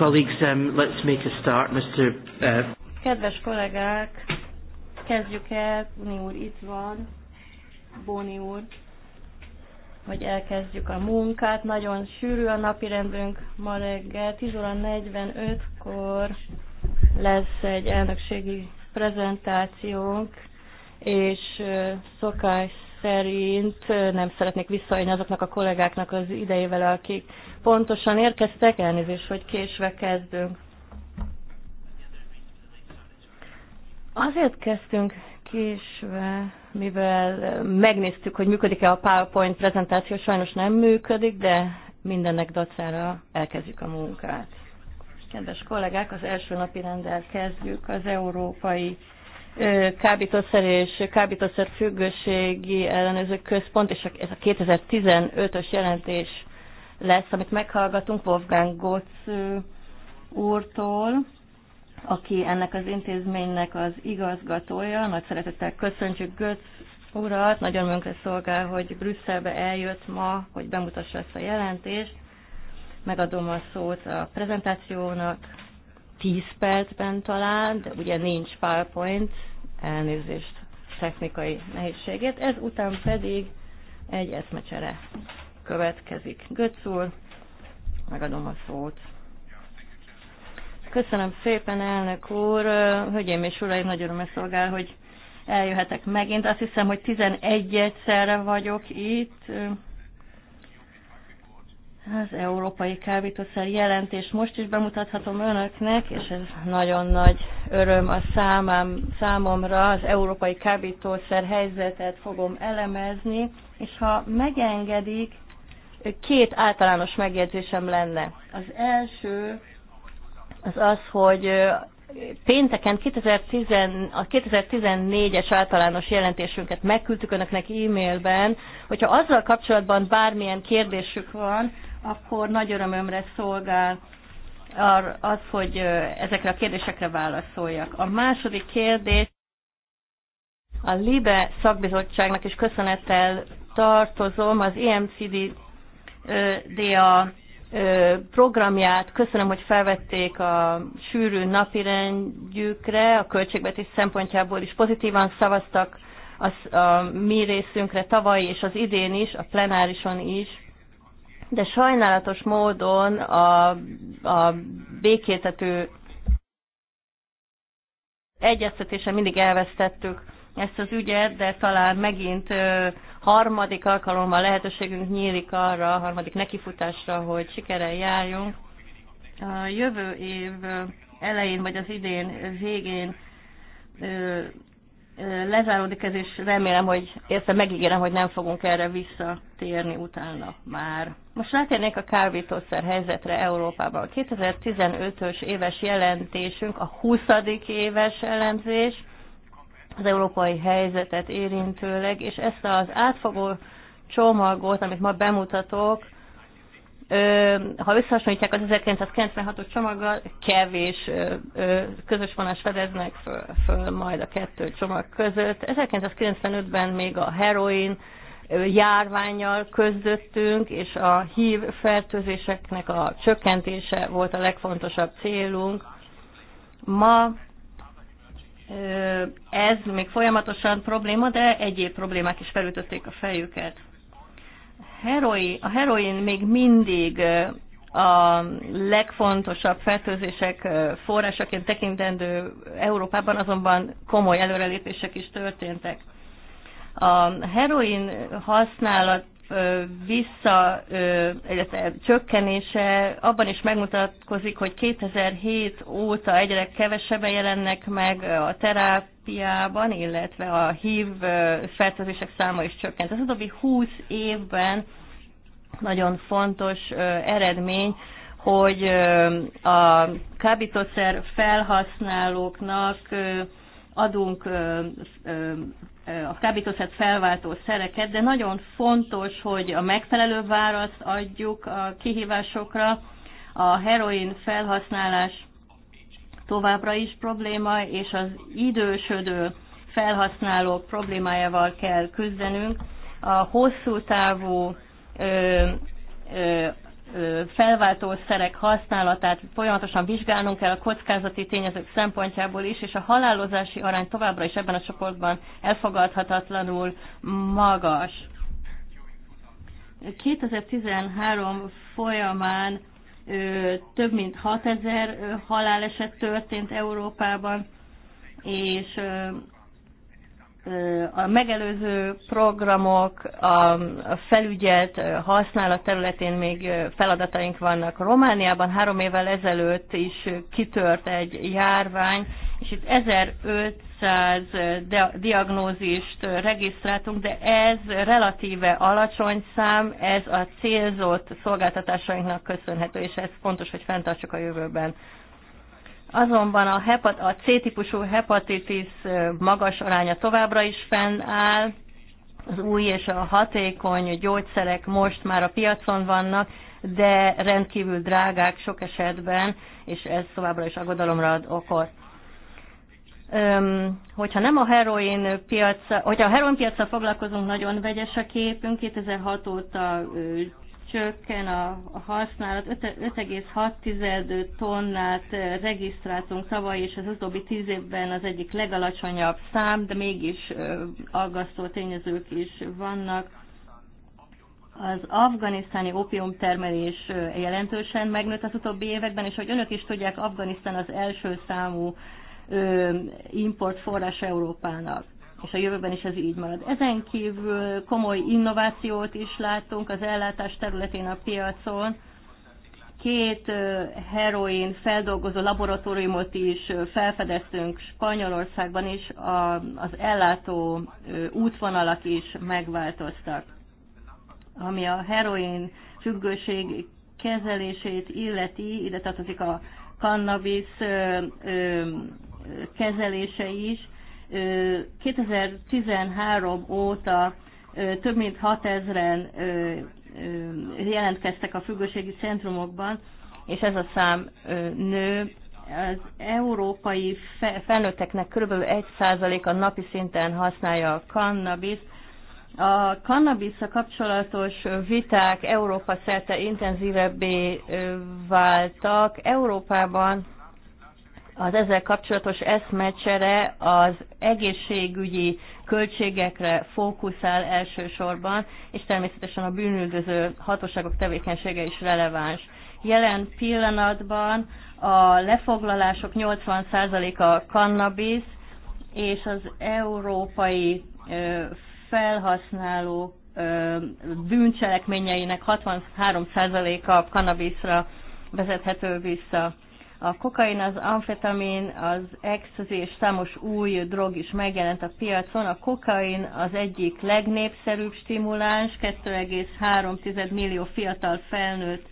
Colleagues, um, let's make a start, Mr. Uh... Kedves kollégák, kezdjük el, Boni úr itt van, Boni úr, hogy elkezdjük a munkát. Nagyon sűrű a napi rendünk ma reggel, 10 óra 45-kor lesz egy elnökségi prezentációnk, és szokás szerint nem szeretnék visszaélni azoknak a kollégáknak az idejével, akik pontosan érkeztek. Elnézést, hogy késve kezdünk. Azért kezdtünk késve, mivel megnéztük, hogy működik-e a PowerPoint prezentáció, sajnos nem működik, de mindennek dacára elkezdjük a munkát. Kedves kollégák, az első napi rendel kezdjük az európai kábítószer és kábítószer függőségi ellenőrző központ, és ez a 2015-ös jelentés lesz, amit meghallgatunk Wolfgang Gotz úrtól, aki ennek az intézménynek az igazgatója. Nagy szeretettel köszöntjük Götz urat, nagyon munkre szolgál, hogy Brüsszelbe eljött ma, hogy bemutassa ezt a jelentést. Megadom a szót a prezentációnak, 10 percben talán, de ugye nincs PowerPoint elnézést technikai nehézségét. után pedig egy eszmecsere következik. Götz úr, megadom a szót. Köszönöm szépen, elnök úr. Hölgyeim és uraim, nagy örömmel szolgál, hogy eljöhetek megint. Azt hiszem, hogy 11 egyszerre vagyok itt az európai kábítószer jelentést most is bemutathatom önöknek, és ez nagyon nagy öröm a számám, számomra, az európai kábítószer helyzetet fogom elemezni, és ha megengedik, két általános megjegyzésem lenne. Az első az az, hogy pénteken 2010, a 2014-es általános jelentésünket megküldtük önöknek e-mailben, hogyha azzal kapcsolatban bármilyen kérdésük van, akkor nagy örömömre szolgál az, hogy ezekre a kérdésekre válaszoljak. A második kérdés a LIBE szakbizottságnak is köszönettel tartozom az EMCD DA programját. Köszönöm, hogy felvették a sűrű napirendjükre, a költségvetés szempontjából is pozitívan szavaztak az, a mi részünkre tavaly és az idén is, a plenárison is de sajnálatos módon a, a békétető egyeztetése mindig elvesztettük ezt az ügyet, de talán megint harmadik alkalommal lehetőségünk nyílik arra, harmadik nekifutásra, hogy sikerrel járjunk. A jövő év elején, vagy az idén végén lezáródik ez, és remélem, hogy érte megígérem, hogy nem fogunk erre visszatérni utána már. Most rátérnék a kávítószer helyzetre Európában. A 2015-ös éves jelentésünk, a 20. éves elemzés, az európai helyzetet érintőleg, és ezt az átfogó csomagot, amit ma bemutatok, ha összehasonlítják az 1996-os csomaggal, kevés közös vonás fedeznek föl, föl majd a kettő csomag között. 1995-ben még a heroin járványjal közöttünk, és a hív fertőzéseknek a csökkentése volt a legfontosabb célunk. Ma ez még folyamatosan probléma, de egyéb problémák is felütötték a fejüket heroin, a heroin még mindig a legfontosabb fertőzések forrásaként tekintendő Európában, azonban komoly előrelépések is történtek. A heroin használat vissza, illetve csökkenése abban is megmutatkozik, hogy 2007 óta egyre kevesebben jelennek meg a terápiában, illetve a HIV fertőzések száma is csökkent. Az utóbbi 20 évben nagyon fontos eredmény, hogy a kábítószer felhasználóknak adunk a kábítószert felváltó szereket, de nagyon fontos, hogy a megfelelő választ adjuk a kihívásokra. A heroin felhasználás továbbra is probléma, és az idősödő felhasználók problémájával kell küzdenünk. A hosszú távú ö, ö, felváltószerek használatát folyamatosan vizsgálnunk kell a kockázati tényezők szempontjából is, és a halálozási arány továbbra is ebben a csoportban elfogadhatatlanul magas. 2013 folyamán több mint 6000 haláleset történt Európában, és a megelőző programok, a felügyelt használat területén még feladataink vannak. Romániában három évvel ezelőtt is kitört egy járvány, és itt 1500 diagnózist regisztráltunk, de ez relatíve alacsony szám, ez a célzott szolgáltatásainknak köszönhető, és ez fontos, hogy fenntartsuk a jövőben. Azonban a, hepat, a C-típusú hepatitis magas aránya továbbra is fennáll, az új és a hatékony gyógyszerek most már a piacon vannak, de rendkívül drágák sok esetben, és ez továbbra is aggodalomra ad okot. Öm, hogyha nem a heroin piac, hogyha a heroin piacra foglalkozunk, nagyon vegyes a képünk. 2006 óta csökken a használat. 5,6 tonnát eh, regisztráltunk tavaly, és az utóbbi tíz évben az egyik legalacsonyabb szám, de mégis eh, aggasztó tényezők is vannak. Az afganisztáni opiumtermelés eh, jelentősen megnőtt az utóbbi években, és hogy önök is tudják, Afganisztán az első számú importforrás Európának és a jövőben is ez így marad. Ezen kívül komoly innovációt is látunk az ellátás területén a piacon. Két heroin feldolgozó laboratóriumot is felfedeztünk Spanyolországban is, a, az ellátó útvonalak is megváltoztak. Ami a heroin függőség kezelését illeti, ide tartozik a cannabis kezelése is, 2013 óta több mint 6000-en jelentkeztek a függőségi centrumokban, és ez a szám nő. Az európai felnőtteknek kb. 1%-a napi szinten használja a kannabiszt. A kannabisza kapcsolatos viták Európa szerte intenzívebbé váltak. Európában az ezzel kapcsolatos eszmecsere az egészségügyi költségekre fókuszál elsősorban, és természetesen a bűnüldöző hatóságok tevékenysége is releváns. Jelen pillanatban a lefoglalások 80%-a cannabis, és az európai felhasználók bűncselekményeinek 63%-a kannabiszra vezethető vissza. A kokain, az amfetamin, az ecstasy és számos új drog is megjelent a piacon. A kokain az egyik legnépszerűbb stimuláns, 2,3 millió fiatal felnőtt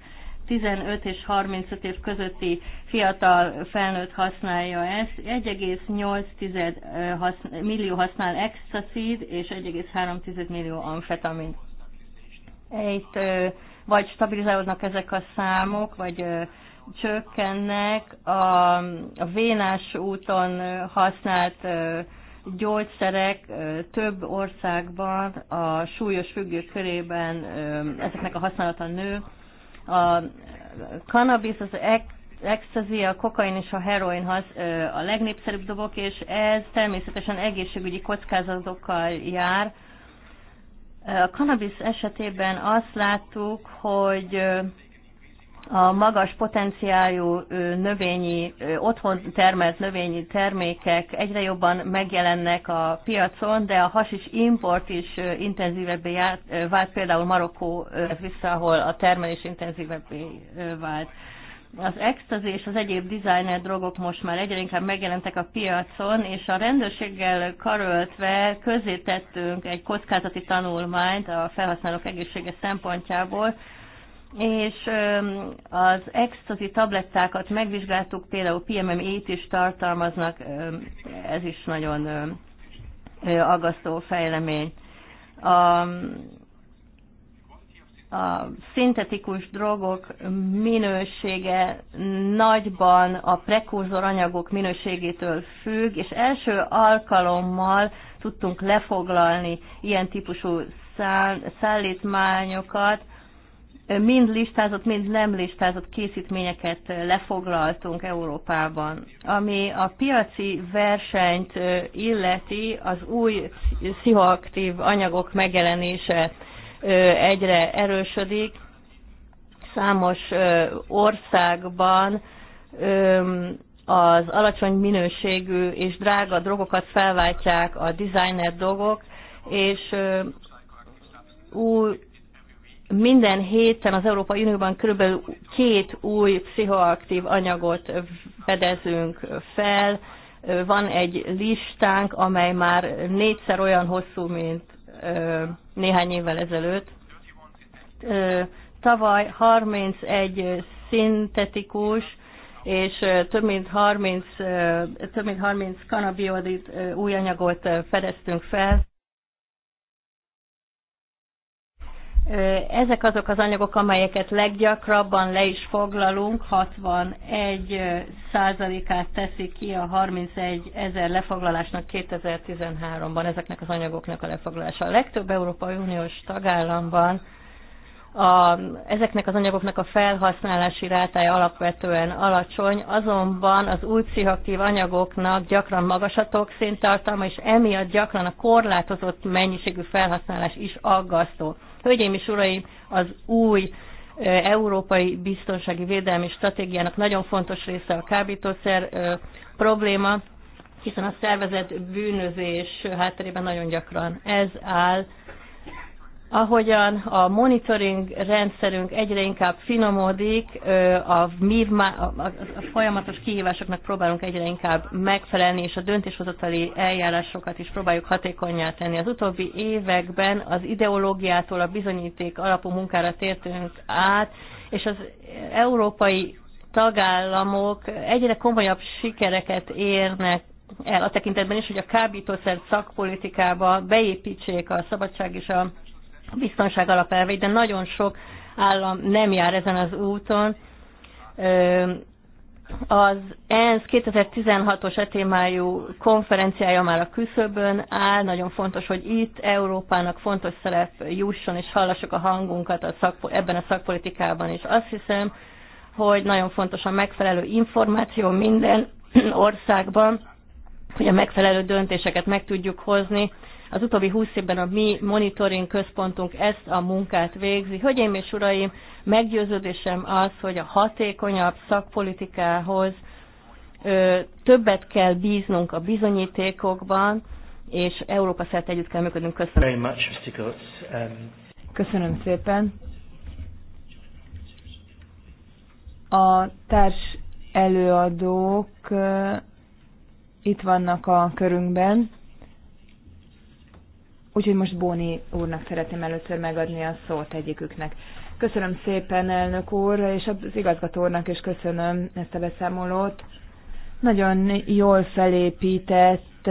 15 és 35 év közötti fiatal felnőtt használja ezt. 1,8 millió használ ecstasy és 1,3 millió amfetamin. Itt vagy stabilizálódnak ezek a számok, vagy csökkennek a, vénás úton használt gyógyszerek több országban a súlyos függők körében ezeknek a használata nő. A cannabis, az ecstasy, a kokain és a heroin hasz, a legnépszerűbb dobok, és ez természetesen egészségügyi kockázatokkal jár. A cannabis esetében azt láttuk, hogy a magas potenciáljú növényi, otthon termelt növényi termékek egyre jobban megjelennek a piacon, de a hasis import is intenzívebbé vált, például Marokkó vissza, ahol a termelés intenzívebbé vált. Az extazi és az egyéb designer drogok most már egyre inkább megjelentek a piacon, és a rendőrséggel karöltve tettünk egy kockázati tanulmányt a felhasználók egészsége szempontjából, és az ecstasy tablettákat megvizsgáltuk, például PMMA-t is tartalmaznak, ez is nagyon aggasztó fejlemény. A, a szintetikus drogok minősége nagyban a prekurzor anyagok minőségétől függ, és első alkalommal tudtunk lefoglalni ilyen típusú szállítmányokat, mind listázott, mind nem listázott készítményeket lefoglaltunk Európában. Ami a piaci versenyt illeti, az új pszichoaktív anyagok megjelenése egyre erősödik. Számos országban az alacsony minőségű és drága drogokat felváltják a designer drogok, és új minden héten az Európai Unióban kb. két új pszichoaktív anyagot fedezünk fel. Van egy listánk, amely már négyszer olyan hosszú, mint néhány évvel ezelőtt. Tavaly 31 szintetikus és több mint 30, több mint 30 kanabiodit új anyagot fedeztünk fel. Ezek azok az anyagok, amelyeket leggyakrabban le is foglalunk, 61 százalékát teszi ki a 31 ezer lefoglalásnak 2013-ban ezeknek az anyagoknak a lefoglalása. A legtöbb Európai Uniós tagállamban a, ezeknek az anyagoknak a felhasználási rátája alapvetően alacsony, azonban az új pszichoaktív anyagoknak gyakran magas a toxintartalma, és emiatt gyakran a korlátozott mennyiségű felhasználás is aggasztó. Hölgyeim és uraim, az új európai biztonsági védelmi stratégiának nagyon fontos része a kábítószer probléma, hiszen a szervezet bűnözés hátterében nagyon gyakran ez áll Ahogyan a monitoring rendszerünk egyre inkább finomodik, a, mi a, a folyamatos kihívásoknak próbálunk egyre inkább megfelelni, és a döntéshozatali eljárásokat is próbáljuk hatékonyá tenni. Az utóbbi években az ideológiától a bizonyíték alapú munkára tértünk át, és az európai tagállamok egyre komolyabb sikereket érnek el a tekintetben is, hogy a kábítószer szakpolitikába beépítsék a szabadság és a biztonság alapelveit, de nagyon sok állam nem jár ezen az úton. Az ENSZ 2016-os etémájú konferenciája már a küszöbön áll, nagyon fontos, hogy itt Európának fontos szerep jusson, és hallassuk a hangunkat a szakpo- ebben a szakpolitikában is. Azt hiszem, hogy nagyon fontos a megfelelő információ minden országban, hogy a megfelelő döntéseket meg tudjuk hozni, az utóbbi húsz évben a mi monitoring központunk ezt a munkát végzi. Hölgyeim és uraim, meggyőződésem az, hogy a hatékonyabb szakpolitikához ö, többet kell bíznunk a bizonyítékokban, és Európa szerte együtt kell működnünk. Köszönöm. Much, um, Köszönöm szépen. A társ előadók itt vannak a körünkben. Úgyhogy most Bóni úrnak szeretném először megadni a szót egyiküknek. Köszönöm szépen, elnök úr, és az igazgatónak is köszönöm ezt a beszámolót. Nagyon jól felépített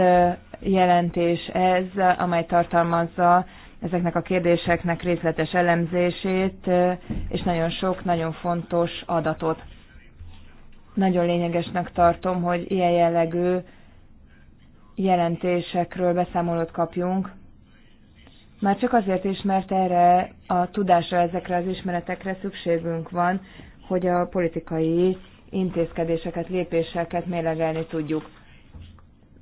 jelentés ez, amely tartalmazza ezeknek a kérdéseknek részletes elemzését, és nagyon sok, nagyon fontos adatot. Nagyon lényegesnek tartom, hogy ilyen jellegű jelentésekről beszámolót kapjunk, már csak azért is, mert erre a tudásra, ezekre az ismeretekre szükségünk van, hogy a politikai intézkedéseket, lépéseket mélegelni tudjuk.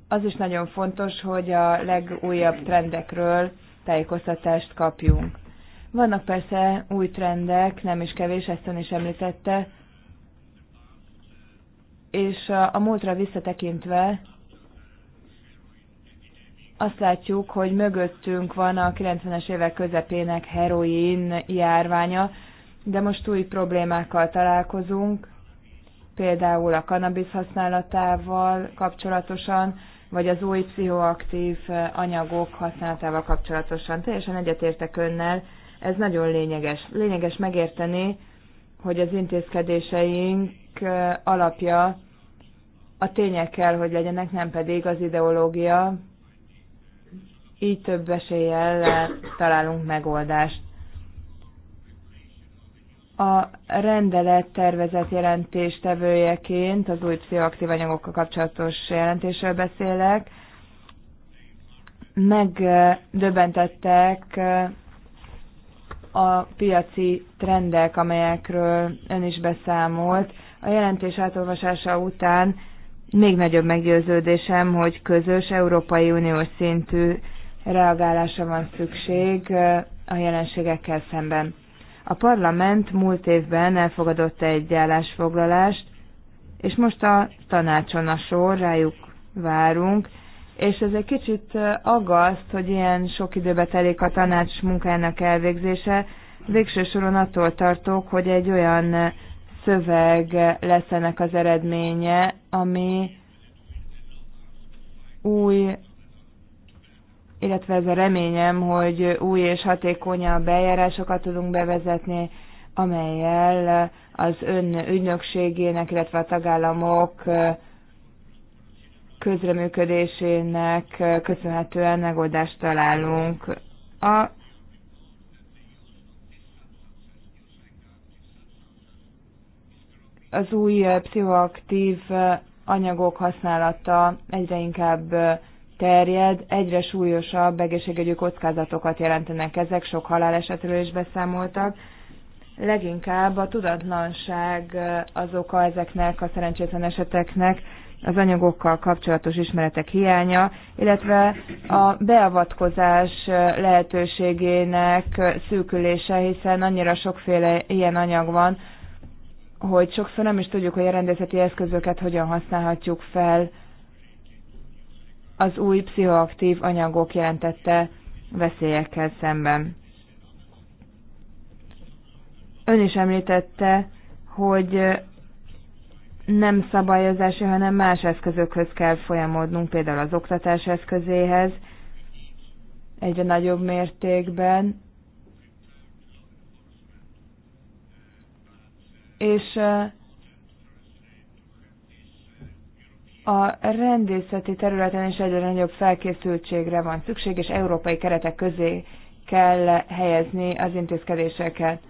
Az is nagyon fontos, hogy a legújabb trendekről tájékoztatást kapjunk. Vannak persze új trendek, nem is kevés, ezt ön is említette, és a múltra visszatekintve azt látjuk, hogy mögöttünk van a 90-es évek közepének heroin járványa, de most új problémákkal találkozunk, például a kannabisz használatával kapcsolatosan, vagy az új pszichoaktív anyagok használatával kapcsolatosan. Teljesen egyetértek önnel, ez nagyon lényeges. Lényeges megérteni, hogy az intézkedéseink alapja a tényekkel, hogy legyenek, nem pedig az ideológia, így több eséllyel találunk megoldást. A rendelet tervezett tevőjeként az új pszichoaktív anyagokkal kapcsolatos jelentésről beszélek. Megdöbbentettek a piaci trendek, amelyekről ön is beszámolt. A jelentés átolvasása után még nagyobb meggyőződésem, hogy közös Európai Uniós szintű reagálása van szükség a jelenségekkel szemben. A parlament múlt évben elfogadott egy állásfoglalást, és most a tanácson a sor, rájuk várunk, és ez egy kicsit aggaszt, hogy ilyen sok időbe telik a tanács munkának elvégzése. Végső soron attól tartok, hogy egy olyan szöveg lesz ennek az eredménye, ami új illetve ez a reményem, hogy új és hatékonyabb eljárásokat tudunk bevezetni, amelyel az ön ügynökségének, illetve a tagállamok közreműködésének köszönhetően megoldást találunk. A az új pszichoaktív anyagok használata egyre inkább terjed, egyre súlyosabb egészségügyi kockázatokat jelentenek ezek, sok halálesetről is beszámoltak. Leginkább a tudatlanság eh, az oka ezeknek a szerencsétlen eseteknek, az anyagokkal kapcsolatos ismeretek hiánya, illetve a beavatkozás eh, lehetőségének eh, szűkülése, hiszen annyira sokféle ilyen anyag van, hogy sokszor nem is tudjuk, hogy a rendészeti eszközöket hogyan használhatjuk fel az új pszichoaktív anyagok jelentette veszélyekkel szemben. Ön is említette, hogy nem szabályozási, hanem más eszközökhöz kell folyamodnunk, például az oktatás eszközéhez egyre nagyobb mértékben. És a rendészeti területen is egyre nagyobb felkészültségre van szükség, és európai keretek közé kell helyezni az intézkedéseket.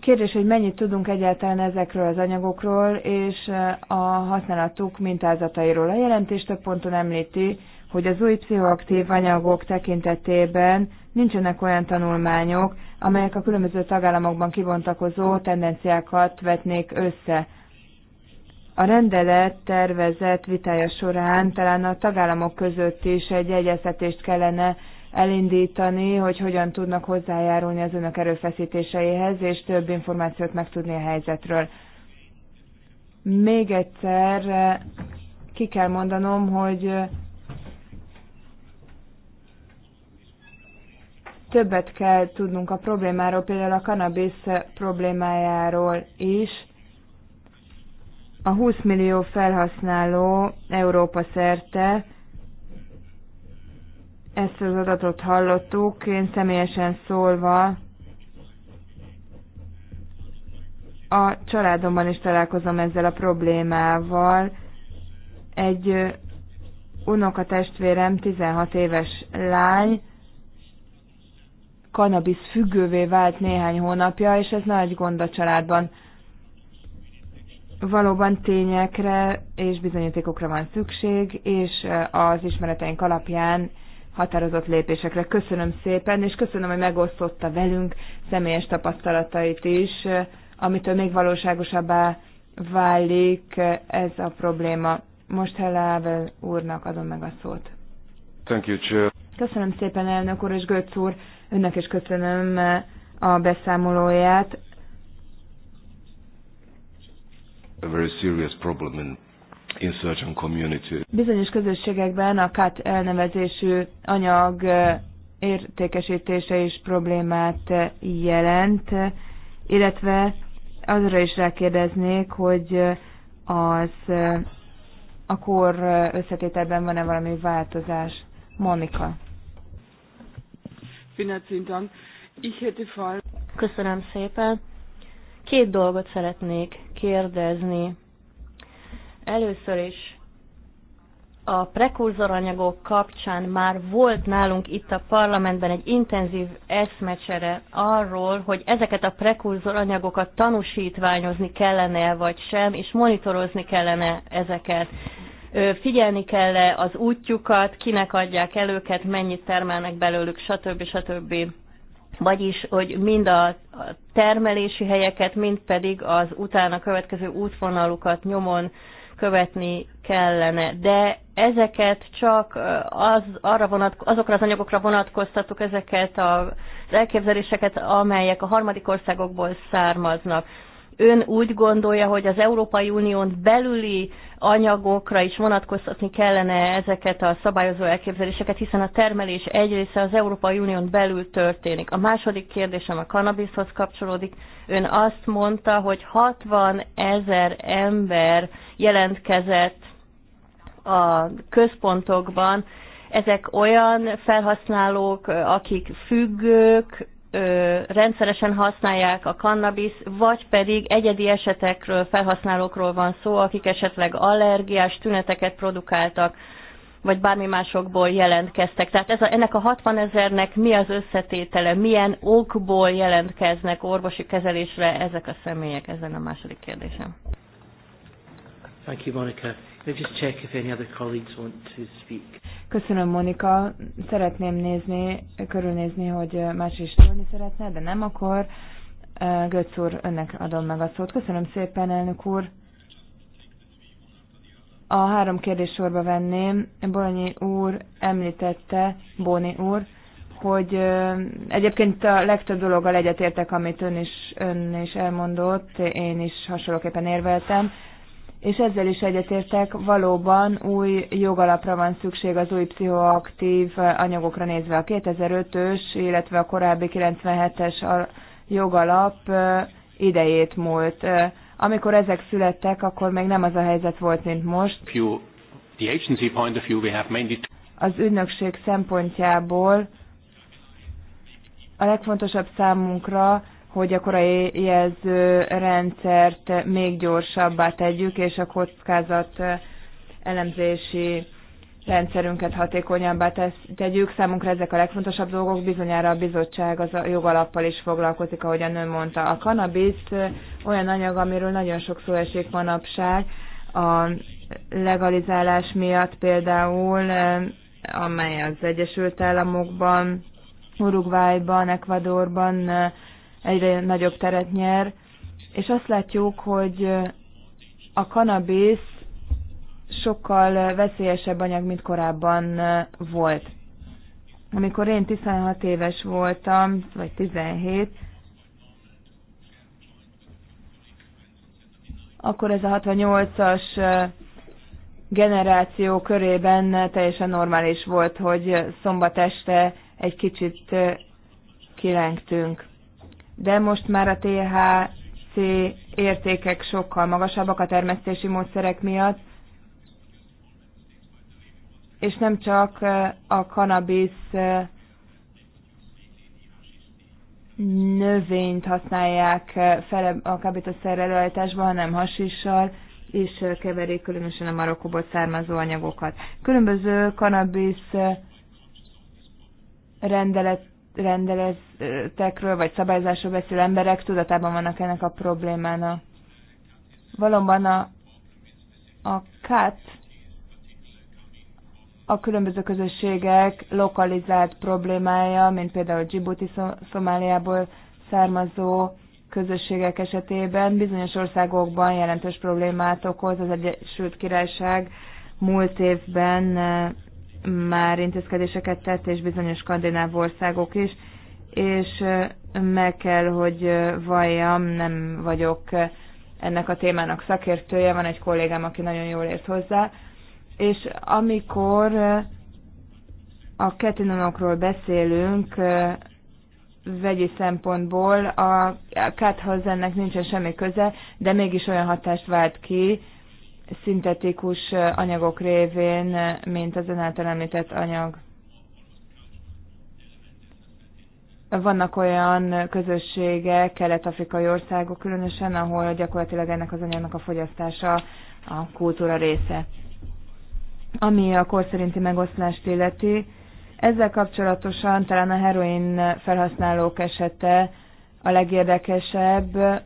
Kérdés, hogy mennyit tudunk egyáltalán ezekről az anyagokról, és a használatuk mintázatairól. A jelentés több ponton említi, hogy az új pszichoaktív anyagok tekintetében nincsenek olyan tanulmányok, amelyek a különböző tagállamokban kibontakozó tendenciákat vetnék össze a rendelet tervezett vitája során talán a tagállamok között is egy egyeztetést kellene elindítani, hogy hogyan tudnak hozzájárulni az önök erőfeszítéseihez, és több információt megtudni a helyzetről. Még egyszer ki kell mondanom, hogy többet kell tudnunk a problémáról, például a cannabis problémájáról is, a 20 millió felhasználó Európa szerte, ezt az adatot hallottuk, én személyesen szólva a családomban is találkozom ezzel a problémával. Egy unokatestvérem, 16 éves lány, kanabisz függővé vált néhány hónapja, és ez nagy gond a családban valóban tényekre és bizonyítékokra van szükség, és az ismereteink alapján határozott lépésekre. Köszönöm szépen, és köszönöm, hogy megosztotta velünk személyes tapasztalatait is, amitől még valóságosabbá válik ez a probléma. Most Hellável úrnak adom meg a szót. Thank you, Chair. Köszönöm szépen, elnök úr és Götz úr, önnek is köszönöm a beszámolóját. a very serious problem in in certain communities. Bizonyos közösségekben a CAT elnevezésű anyag értékesítése is problémát jelent, illetve azra is rákérdeznék, hogy az akkor összetételben van-e valami változás. Monika. Köszönöm szépen. Két dolgot szeretnék kérdezni. Először is a prekurzoranyagok kapcsán már volt nálunk itt a parlamentben egy intenzív eszmecsere arról, hogy ezeket a prekurzoranyagokat tanúsítványozni kellene vagy sem, és monitorozni kellene ezeket. Figyelni kell -e az útjukat, kinek adják előket, mennyit termelnek belőlük, stb. stb vagyis, hogy mind a termelési helyeket, mind pedig az utána következő útvonalukat nyomon követni kellene. De ezeket csak az, arra vonatko- azokra az anyagokra vonatkoztattuk ezeket az elképzeléseket, amelyek a harmadik országokból származnak ön úgy gondolja, hogy az Európai Unión belüli anyagokra is vonatkoztatni kellene ezeket a szabályozó elképzeléseket, hiszen a termelés egy része az Európai Unión belül történik. A második kérdésem a kannabiszhoz kapcsolódik. Ön azt mondta, hogy 60 ezer ember jelentkezett a központokban, ezek olyan felhasználók, akik függők, ö, rendszeresen használják a kannabisz, vagy pedig egyedi esetekről, felhasználókról van szó, akik esetleg allergiás tüneteket produkáltak, vagy bármi másokból jelentkeztek. Tehát ez a, ennek a 60 ezernek mi az összetétele, milyen okból jelentkeznek orvosi kezelésre ezek a személyek? Ezen a második kérdésem. Thank you, Monica just check if any other colleagues want to speak. Köszönöm, Monika. Szeretném nézni, körülnézni, hogy más is szólni szeretne, de nem, akkor Götz úr, önnek adom meg a szót. Köszönöm szépen, elnök úr. A három kérdés sorba venném. Bolonyi úr említette, Boni úr, hogy egyébként a legtöbb dologgal egyetértek, amit ön is, ön is elmondott, én is hasonlóképpen érveltem és ezzel is egyetértek, valóban új jogalapra van szükség az új pszichoaktív anyagokra nézve. A 2005-ös, illetve a korábbi 97-es jogalap idejét múlt. Amikor ezek születtek, akkor még nem az a helyzet volt, mint most. Az ügynökség szempontjából a legfontosabb számunkra hogy a korai jelző rendszert még gyorsabbá tegyük, és a kockázat elemzési rendszerünket hatékonyabbá tegyük. Számunkra ezek a legfontosabb dolgok, bizonyára a bizottság az a jogalappal is foglalkozik, ahogy a nő mondta. A cannabis olyan anyag, amiről nagyon sok szó esik manapság, a legalizálás miatt például, amely az Egyesült Államokban, Uruguayban, Ecuadorban egyre nagyobb teret nyer, és azt látjuk, hogy a kanabisz sokkal veszélyesebb anyag, mint korábban volt. Amikor én 16 éves voltam, vagy 17, akkor ez a 68-as generáció körében teljesen normális volt, hogy szombat este egy kicsit kilengtünk de most már a THC értékek sokkal magasabbak a termesztési módszerek miatt, és nem csak a kanabisz növényt használják fel a kábítószer előállításban, hanem hasissal, és keverik különösen a marokkóból származó anyagokat. Különböző kanabisz rendelet rendeletekről vagy szabályzásról beszél emberek tudatában vannak ennek a problémának. Valóban a, a CAT a különböző közösségek lokalizált problémája, mint például Djibouti, Szomáliából származó közösségek esetében bizonyos országokban jelentős problémát okoz. Az Egyesült Királyság múlt évben már intézkedéseket tett, és bizonyos skandináv országok is, és meg kell, hogy valljam, nem vagyok ennek a témának szakértője, van egy kollégám, aki nagyon jól ért hozzá, és amikor a ketinonokról beszélünk, vegyi szempontból a káthoz ennek nincsen semmi köze, de mégis olyan hatást vált ki, szintetikus anyagok révén, mint az ön által említett anyag. Vannak olyan közösségek, kelet-afrikai országok különösen, ahol gyakorlatilag ennek az anyagnak a fogyasztása a kultúra része. Ami a kor szerinti megoszlást illeti, ezzel kapcsolatosan talán a heroin felhasználók esete a legérdekesebb,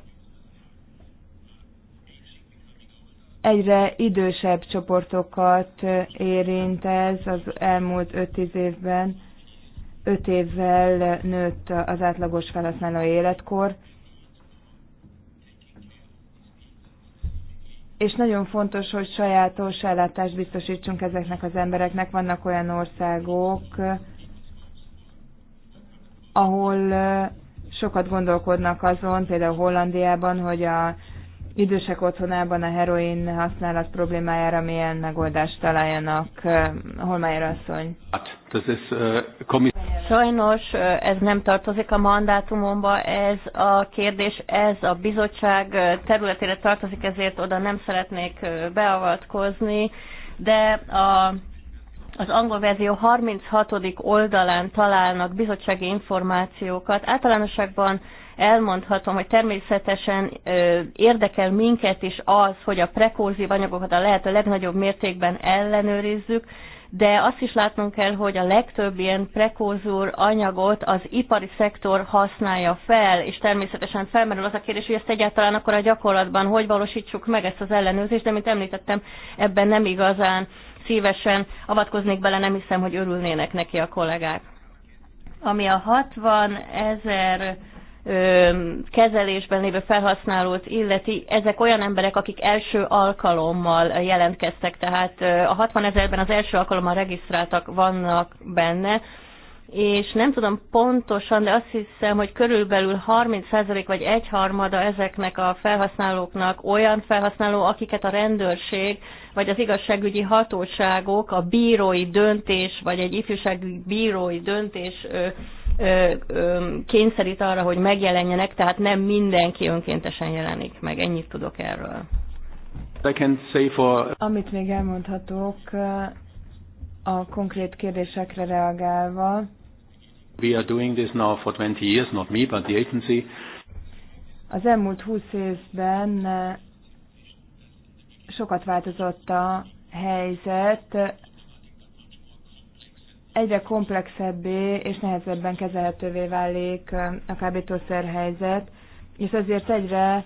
Egyre idősebb csoportokat érint ez az elmúlt 5-10 évben. 5 évvel nőtt az átlagos felhasználó életkor. és nagyon fontos, hogy sajátos ellátást biztosítsunk ezeknek az embereknek. Vannak olyan országok, ahol sokat gondolkodnak azon, például Hollandiában, hogy a idősek otthonában a heroin használat problémájára milyen megoldást találjanak, eh, Holmájer asszony? Hát, eh, Sajnos eh, ez nem tartozik a mandátumomba, ez a kérdés, ez a bizottság területére tartozik, ezért oda nem szeretnék beavatkozni, de a az angol verzió 36. oldalán találnak bizottsági információkat. Általánosságban elmondhatom, hogy természetesen érdekel minket is az, hogy a prekózív anyagokat a lehető legnagyobb mértékben ellenőrizzük, de azt is látnunk kell, hogy a legtöbb ilyen prekózúr anyagot az ipari szektor használja fel, és természetesen felmerül az a kérdés, hogy ezt egyáltalán akkor a gyakorlatban hogy valósítsuk meg ezt az ellenőrzést, de mint említettem, ebben nem igazán szívesen avatkoznék bele, nem hiszem, hogy örülnének neki a kollégák. Ami a 60 ezer kezelésben lévő felhasználót illeti, ezek olyan emberek, akik első alkalommal jelentkeztek, tehát a 60 ezerben az első alkalommal regisztráltak vannak benne, és nem tudom pontosan, de azt hiszem, hogy körülbelül 30% vagy egyharmada ezeknek a felhasználóknak olyan felhasználó, akiket a rendőrség vagy az igazságügyi hatóságok, a bírói döntés, vagy egy ifjúsági bírói döntés kényszerít arra, hogy megjelenjenek, tehát nem mindenki önkéntesen jelenik meg. Ennyit tudok erről. Amit még elmondhatok, a konkrét kérdésekre reagálva. We are doing this now for 20 years, not me, but the agency. Az elmúlt 20 évben sokat változott a helyzet, egyre komplexebbé és nehezebben kezelhetővé válik a kábítószer helyzet, és ezért egyre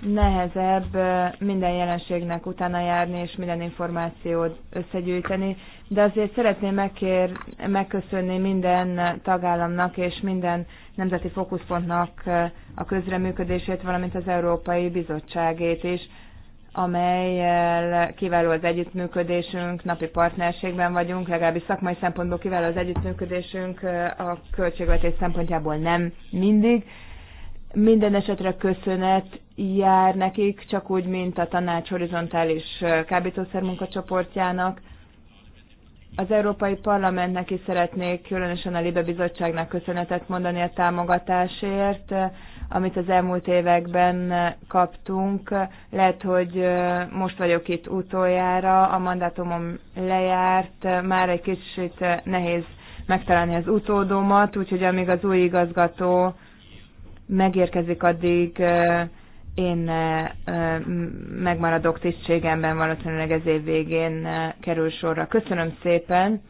nehezebb minden jelenségnek utána járni és minden információt összegyűjteni, de azért szeretném megkér, megköszönni minden tagállamnak és minden nemzeti fókuszpontnak a közreműködését, valamint az Európai Bizottságét is amelyel kiváló az együttműködésünk, napi partnerségben vagyunk, legalábbis szakmai szempontból kiváló az együttműködésünk, a költségvetés szempontjából nem mindig. Minden esetre köszönet jár nekik, csak úgy, mint a tanács horizontális kábítószer munkacsoportjának. Az Európai Parlamentnek is szeretnék, különösen a Libe Bizottságnak köszönetet mondani a támogatásért amit az elmúlt években kaptunk. Lehet, hogy most vagyok itt utoljára, a mandátumom lejárt, már egy kicsit nehéz megtalálni az utódomat, úgyhogy amíg az új igazgató megérkezik, addig én megmaradok tisztségemben, valószínűleg ez év végén kerül sorra. Köszönöm szépen,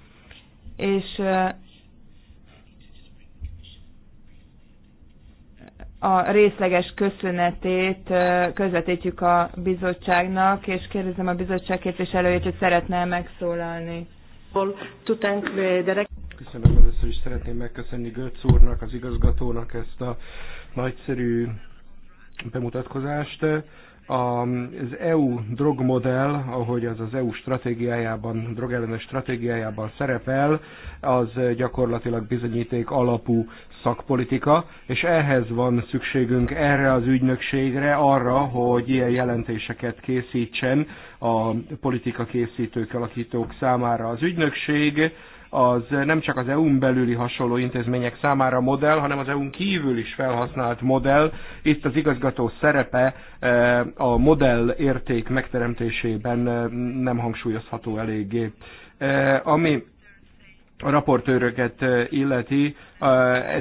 és a részleges köszönetét közvetítjük a bizottságnak, és kérdezem a bizottság képviselőjét, hogy szeretne megszólalni. Köszönöm, először is szeretném megköszönni Götz úrnak, az igazgatónak ezt a nagyszerű bemutatkozást az EU drogmodell, ahogy az az EU stratégiájában, drogellenes stratégiájában szerepel, az gyakorlatilag bizonyíték alapú szakpolitika, és ehhez van szükségünk erre az ügynökségre, arra, hogy ilyen jelentéseket készítsen a politika készítők, alakítók számára. Az ügynökség az nem csak az EU-n belüli hasonló intézmények számára modell, hanem az EU-n kívül is felhasznált modell. Itt az igazgató szerepe eh, a modell érték megteremtésében eh, nem hangsúlyozható eléggé. Eh, ami a raportőröket illeti,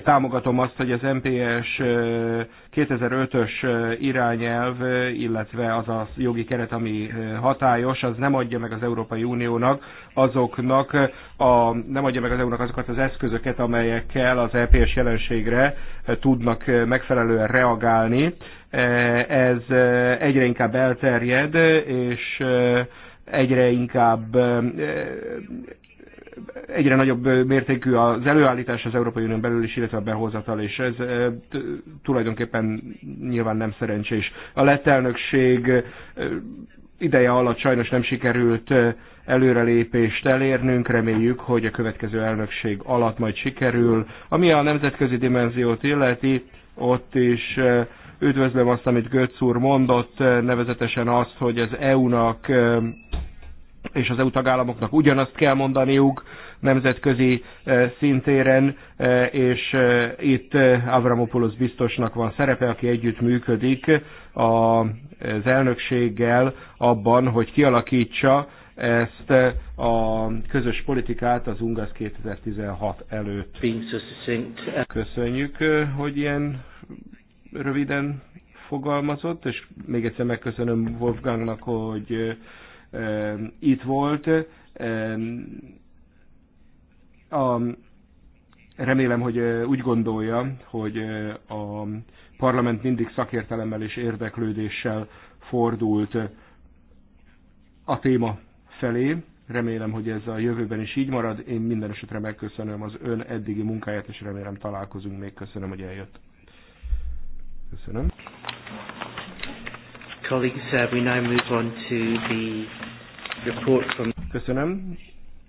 támogatom azt, hogy az MPS 2005-ös irányelv, illetve az a jogi keret, ami hatályos, az nem adja meg az Európai Uniónak azoknak, a, nem adja meg az EU-nak azokat az eszközöket, amelyekkel az EPS jelenségre tudnak megfelelően reagálni. Ez egyre inkább elterjed, és egyre inkább egyre nagyobb mértékű az előállítás az Európai Unión belül is, illetve a behozatal, és ez tulajdonképpen nyilván nem szerencsés. A lett elnökség ideje alatt sajnos nem sikerült előrelépést elérnünk, reméljük, hogy a következő elnökség alatt majd sikerül. Ami a nemzetközi dimenziót illeti, ott is üdvözlöm azt, amit Götz úr mondott, nevezetesen azt, hogy az EU-nak és az EU tagállamoknak ugyanazt kell mondaniuk nemzetközi eh, szintéren, eh, és eh, itt Avramopoulos biztosnak van szerepe, aki működik az elnökséggel abban, hogy kialakítsa ezt a közös politikát az UNGAS 2016 előtt. Köszönjük, hogy ilyen röviden fogalmazott, és még egyszer megköszönöm Wolfgangnak, hogy itt volt. A, remélem, hogy úgy gondolja, hogy a parlament mindig szakértelemmel és érdeklődéssel fordult a téma felé. Remélem, hogy ez a jövőben is így marad. Én minden esetre megköszönöm az ön eddigi munkáját, és remélem találkozunk még. Köszönöm, hogy eljött. Köszönöm. Colleagues, uh, we now move on to the Köszönöm.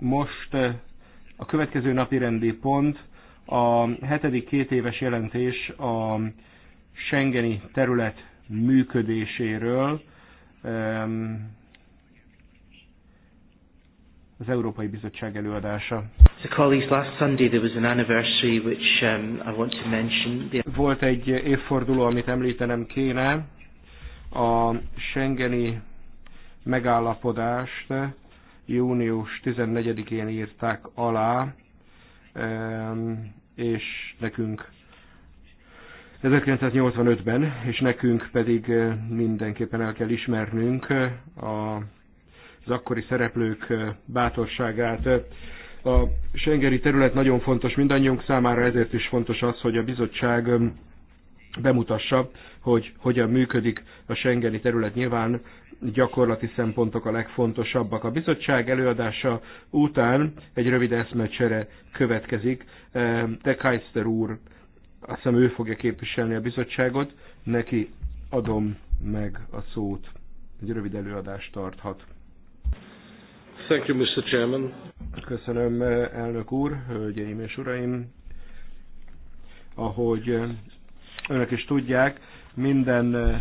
Most eh, a következő napi rendi pont a hetedik két éves jelentés a Schengeni terület működéséről az Európai Bizottság előadása. Um, Volt egy évforduló, amit említenem kéne, a Schengeni megállapodást június 14-én írták alá, és nekünk 1985-ben, és nekünk pedig eh, mindenképpen el kell ismernünk eh, az akkori szereplők eh, bátorságát. A Schengeri terület nagyon fontos mindannyiunk számára, ezért is fontos az, hogy a bizottság bemutassa, hogy hogyan működik a Schengeni terület. Nyilván gyakorlati szempontok a legfontosabbak. A bizottság előadása után egy rövid eszmecsere következik. De Keister úr, azt hiszem ő fogja képviselni a bizottságot, neki adom meg a szót. Egy rövid előadást tarthat. Thank you, Mr. Chairman. Köszönöm, elnök úr, hölgyeim és uraim. Ahogy önök is tudják, minden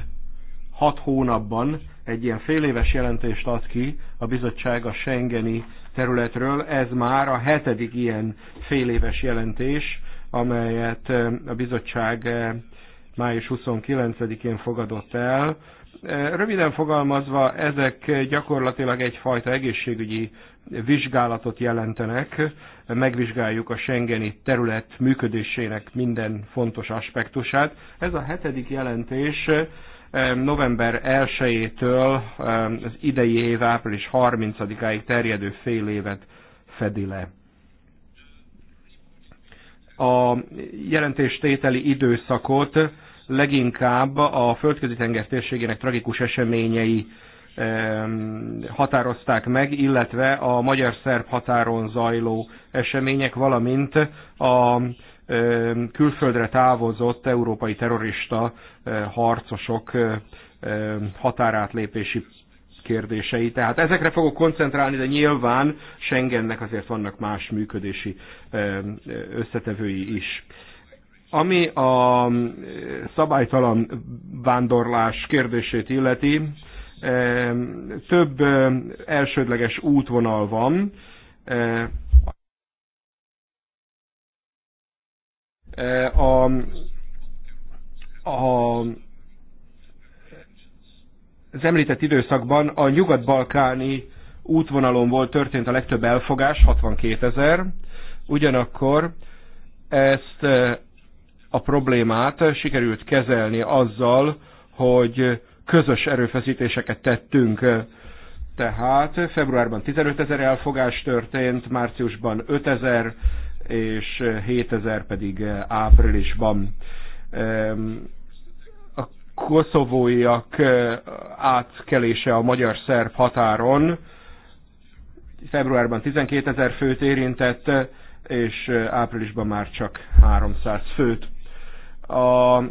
hat hónapban egy ilyen féléves jelentést ad ki a bizottság a Schengeni területről. Ez már a hetedik ilyen féléves jelentés, amelyet a bizottság május 29-én fogadott el. Röviden fogalmazva, ezek gyakorlatilag egyfajta egészségügyi vizsgálatot jelentenek, megvizsgáljuk a Schengeni terület működésének minden fontos aspektusát. Ez a hetedik jelentés november 1-től az idei év április 30-áig terjedő fél évet fedi le. A jelentéstételi időszakot leginkább a földközi tenger térségének tragikus eseményei határozták meg, illetve a magyar-szerb határon zajló események, valamint a külföldre távozott európai terrorista eh, harcosok eh, határátlépési kérdései. Tehát ezekre fogok koncentrálni, de nyilván Schengennek azért vannak más működési összetevői is. Ami a szabálytalan vándorlás kérdését illeti, több elsődleges útvonal van. A, a az említett időszakban a nyugat-balkáni útvonalon volt történt a legtöbb elfogás, 62 ezer, ugyanakkor ezt eh, a problémát sikerült kezelni azzal, hogy közös erőfeszítéseket tettünk. Tehát februárban 15 ezer elfogás történt, márciusban 5 ezer, és 7 ezer pedig áprilisban. A koszovóiak eh, átkelése a magyar-szerb határon februárban 12 ezer főt érintett, és áprilisban már csak 300 főt. A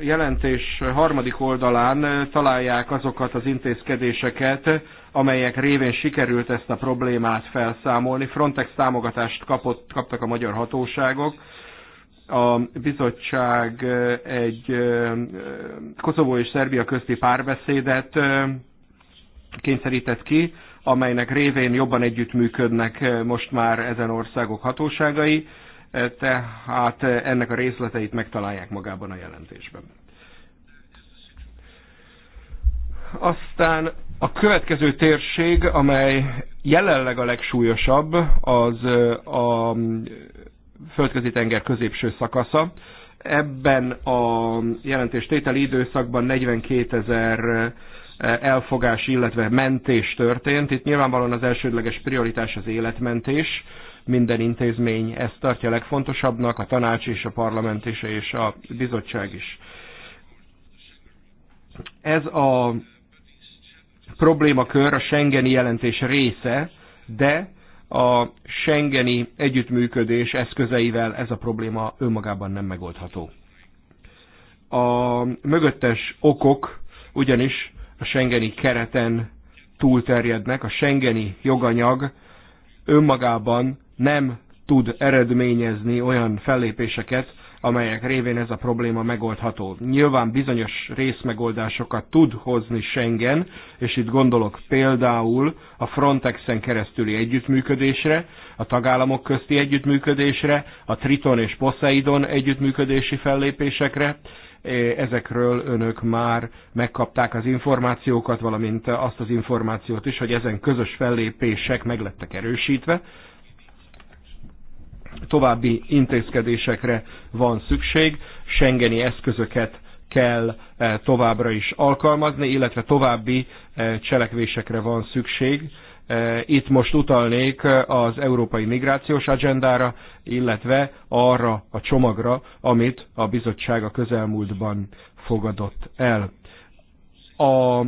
jelentés harmadik oldalán eh, találják azokat az intézkedéseket, amelyek révén sikerült ezt a problémát felszámolni. Frontex támogatást kapott, kaptak a magyar hatóságok. A bizottság eh, egy eh, Koszovó és Szerbia közti párbeszédet kényszerített ki, amelynek révén jobban együttműködnek most már ezen országok hatóságai tehát ennek a részleteit megtalálják magában a jelentésben. Aztán a következő térség, amely jelenleg a legsúlyosabb, az a földközi tenger középső szakasza. Ebben a jelentéstételi időszakban 42 ezer elfogás, illetve mentés történt. Itt nyilvánvalóan az elsődleges prioritás az életmentés, minden intézmény ezt tartja legfontosabbnak, a tanács és a parlament is, és a bizottság is. Ez a problémakör a Schengeni jelentés része, de a Schengeni együttműködés eszközeivel ez a probléma önmagában nem megoldható. A mögöttes okok ugyanis a Schengeni kereten túlterjednek, a Schengeni joganyag önmagában nem tud eredményezni olyan fellépéseket, amelyek révén ez a probléma megoldható. Nyilván bizonyos részmegoldásokat tud hozni Schengen, és itt gondolok például a Frontexen keresztüli együttműködésre, a tagállamok közti együttműködésre, a Triton és Poseidon együttműködési fellépésekre, ezekről önök már megkapták az információkat, valamint azt az információt is, hogy ezen közös fellépések meg lettek erősítve, további intézkedésekre van szükség, Schengeni eszközöket kell eh, továbbra is alkalmazni, illetve további eh, cselekvésekre van szükség. Eh, itt most utalnék az európai migrációs agendára, illetve arra a csomagra, amit a bizottság a közelmúltban fogadott el. A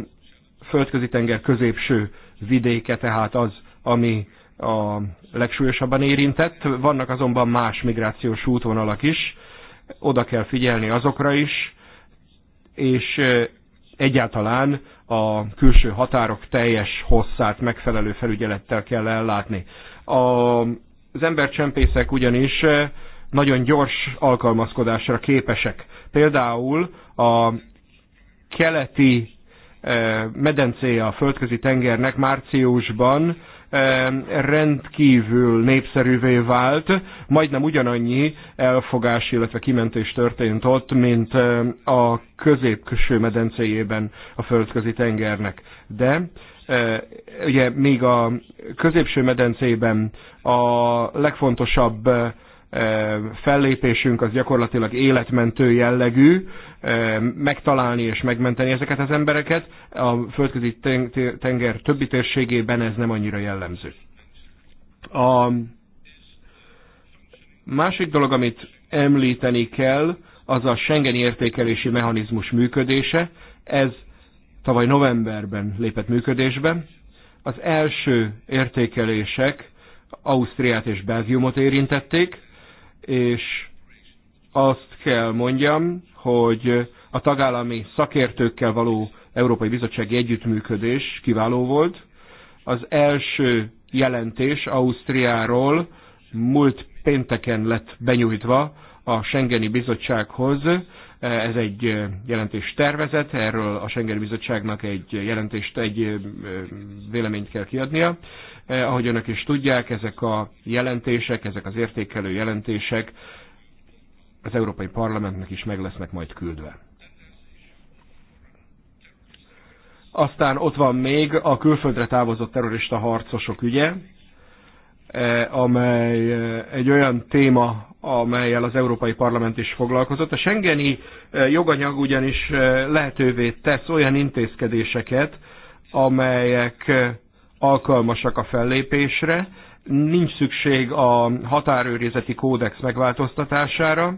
földközi tenger középső vidéke tehát az, ami a legsúlyosabban érintett. Vannak azonban más migrációs útvonalak is, oda kell figyelni azokra is, és egyáltalán a külső határok teljes hosszát megfelelő felügyelettel kell ellátni. A, az embercsempészek ugyanis nagyon gyors alkalmazkodásra képesek. Például a keleti medencéje a földközi tengernek márciusban rendkívül népszerűvé vált, majdnem ugyanannyi elfogás, illetve kimentés történt ott, mint a középső medencéjében a földközi tengernek. De ugye még a középső medencében a legfontosabb fellépésünk az gyakorlatilag életmentő jellegű, megtalálni és megmenteni ezeket az embereket. A földközi tenger többi térségében ez nem annyira jellemző. A másik dolog, amit említeni kell, az a Schengeni értékelési mechanizmus működése. Ez tavaly novemberben lépett működésbe. Az első értékelések Ausztriát és Belgiumot érintették, és azt kell mondjam, hogy a tagállami szakértőkkel való Európai Bizottsági Együttműködés kiváló volt. Az első jelentés Ausztriáról múlt pénteken lett benyújtva a Schengeni Bizottsághoz. Ez egy jelentés tervezet, erről a Schengen Bizottságnak egy jelentést, egy véleményt kell kiadnia. E, ahogy önök is tudják, ezek a jelentések, ezek az értékelő jelentések az Európai Parlamentnek is meg lesznek majd küldve. Aztán ott van még a külföldre távozott terrorista harcosok ügye, Eh, amely eh, egy olyan téma, amelyel az Európai Parlament is foglalkozott. A Schengeni eh, joganyag ugyanis lehetővé tesz olyan intézkedéseket, amelyek alkalmasak a fellépésre, nincs szükség a határőrizeti kódex megváltoztatására.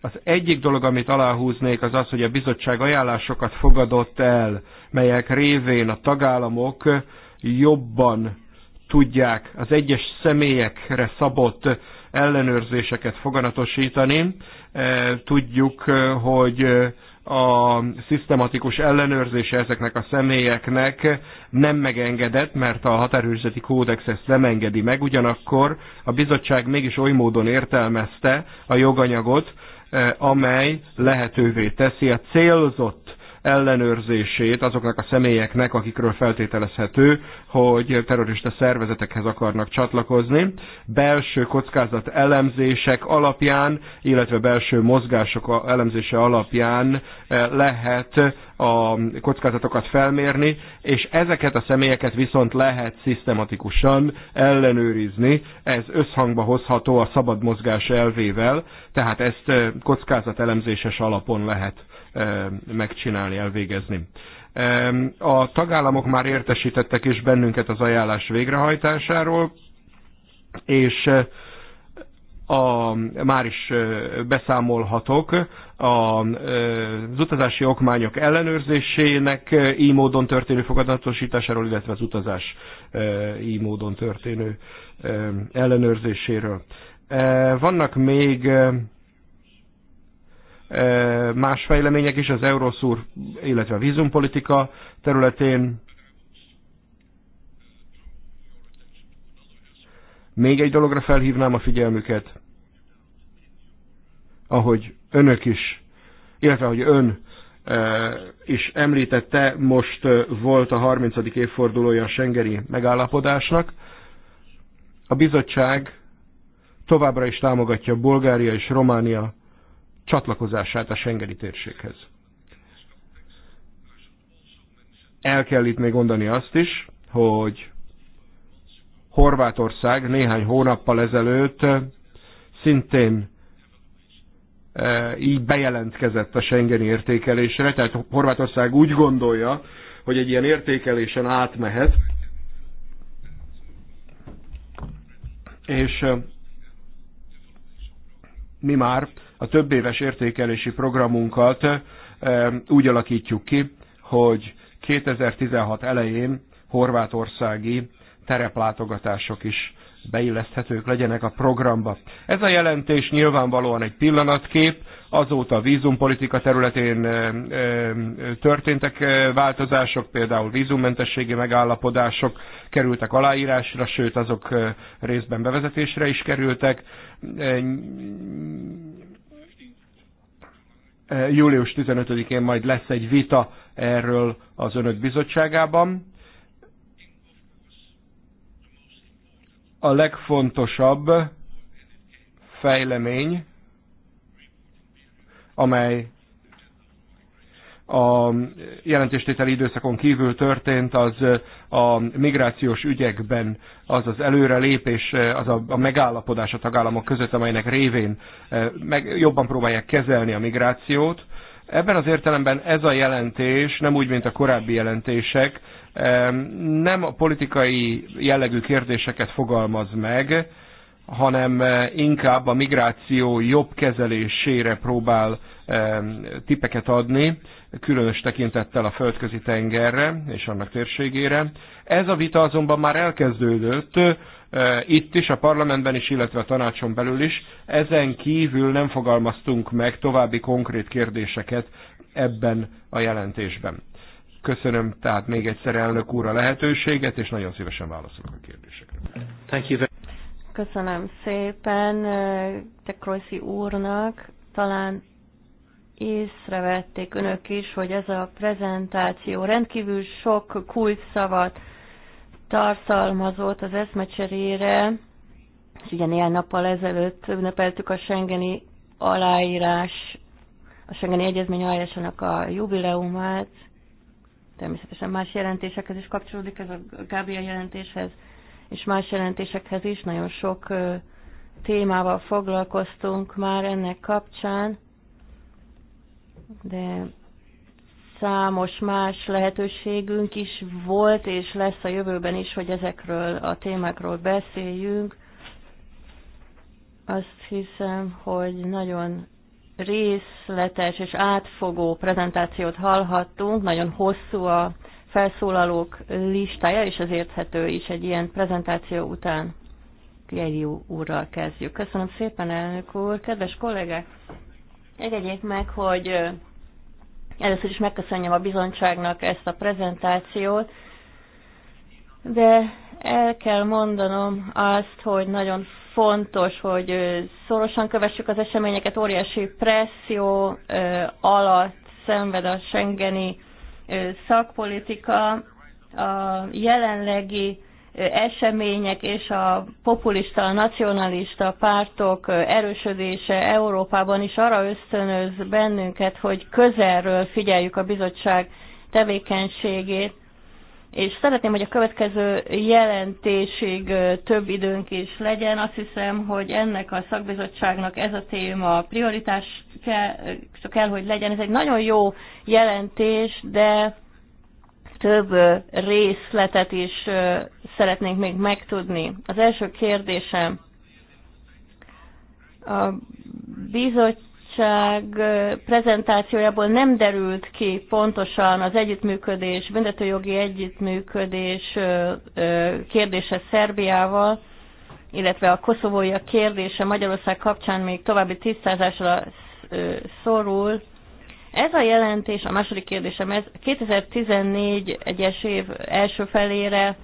Az egyik dolog, amit aláhúznék, az az, hogy a bizottság ajánlásokat fogadott el, melyek révén a tagállamok jobban tudják az egyes személyekre szabott ellenőrzéseket foganatosítani. Eh, tudjuk, eh, hogy eh, a szisztematikus ellenőrzése ezeknek a személyeknek nem megengedett, mert a határőrzeti kódex ezt nem engedi meg, ugyanakkor a bizottság mégis oly módon értelmezte a joganyagot, amely lehetővé teszi a célzott ellenőrzését azoknak a személyeknek, akikről feltételezhető, hogy terrorista szervezetekhez akarnak csatlakozni, belső kockázat elemzések alapján, illetve belső mozgások elemzése alapján eh, lehet a kockázatokat felmérni, és ezeket a személyeket viszont lehet szisztematikusan ellenőrizni, ez összhangba hozható a szabad mozgás elvével, tehát ezt eh, kockázatelemzéses alapon lehet megcsinálni, elvégezni. A tagállamok már értesítettek is bennünket az ajánlás végrehajtásáról, és a, már is beszámolhatok az utazási okmányok ellenőrzésének így módon történő fogadatosításáról, illetve az utazás így módon történő ellenőrzéséről. Vannak még más fejlemények is az Euroszúr, illetve a vízumpolitika területén. Még egy dologra felhívnám a figyelmüket, ahogy önök is, illetve ahogy ön is említette, most volt a 30. évfordulója a Schengeni megállapodásnak. A bizottság továbbra is támogatja Bulgária és Románia csatlakozását a Schengeni térséghez. El kell itt még mondani azt is, hogy Horvátország néhány hónappal ezelőtt eh, szintén eh, így bejelentkezett a Schengeni értékelésre, tehát Horvátország úgy gondolja, hogy egy ilyen értékelésen átmehet, és eh, mi már a több éves értékelési programunkat eh, úgy alakítjuk ki, hogy 2016 elején horvátországi tereplátogatások is beilleszthetők legyenek a programba. Ez a jelentés nyilvánvalóan egy pillanatkép, azóta a vízumpolitika területén eh, eh, történtek változások, például vízummentességi megállapodások kerültek aláírásra, sőt azok részben bevezetésre is kerültek. E, július 15-én majd lesz egy vita erről az önök bizottságában. A legfontosabb fejlemény, amely a jelentéstételi időszakon kívül történt, az a migrációs ügyekben az az előrelépés, az a, megállapodás a tagállamok között, amelynek révén meg, jobban próbálják kezelni a migrációt. Ebben az értelemben ez a jelentés, nem úgy, mint a korábbi jelentések, nem a politikai jellegű kérdéseket fogalmaz meg, hanem inkább a migráció jobb kezelésére próbál tipeket adni különös tekintettel a földközi tengerre és annak térségére. Ez a vita azonban már elkezdődött, itt is, a parlamentben is, illetve a tanácson belül is. Ezen kívül nem fogalmaztunk meg további konkrét kérdéseket ebben a jelentésben. Köszönöm tehát még egyszer elnök úr a lehetőséget, és nagyon szívesen válaszolok a kérdésekre. Thank you very Köszönöm szépen Te Krojci úrnak. Talán észrevették önök is, hogy ez a prezentáció rendkívül sok szavat tartalmazott az eszmecserére, és ugye néhány nappal ezelőtt ünnepeltük a Schengeni aláírás, a Schengeni Egyezmény aláírásának a jubileumát, természetesen más jelentésekhez is kapcsolódik ez a Gábia jelentéshez, és más jelentésekhez is nagyon sok témával foglalkoztunk már ennek kapcsán de számos más lehetőségünk is volt, és lesz a jövőben is, hogy ezekről a témákról beszéljünk. Azt hiszem, hogy nagyon részletes és átfogó prezentációt hallhattunk, nagyon hosszú a felszólalók listája, és az érthető is egy ilyen prezentáció után. Jeli úrral kezdjük. Köszönöm szépen, elnök úr. Kedves kollégák, Engedjék meg, hogy először is megköszönjem a bizonyságnak ezt a prezentációt, de el kell mondanom azt, hogy nagyon fontos, hogy szorosan kövessük az eseményeket, óriási presszió alatt szenved a Schengeni szakpolitika, a jelenlegi események és a populista, a nacionalista pártok erősödése Európában is arra ösztönöz bennünket, hogy közelről figyeljük a bizottság tevékenységét, és szeretném, hogy a következő jelentésig több időnk is legyen. Azt hiszem, hogy ennek a szakbizottságnak ez a téma prioritás kell, kell hogy legyen. Ez egy nagyon jó jelentés, de több részletet is szeretnénk még megtudni. Az első kérdésem, a bizottság prezentációjából nem derült ki pontosan az együttműködés, büntetőjogi együttműködés kérdése Szerbiával, illetve a a kérdése Magyarország kapcsán még további tisztázásra szorul. Ez a jelentés, a második kérdésem, ez 2014 egyes év első felére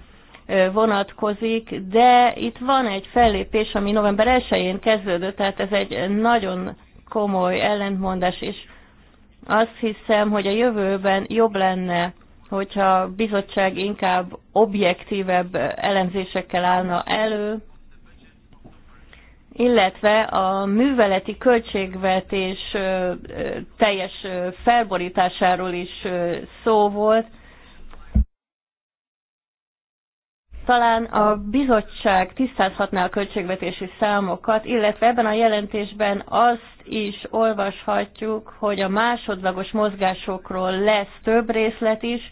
vonatkozik, de itt van egy fellépés, ami november 1-én kezdődött, tehát ez egy nagyon komoly ellentmondás, és azt hiszem, hogy a jövőben jobb lenne, hogyha a bizottság inkább objektívebb elemzésekkel állna elő, illetve a műveleti költségvetés teljes felborításáról is szó volt. Talán a bizottság tisztázhatná a költségvetési számokat, illetve ebben a jelentésben azt is olvashatjuk, hogy a másodlagos mozgásokról lesz több részlet is.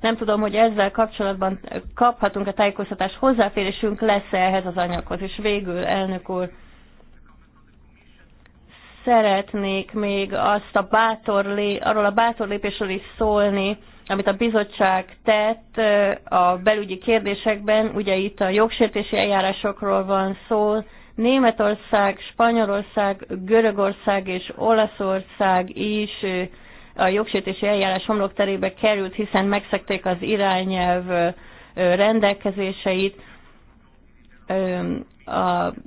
Nem tudom, hogy ezzel kapcsolatban kaphatunk a tájékoztatás hozzáférésünk lesz -e ehhez az anyaghoz. És végül, elnök úr, szeretnék még azt a bátor lé, arról a bátor lépésről is szólni, amit a bizottság tett a belügyi kérdésekben, ugye itt a jogsértési eljárásokról van szó, Németország, Spanyolország, Görögország és Olaszország is a jogsértési eljárás homlokterébe került, hiszen megszekték az irányelv rendelkezéseit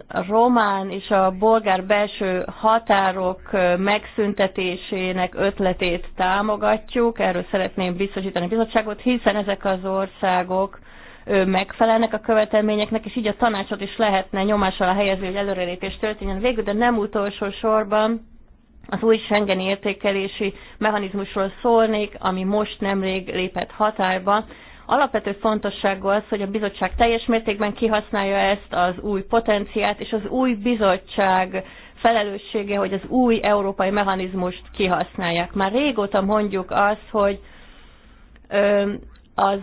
a román és a bolgár belső határok megszüntetésének ötletét támogatjuk, erről szeretném biztosítani a bizottságot, hiszen ezek az országok megfelelnek a követelményeknek, és így a tanácsot is lehetne nyomás alá helyezni, hogy előrelépés történjen végül, de nem utolsó sorban az új Schengen értékelési mechanizmusról szólnék, ami most nemrég lépett hatályba, Alapvető fontosságú az, hogy a bizottság teljes mértékben kihasználja ezt az új potenciát, és az új bizottság felelőssége, hogy az új európai mechanizmust kihasználják. Már régóta mondjuk azt, hogy az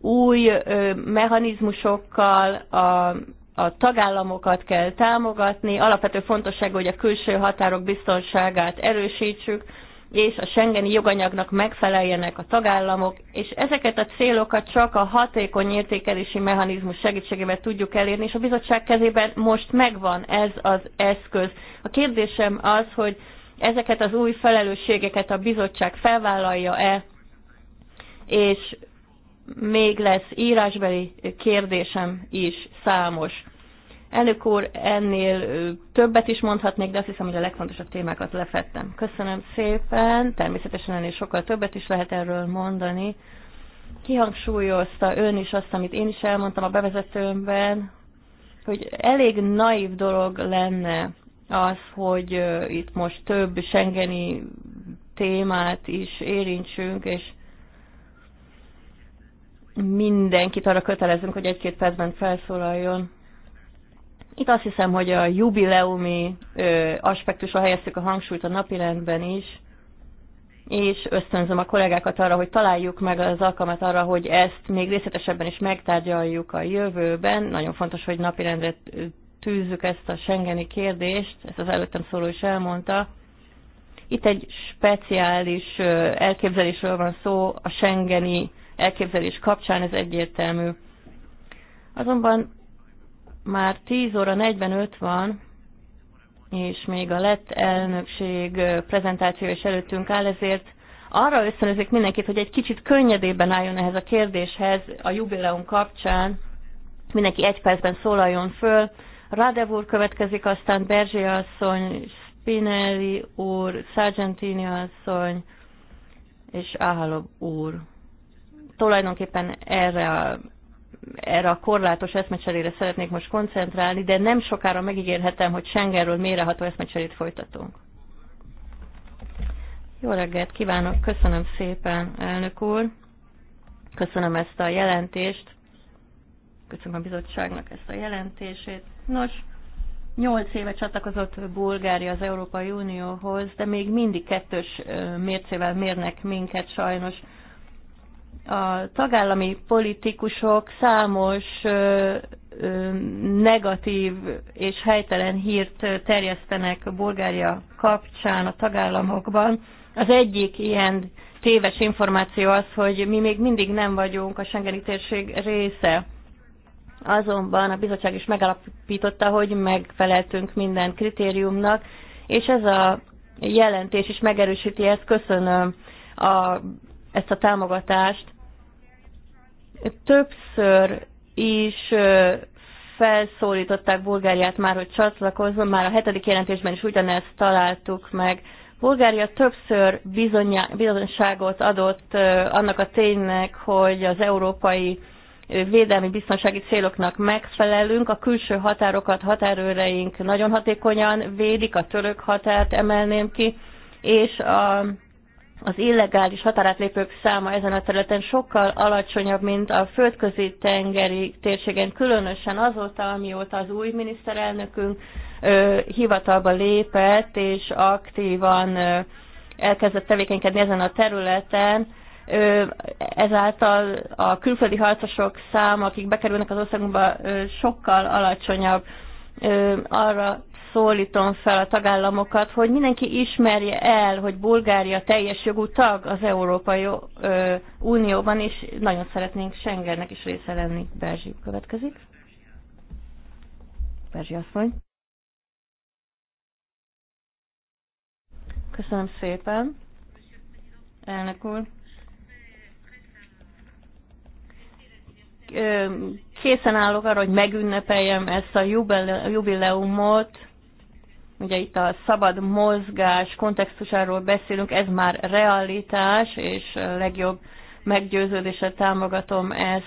új mechanizmusokkal a a tagállamokat kell támogatni, alapvető fontosság, hogy a külső határok biztonságát erősítsük, és a Schengeni joganyagnak megfeleljenek a tagállamok, és ezeket a célokat csak a hatékony értékelési mechanizmus segítségével tudjuk elérni, és a bizottság kezében most megvan ez az eszköz. A kérdésem az, hogy ezeket az új felelősségeket a bizottság felvállalja-e, és még lesz írásbeli kérdésem is számos. Elnök úr, ennél többet is mondhatnék, de azt hiszem, hogy a legfontosabb témákat lefettem. Köszönöm szépen, természetesen ennél sokkal többet is lehet erről mondani. Kihangsúlyozta ön is azt, amit én is elmondtam a bevezetőmben, hogy elég naív dolog lenne az, hogy itt most több sengeni témát is érintsünk, és mindenkit arra kötelezünk, hogy egy-két percben felszólaljon. Itt azt hiszem, hogy a jubileumi ö, aspektusra helyeztük a hangsúlyt a napirendben is, és ösztönzöm a kollégákat arra, hogy találjuk meg az alkalmat arra, hogy ezt még részletesebben is megtárgyaljuk a jövőben. Nagyon fontos, hogy napirendre tűzzük ezt a Schengeni kérdést, ezt az előttem szóló is elmondta. Itt egy speciális elképzelésről van szó, a Schengeni elképzelés kapcsán ez egyértelmű. Azonban már 10 óra 45 van, és még a lett elnökség prezentáció is előttünk áll, ezért arra ösztönözik mindenkit, hogy egy kicsit könnyedében álljon ehhez a kérdéshez a jubileum kapcsán. Mindenki egy percben szólaljon föl. Radev úr következik, aztán Berzsé asszony, Spinelli úr, Sargentini asszony és Ahalob úr. Tulajdonképpen erre a erre a korlátos eszmecserére szeretnék most koncentrálni, de nem sokára megígérhetem, hogy Schengenről méreható eszmecserét folytatunk. Jó reggelt kívánok, köszönöm szépen, elnök úr. Köszönöm ezt a jelentést. Köszönöm a bizottságnak ezt a jelentését. Nos, Nyolc éve csatlakozott Bulgária az Európai Unióhoz, de még mindig kettős mércével mérnek minket sajnos a tagállami politikusok számos negatív és helytelen hírt terjesztenek Bulgária kapcsán a tagállamokban. Az egyik ilyen téves információ az, hogy mi még mindig nem vagyunk a Schengeni térség része. Azonban a bizottság is megalapította, hogy megfeleltünk minden kritériumnak, és ez a jelentés is megerősíti ezt. Köszönöm a, ezt a támogatást Többször is felszólították Bulgáriát már, hogy csatlakozzon, már a hetedik jelentésben is ugyanezt találtuk meg. Bulgária többször bizonyságot adott annak a ténynek, hogy az európai védelmi biztonsági céloknak megfelelünk, a külső határokat határőreink nagyon hatékonyan védik, a török határt emelném ki, és a az illegális határátlépők száma ezen a területen sokkal alacsonyabb, mint a földközi tengeri térségen, különösen azóta, amióta az új miniszterelnökünk ö, hivatalba lépett és aktívan ö, elkezdett tevékenykedni ezen a területen, ö, ezáltal a külföldi harcosok száma, akik bekerülnek az országunkba, ö, sokkal alacsonyabb arra szólítom fel a tagállamokat, hogy mindenki ismerje el, hogy Bulgária teljes jogú tag az Európai Unióban, és nagyon szeretnénk Schengennek is része lenni. Berzsi következik. Berzsi asszony. Köszönöm szépen. Elnök úr. készen állok arra, hogy megünnepeljem ezt a jubileumot. Ugye itt a szabad mozgás kontextusáról beszélünk, ez már realitás, és legjobb meggyőződéssel támogatom ezt.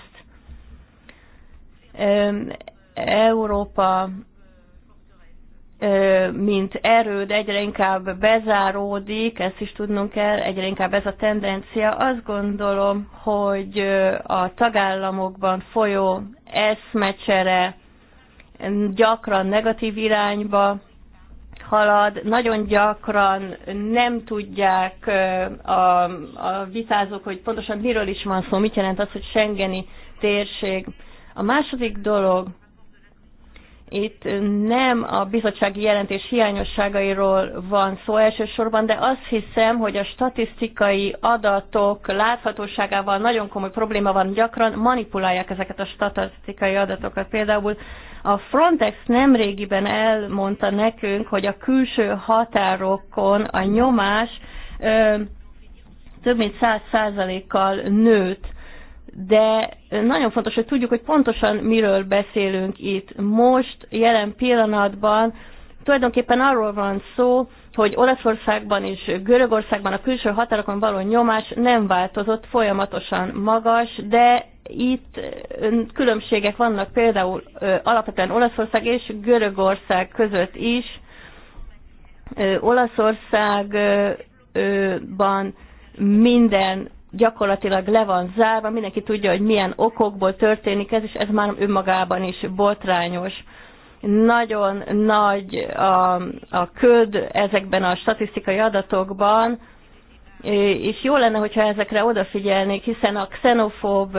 Európa mint erőd egyre inkább bezáródik, ezt is tudnunk kell, egyre inkább ez a tendencia. Azt gondolom, hogy a tagállamokban folyó eszmecsere gyakran negatív irányba halad, nagyon gyakran nem tudják a, a vitázók, hogy pontosan miről is van szó, mit jelent az, hogy Schengeni térség. A második dolog, itt nem a bizottsági jelentés hiányosságairól van szó elsősorban, de azt hiszem, hogy a statisztikai adatok láthatóságával nagyon komoly probléma van. Gyakran manipulálják ezeket a statisztikai adatokat. Például a Frontex nemrégiben elmondta nekünk, hogy a külső határokon a nyomás ö, több mint 100%-kal nőtt de nagyon fontos, hogy tudjuk, hogy pontosan miről beszélünk itt. Most, jelen pillanatban tulajdonképpen arról van szó, hogy Olaszországban és Görögországban a külső határokon való nyomás nem változott, folyamatosan magas, de itt különbségek vannak például alapvetően Olaszország és Görögország között is. Olaszországban minden gyakorlatilag le van zárva, mindenki tudja, hogy milyen okokból történik ez, és ez már önmagában is botrányos. Nagyon nagy a, a köd ezekben a statisztikai adatokban, és jó lenne, hogyha ezekre odafigyelnék, hiszen a xenofób,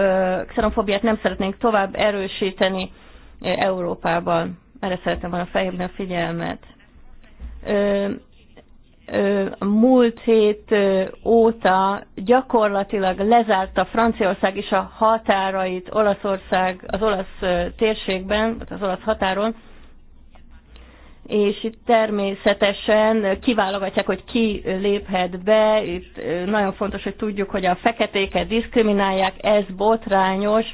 xenofóbiát nem szeretnénk tovább erősíteni Európában. Erre szeretem volna felhívni a figyelmet múlt hét óta gyakorlatilag lezárta Franciaország is a határait Olaszország, az olasz térségben, az olasz határon, és itt természetesen kiválogatják, hogy ki léphet be. Itt nagyon fontos, hogy tudjuk, hogy a feketéket diszkriminálják, ez botrányos,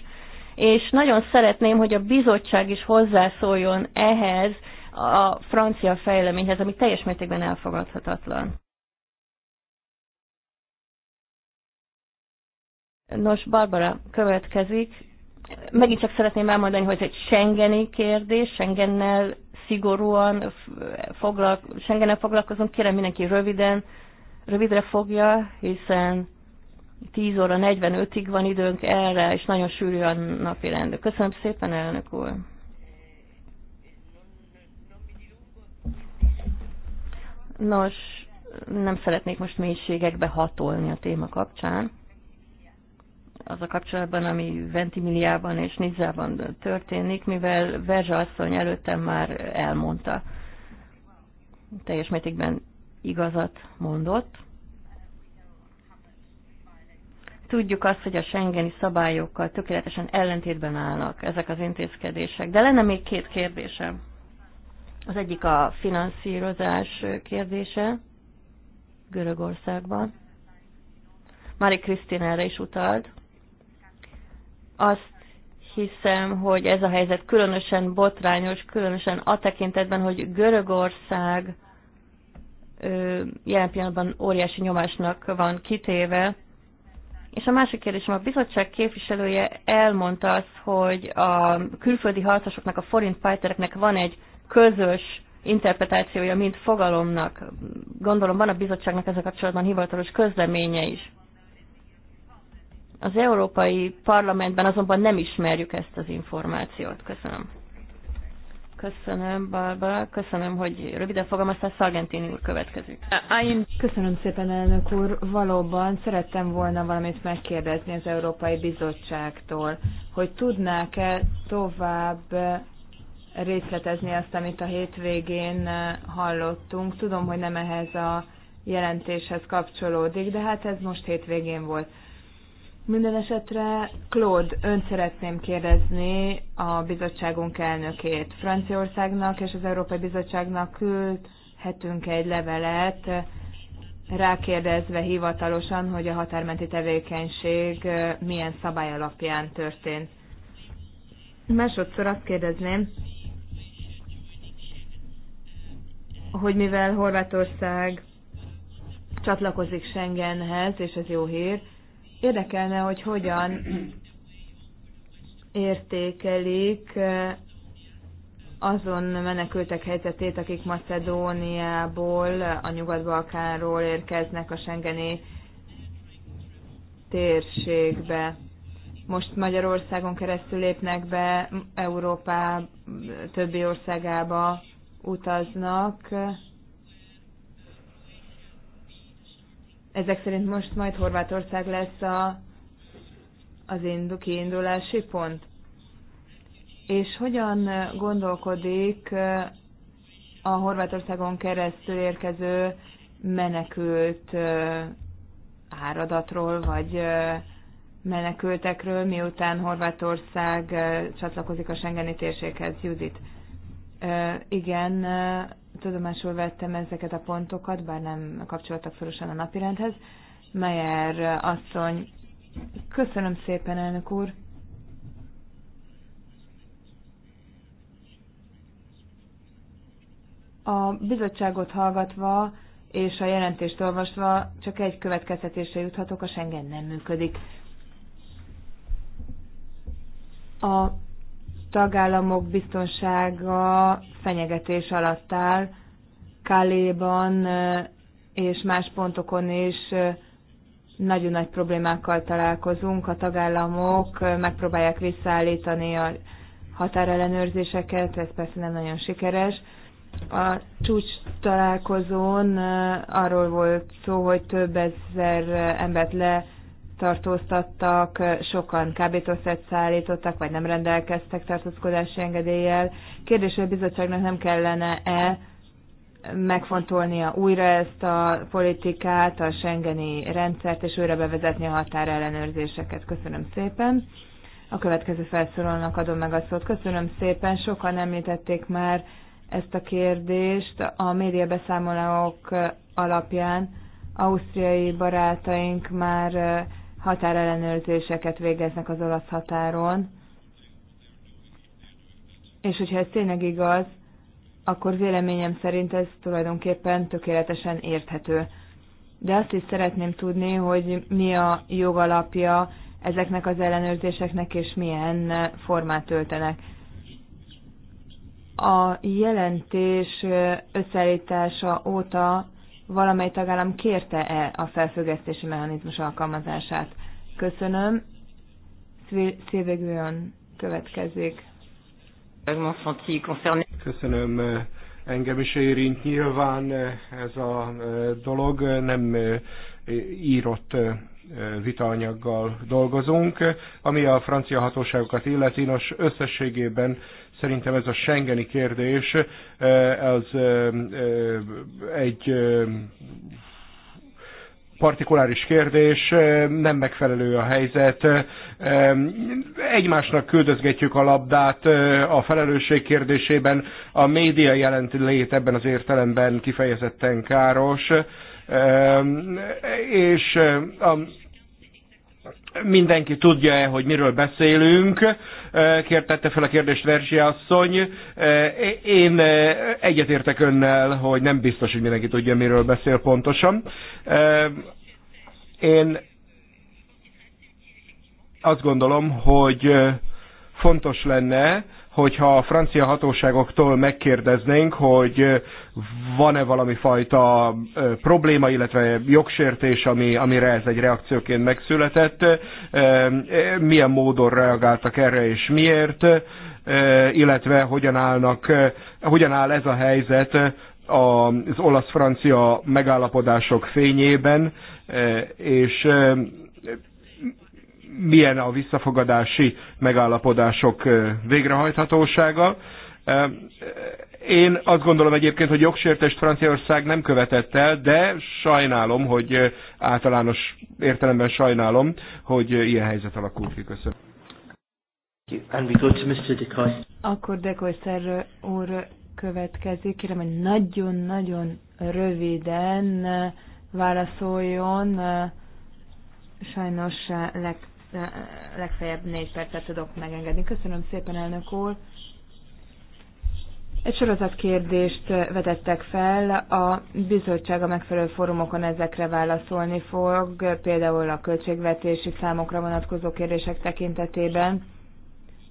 és nagyon szeretném, hogy a bizottság is hozzászóljon ehhez, a francia fejleményhez, hát, ami teljes mértékben elfogadhatatlan. Nos, Barbara következik. Megint csak szeretném elmondani, hogy ez egy Schengeni kérdés, Schengennel szigorúan foglalko Schengennel foglalkozunk, kérem mindenki röviden, rövidre fogja, hiszen 10 óra 45-ig van időnk erre, és nagyon sűrű a napi rendő. Köszönöm szépen, elnök úr! Nos, nem szeretnék most mélységekbe hatolni a téma kapcsán. Az a kapcsolatban, ami Ventimiliában és Nizzában történik, mivel Verzsa asszony előttem már elmondta. Teljes mértékben igazat mondott. Tudjuk azt, hogy a Schengeni szabályokkal tökéletesen ellentétben állnak ezek az intézkedések. De lenne még két kérdésem az egyik a finanszírozás kérdése Görögországban. Mari Krisztin erre is utalt. Azt hiszem, hogy ez a helyzet különösen botrányos, különösen a tekintetben, hogy Görögország jelen pillanatban óriási nyomásnak van kitéve. És a másik kérdésem, a bizottság képviselője elmondta azt, hogy a külföldi harcosoknak, a foreign fightereknek van egy közös interpretációja, mint fogalomnak. Gondolom van a bizottságnak ezzel kapcsolatban hivatalos közleménye is. Az Európai Parlamentben azonban nem ismerjük ezt az információt. Köszönöm. Köszönöm, Barbara. Köszönöm, hogy röviden fogalmaztál. Szargentini úr következik. Köszönöm szépen, elnök úr. Valóban szerettem volna valamit megkérdezni az Európai Bizottságtól, hogy tudnák-e tovább részletezni azt, amit a hétvégén eh, hallottunk. Tudom, hogy nem ehhez a jelentéshez kapcsolódik, de hát ez most hétvégén volt. Minden esetre, Claude, ön szeretném kérdezni a bizottságunk elnökét. Franciaországnak és az Európai Bizottságnak küldhetünk egy levelet, rákérdezve hivatalosan, hogy a határmenti tevékenység eh, milyen szabály alapján történt. Másodszor azt kérdezném, hogy mivel Horvátország csatlakozik Schengenhez, és ez jó hír, érdekelne, hogy hogyan értékelik eh, azon menekültek helyzetét, akik Macedóniából, a Nyugat-Balkánról érkeznek a Schengeni térségbe. Most Magyarországon keresztül lépnek be Európá többi országába, utaznak. Ezek szerint most majd Horvátország lesz a, az indu, kiindulási pont. És hogyan gondolkodik a Horvátországon keresztül érkező menekült áradatról, vagy menekültekről, miután Horvátország csatlakozik a Schengeni térséghez, Judit igen, tudomásul vettem ezeket a pontokat, bár nem kapcsoltak szorosan a napirendhez. Meyer asszony, köszönöm szépen, elnök úr. A bizottságot hallgatva és a jelentést olvasva csak egy következtetésre juthatok, a Schengen nem működik. A tagállamok biztonsága fenyegetés alatt áll. Kaléban és más pontokon is nagyon nagy problémákkal találkozunk. A tagállamok megpróbálják visszaállítani a határellenőrzéseket, ez persze nem nagyon sikeres. A csúcs találkozón arról volt szó, hogy több ezer embert le tartóztattak, sokan kábítószert szállítottak, vagy nem rendelkeztek tartózkodási engedéllyel. Kérdés, hogy a bizottságnak nem kellene-e megfontolnia újra ezt a politikát, a Schengeni rendszert, és újra bevezetni a határellenőrzéseket. Köszönöm szépen. A következő felszólalnak adom meg a szót. Köszönöm szépen. Sokan említették már ezt a kérdést. A beszámolók alapján ausztriai barátaink már határellenőrzéseket végeznek az olasz határon. És hogyha ez tényleg igaz, akkor véleményem szerint ez tulajdonképpen tökéletesen érthető. De azt is szeretném tudni, hogy mi a jogalapja ezeknek az ellenőrzéseknek, és milyen formát öltenek. A jelentés összeállítása óta valamely tagállam kérte-e a felfüggesztési mechanizmus alkalmazását. Köszönöm. Szévegően következik. Köszönöm. Engem is érint nyilván ez a dolog. Nem írott vitaanyaggal dolgozunk, ami a francia hatóságokat illeti, nos összességében Szerintem ez a Schengeni kérdés, eh, az eh, eh, egy partikuláris kérdés, nem megfelelő a helyzet. Egymásnak küldözgetjük a labdát a felelősség kérdésében. A média jelent lét ebben az értelemben kifejezetten káros. És a mindenki tudja-e, hogy miről beszélünk, kértette fel a kérdést Verzsi asszony. Én egyetértek önnel, hogy nem biztos, hogy mindenki tudja, miről beszél pontosan. Én azt gondolom, hogy fontos lenne, hogyha a francia hatóságoktól megkérdeznénk, hogy van-e valami fajta probléma, illetve jogsértés, ami, amire ez egy reakcióként megszületett, milyen módon reagáltak erre és miért, illetve hogyan, állnak, hogyan áll ez a helyzet az olasz-francia megállapodások fényében, és milyen a visszafogadási megállapodások végrehajthatósága. Én azt gondolom egyébként, hogy jogsértést Franciaország nem követett el, de sajnálom, hogy általános értelemben sajnálom, hogy ilyen helyzet alakult ki. Köszönöm. And we go to Mr. Akkor Dekoyszer úr következik. Kérem, hogy nagyon-nagyon röviden válaszoljon. Sajnos leg legfeljebb négy percet tudok megengedni. Köszönöm szépen, elnök úr. Egy sorozat kérdést vetettek fel, a bizottság a megfelelő fórumokon ezekre válaszolni fog, például a költségvetési számokra vonatkozó kérdések tekintetében,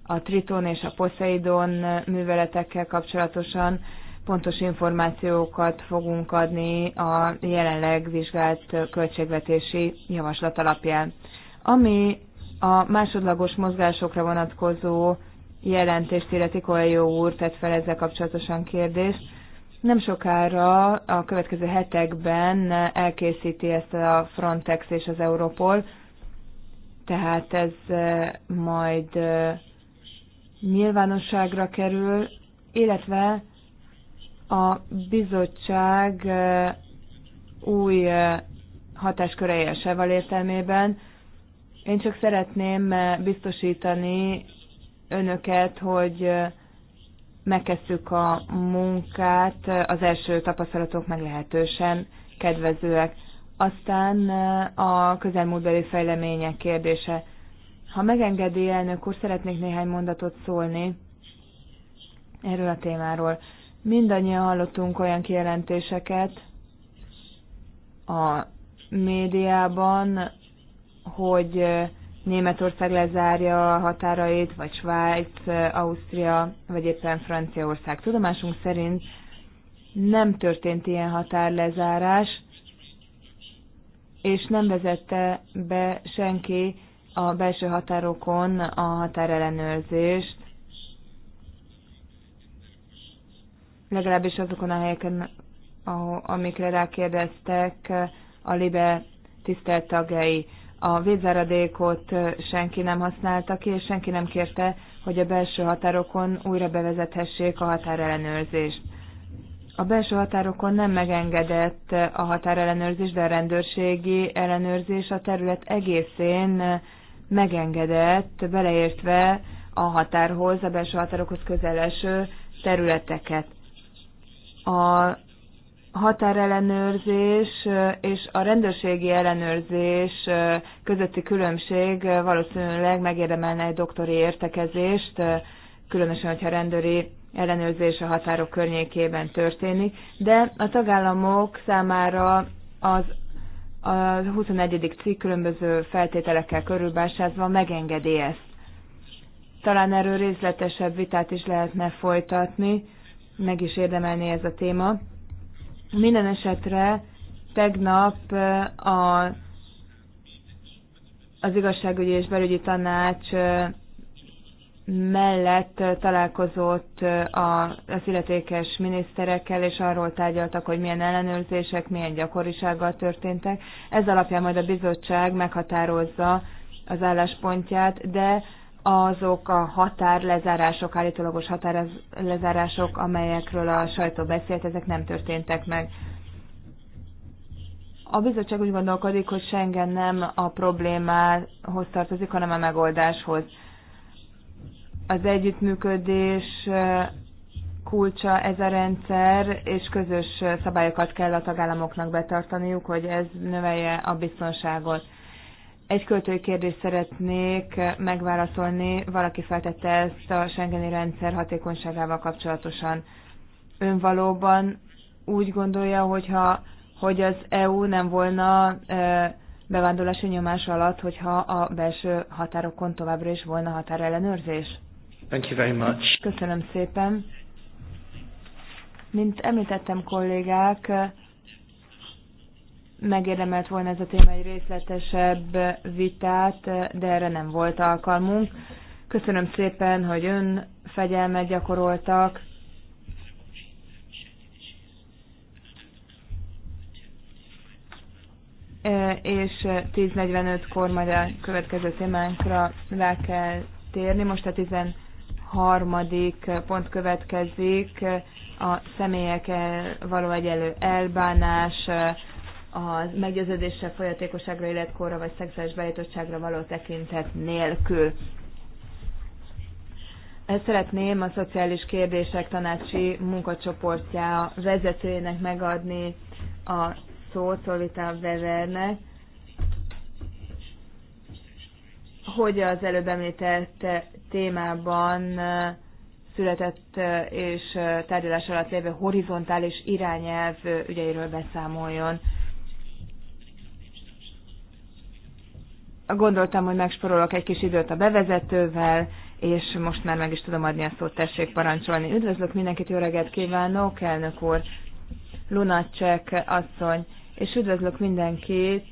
a Triton és a Poseidon műveletekkel kapcsolatosan pontos információkat fogunk adni a jelenleg vizsgált költségvetési javaslat alapján. Ami a másodlagos mozgásokra vonatkozó jelentést illeti Koeljó úr tett fel ezzel kapcsolatosan kérdést. Nem sokára a következő hetekben elkészíti ezt a Frontex és az Europol, tehát ez e, majd e, nyilvánosságra kerül, illetve a bizottság e, új hatásköre a értelmében én csak szeretném eh, biztosítani önöket, hogy eh, megkezdtük a munkát, eh, az első tapasztalatok meglehetősen kedvezőek. Aztán a közelmúltbeli fejlemények kérdése. Ha megengedi, elnök úr, szeretnék néhány mondatot szólni erről a témáról. Mindannyian hallottunk olyan kijelentéseket a médiában, hogy Németország lezárja a határait, vagy Svájc, Ausztria, vagy éppen Franciaország. Tudomásunk szerint nem történt ilyen határlezárás, és nem vezette be senki a belső határokon a határellenőrzést, legalábbis azokon a helyeken, ahol, amikre rákérdeztek a LIBE tisztelt tagjai a védzáradékot senki nem használta ki, és senki nem kérte, hogy a belső határokon újra bevezethessék a határellenőrzést. A belső határokon nem megengedett a határellenőrzés, de a rendőrségi ellenőrzés a terület egészén megengedett, beleértve a határhoz, a belső határokhoz közeleső területeket. A határellenőrzés és a rendőrségi ellenőrzés közötti különbség valószínűleg megérdemelne egy doktori értekezést, különösen, hogyha rendőri ellenőrzés a határok környékében történik, de a tagállamok számára az a 21. cikk különböző feltételekkel körülbásázva megengedi ezt. Talán erről részletesebb vitát is lehetne folytatni, meg is érdemelni ez a téma. Minden esetre tegnap eh, a, az igazságügyi és belügyi tanács eh, mellett eh, találkozott a, az illetékes miniszterekkel, és arról tárgyaltak, hogy milyen ellenőrzések, milyen gyakorisággal történtek. Ez alapján majd a bizottság meghatározza az álláspontját, de azok a határlezárások, állítólagos határlezárások, amelyekről a sajtó beszélt, ezek nem történtek meg. A bizottság úgy gondolkodik, hogy Schengen nem a problémához tartozik, hanem a megoldáshoz. Az együttműködés kulcsa ez a rendszer, és közös szabályokat kell a tagállamoknak betartaniuk, hogy ez növelje a biztonságot. Egy költői kérdést szeretnék megválaszolni. Valaki feltette ezt a Schengeni rendszer hatékonyságával kapcsolatosan. Ön valóban úgy gondolja, hogyha, hogy az EU nem volna bevándorlási nyomás alatt, hogyha a belső határokon továbbra is volna határellenőrzés? Thank you very much. Köszönöm szépen. Mint említettem kollégák, megérdemelt volna ez a téma egy részletesebb vitát, de erre nem volt alkalmunk. Köszönöm szépen, hogy ön fegyelmet gyakoroltak. E, és 10.45-kor majd a következő témánkra rá kell térni. Most a 13. pont következik, a személyekkel való egyelő elbánás, az meggyőződéssel, folyatékosságra, életkorra vagy szexuális beállítottságra való tekintet nélkül. Ezt szeretném a Szociális Kérdések Tanácsi Munkacsoportja vezetőjének megadni a szót, Szolvita Wevernek, hogy az előbb említett témában uh, született uh, és uh, tárgyalás alatt lévő horizontális irányelv ügyeiről beszámoljon. Gondoltam, hogy megsporolok egy kis időt a bevezetővel, és most már meg is tudom adni a szót, tessék parancsolni. Üdvözlök mindenkit, jó reggelt kívánok, elnök úr, Lunacek asszony, és üdvözlök mindenkit,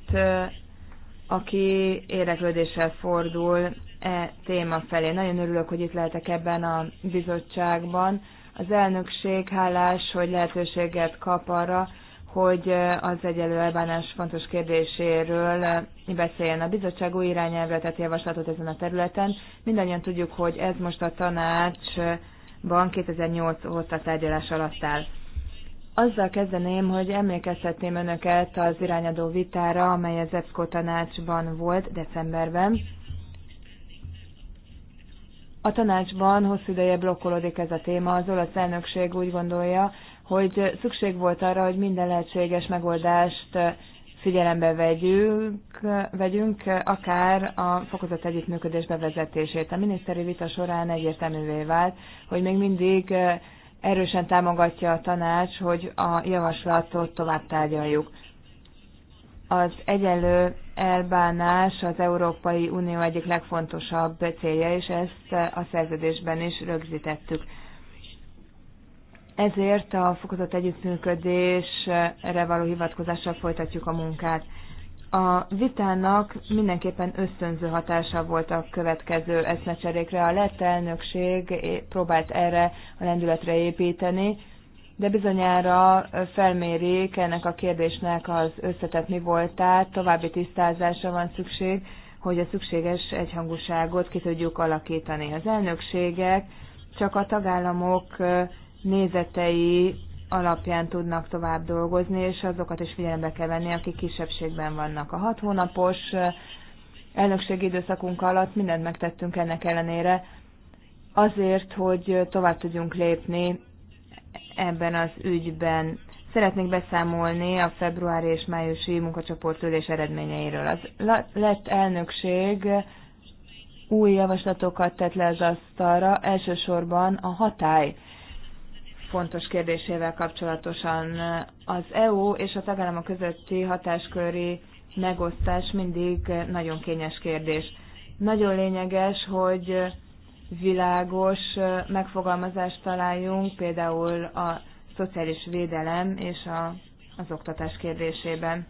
aki érdeklődéssel fordul e téma felé. Nagyon örülök, hogy itt lehetek ebben a bizottságban. Az elnökség hálás, hogy lehetőséget kap arra, hogy az egyenlő elbánás fontos kérdéséről beszéljen. A bizottság új irányelvre tehát javaslatot ezen a területen. Mindannyian tudjuk, hogy ez most a tanácsban 2008 óta tárgyalás alatt áll. Azzal kezdeném, hogy emlékeztetném önöket az irányadó vitára, amely az EFSZKO tanácsban volt decemberben. A tanácsban hosszú ideje blokkolódik ez a téma. Az olasz elnökség úgy gondolja, hogy szükség volt arra, hogy minden lehetséges megoldást figyelembe vegyünk, vegyünk akár a fokozott együttműködés bevezetését. A miniszteri vita során egyértelművé vált, hogy még mindig erősen támogatja a tanács, hogy a javaslatot tovább tárgyaljuk. Az egyenlő elbánás az Európai Unió egyik legfontosabb célja, és ezt a szerződésben is rögzítettük. Ezért a fokozott együttműködésre való hivatkozással folytatjuk a munkát. A vitának mindenképpen ösztönző hatása volt a következő eszmecserékre. A lett elnökség próbált erre a lendületre építeni, de bizonyára felmérik ennek a kérdésnek az összetett mi voltát, további tisztázásra van szükség, hogy a szükséges egyhangúságot ki tudjuk alakítani. Az elnökségek csak a tagállamok nézetei alapján tudnak tovább dolgozni, és azokat is figyelembe kell venni, akik kisebbségben vannak. A hat hónapos eh, elnökségi időszakunk alatt mindent megtettünk ennek ellenére, azért, hogy tovább tudjunk lépni ebben az ügyben. Szeretnék beszámolni a februári és májusi munkacsoportülés eredményeiről. Az lett elnökség új javaslatokat tett le az asztalra, elsősorban a hatály fontos kérdésével kapcsolatosan. Az EU és a tagállamok közötti hatásköri megosztás mindig nagyon kényes kérdés. Nagyon lényeges, hogy világos megfogalmazást találjunk, például a szociális védelem és a, az oktatás kérdésében.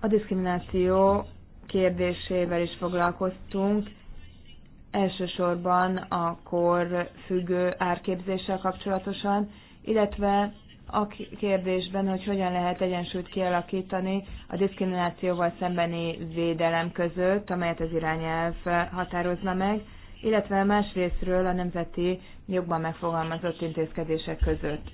A diszkrimináció kérdésével is foglalkoztunk, elsősorban a kor függő árképzéssel kapcsolatosan, illetve a kérdésben, hogy hogyan lehet egyensúlyt kialakítani a diszkriminációval szembeni védelem között, amelyet az irányelv határozna meg, illetve másrésztről a nemzeti jogban megfogalmazott intézkedések között.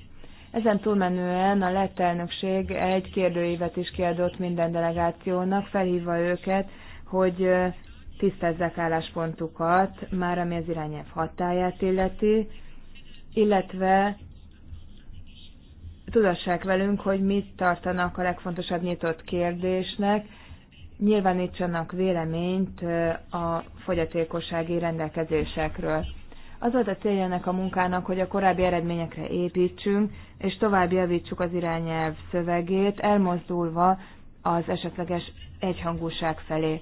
Ezen túlmenően a lett elnökség egy kérdőívet is kiadott minden delegációnak, felhívva őket, hogy tisztázzák álláspontukat, már ami az irányelv hatáját illeti, illetve tudassák velünk, hogy mit tartanak a legfontosabb nyitott kérdésnek, nyilvánítsanak véleményt a fogyatékossági rendelkezésekről. Az volt a célja ennek a munkának, hogy a korábbi eredményekre építsünk, és tovább javítsuk az irányelv szövegét, elmozdulva az esetleges egyhangúság felé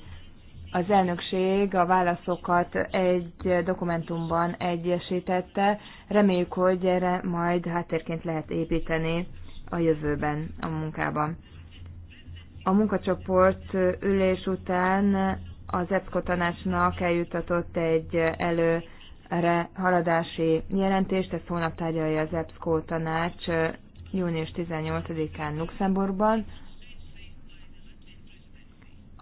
az elnökség a válaszokat egy dokumentumban egyesítette. Reméljük, hogy erre majd háttérként lehet építeni a jövőben a munkában. A munkacsoport ülés után az EPSZKO tanácsnak eljutatott egy előre haladási jelentést, ezt holnap tárgyalja az EPSZKO tanács június 18-án Luxemburgban.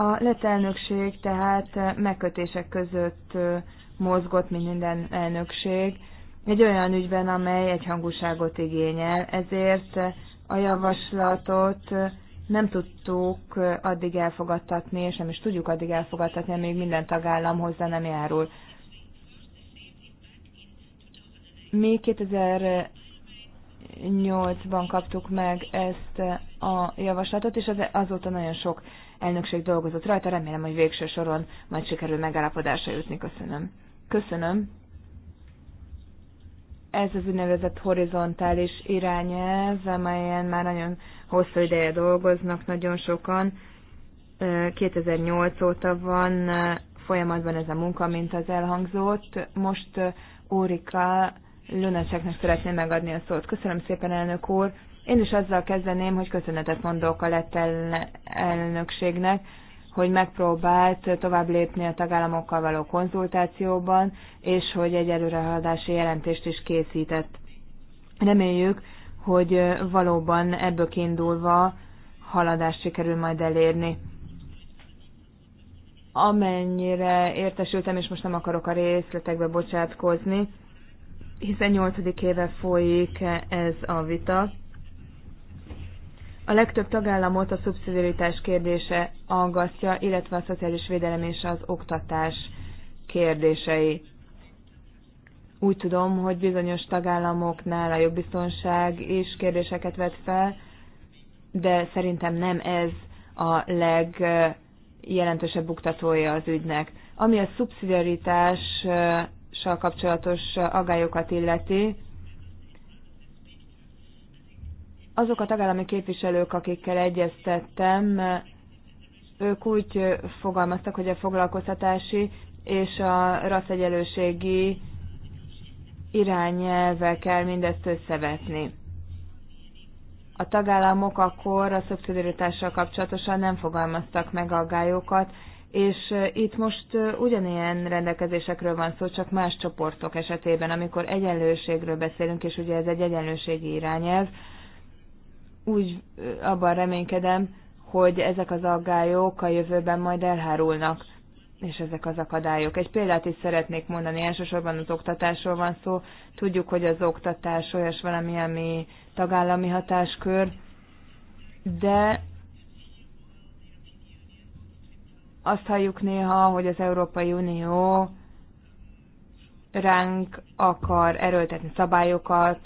A lett elnökség tehát megkötések között mozgott, mint minden elnökség, egy olyan ügyben, amely egyhangúságot igényel, ezért a javaslatot nem tudtuk addig elfogadtatni, és nem is tudjuk addig elfogadtatni, amíg minden tagállam hozzá nem járul. Mi 2008-ban kaptuk meg ezt a javaslatot, és azóta nagyon sok elnökség dolgozott rajta, remélem, hogy végső soron majd sikerül megállapodásra jutni. Köszönöm. Köszönöm. Ez az úgynevezett horizontális irányelv, amelyen már nagyon hosszú ideje dolgoznak nagyon sokan. 2008 óta van folyamatban ez a munka, mint az elhangzott. Most Órika Lunacseknek szeretném megadni a szót. Köszönöm szépen, elnök úr! Én is azzal kezdeném, hogy köszönetet mondok a lett elnökségnek, hogy megpróbált tovább lépni a tagállamokkal való konzultációban, és hogy egy előrehaladási jelentést is készített. Reméljük, hogy valóban ebből kiindulva haladást sikerül majd elérni. Amennyire értesültem, és most nem akarok a részletekbe bocsátkozni, hiszen 8. éve folyik ez a vita, a legtöbb tagállamot a szubszidiaritás kérdése aggasztja, illetve a szociális védelem és az oktatás kérdései. Úgy tudom, hogy bizonyos tagállamoknál a jogbiztonság is kérdéseket vet fel, de szerintem nem ez a legjelentősebb buktatója az ügynek. Ami a szubszidiaritással kapcsolatos agályokat illeti, Azok a tagállami képviselők, akikkel egyeztettem, ők úgy fogalmaztak, hogy a foglalkoztatási és a rasszegyelőségi irányelvvel kell mindezt összevetni. A tagállamok akkor a szubszidiaritással kapcsolatosan nem fogalmaztak meg aggályokat, és itt most ugyanilyen rendelkezésekről van szó, csak más csoportok esetében, amikor egyenlőségről beszélünk, és ugye ez egy egyenlőségi irányelv, úgy abban reménykedem, hogy ezek az aggályok a jövőben majd elhárulnak, és ezek az akadályok. Egy példát is szeretnék mondani, elsősorban az oktatásról van szó. Tudjuk, hogy az oktatás olyas valami, ami tagállami hatáskör, de azt halljuk néha, hogy az Európai Unió ránk akar erőltetni szabályokat,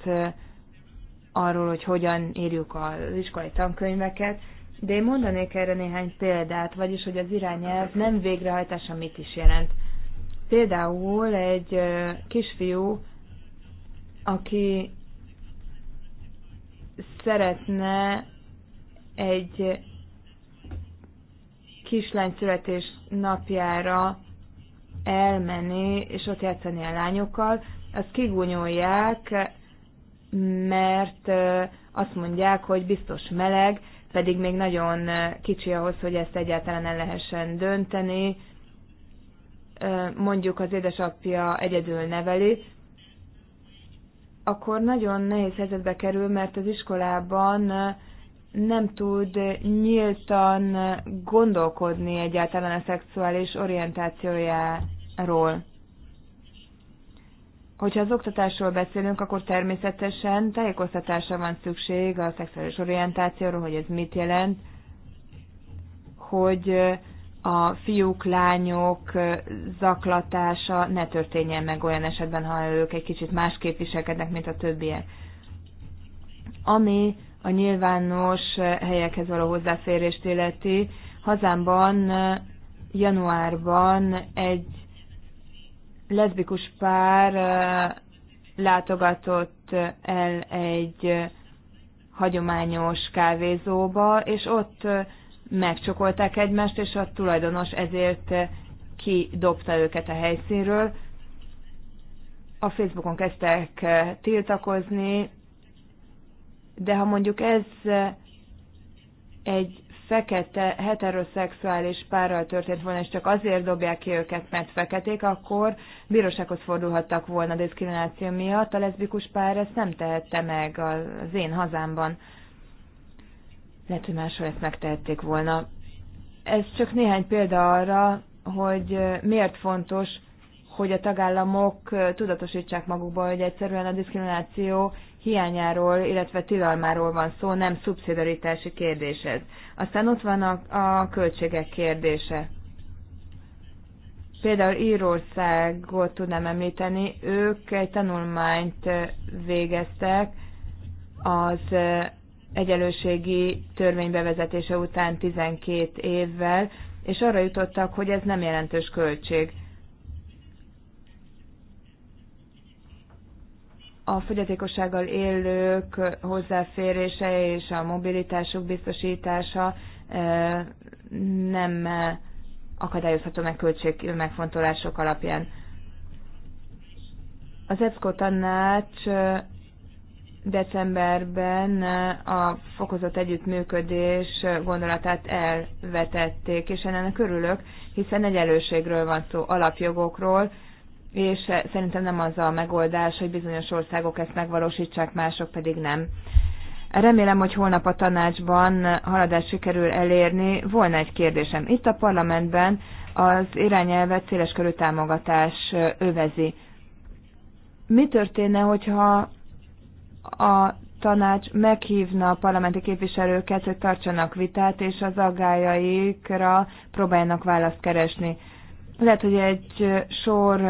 arról, hogy hogyan írjuk az iskolai tankönyveket, de én mondanék erre néhány példát, vagyis hogy az irányelv nem végrehajtása mit is jelent. Például egy kisfiú, aki szeretne egy kislány születés napjára elmenni, és ott játszani a lányokkal, azt kigúnyolják, mert azt mondják, hogy biztos meleg, pedig még nagyon kicsi ahhoz, hogy ezt egyáltalán el lehessen dönteni. Mondjuk az édesapja egyedül neveli, akkor nagyon nehéz helyzetbe kerül, mert az iskolában nem tud nyíltan gondolkodni egyáltalán a szexuális orientációjáról. Hogyha az oktatásról beszélünk, akkor természetesen tájékoztatásra van szükség a szexuális orientációról, hogy ez mit jelent, hogy a fiúk, lányok zaklatása ne történjen meg olyan esetben, ha ők egy kicsit másképp viselkednek, mint a többiek. Ami a nyilvános helyekhez való hozzáférést illeti, hazámban januárban egy leszbikus pár látogatott el egy hagyományos kávézóba, és ott megcsokolták egymást, és a tulajdonos ezért kidobta őket a helyszínről. A Facebookon kezdtek tiltakozni, de ha mondjuk ez egy fekete heteroszexuális párral történt volna, és csak azért dobják ki őket, mert feketék, akkor bírósághoz fordulhattak volna a diszkrimináció miatt. A leszbikus pár ezt nem tehette meg az én hazámban. Lehet, hogy máshol ezt megtehették volna. Ez csak néhány példa arra, hogy miért fontos, hogy a tagállamok tudatosítsák magukba, hogy egyszerűen a diszkrimináció hiányáról, illetve tilalmáról van szó, nem szubszidaritási kérdés ez. Aztán ott van a, a költségek kérdése. Például Írországot tudnám említeni, ők egy tanulmányt eh, végeztek az eh, egyenlőségi törvény bevezetése után 12 évvel, és arra jutottak, hogy ez nem jelentős költség. a fogyatékossággal élők hozzáférése és a mobilitásuk biztosítása nem akadályozható meg költség megfontolások alapján. Az EBSZKO tanács decemberben a fokozott együttműködés gondolatát elvetették, és ennek örülök, hiszen egyenlőségről van szó, alapjogokról, és eh, szerintem nem az a megoldás, hogy bizonyos országok ezt megvalósítsák, mások pedig nem. Remélem, hogy holnap a tanácsban haladást sikerül elérni. Volna egy kérdésem. Itt a parlamentben az irányelvet körű támogatás eh, övezi. Mi történne, hogyha a tanács meghívna a parlamenti képviselőket, hogy tartsanak vitát, és az aggájaikra próbáljanak választ keresni? Lehet, hogy egy eh, sor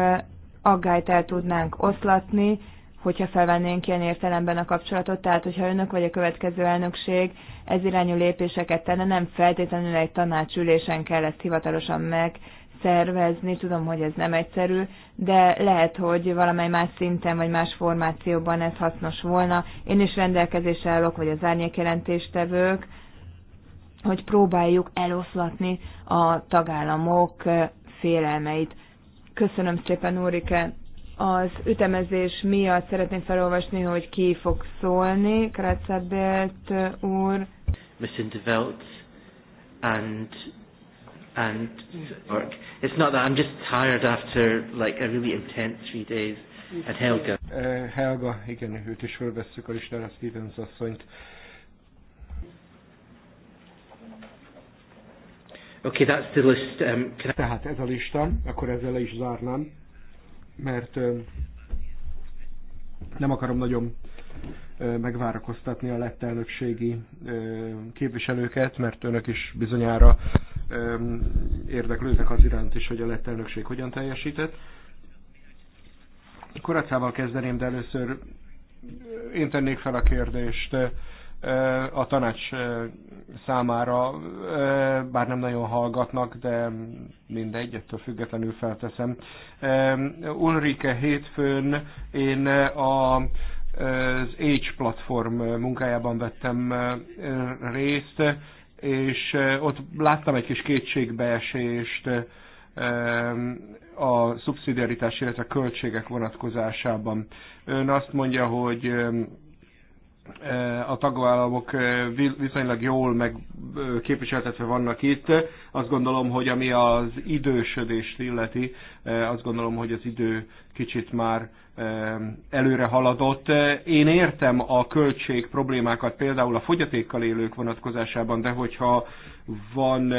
aggályt el tudnánk oszlatni, hogyha felvennénk ilyen értelemben a kapcsolatot, tehát hogyha önök vagy a következő elnökség ez irányú lépéseket tenne, nem feltétlenül egy tanácsülésen kell ezt hivatalosan megszervezni, tudom, hogy ez nem egyszerű, de lehet, hogy valamely más szinten vagy más formációban ez hasznos volna. Én is rendelkezésre állok, vagy az árnyékjelentéstevők, hogy próbáljuk eloszlatni a tagállamok félelmeit. Köszönöm szépen, Úrike. Az ütemezés miatt szeretném felolvasni, hogy ki fog szólni. Kratzabelt úr. Mr. Develt and and work. It's not that I'm just tired after like a really intense three days. And Helga. Uh, Helga, igen, őt is fölvesszük a listára, Stevens asszonyt. Okay, that's the list. Um, can I... Tehát ez a lista, akkor ezzel le is zárnám, mert um, nem akarom nagyon megvárakoztatni a lett elnökségi képviselőket, mert önök is bizonyára érdeklődnek az iránt is, hogy a lett elnökség hogyan teljesített. Koracával kezdeném, de először én tennék fel a kérdést a tanács számára, bár nem nagyon hallgatnak, de mindegy, ettől függetlenül felteszem. Ulrike hétfőn én a az Age platform munkájában vettem részt, és ott láttam egy kis kétségbeesést a szubszidiaritás, illetve a költségek vonatkozásában. Ön azt mondja, hogy Eh, a tagvállalók eh, viszonylag jól meg eh, képviseltetve vannak itt. Azt gondolom, hogy ami az idősödést illeti, azt gondolom, hogy az idő kicsit már előre haladott. Én értem a költség problémákat például a fogyatékkal élők vonatkozásában, de hogyha van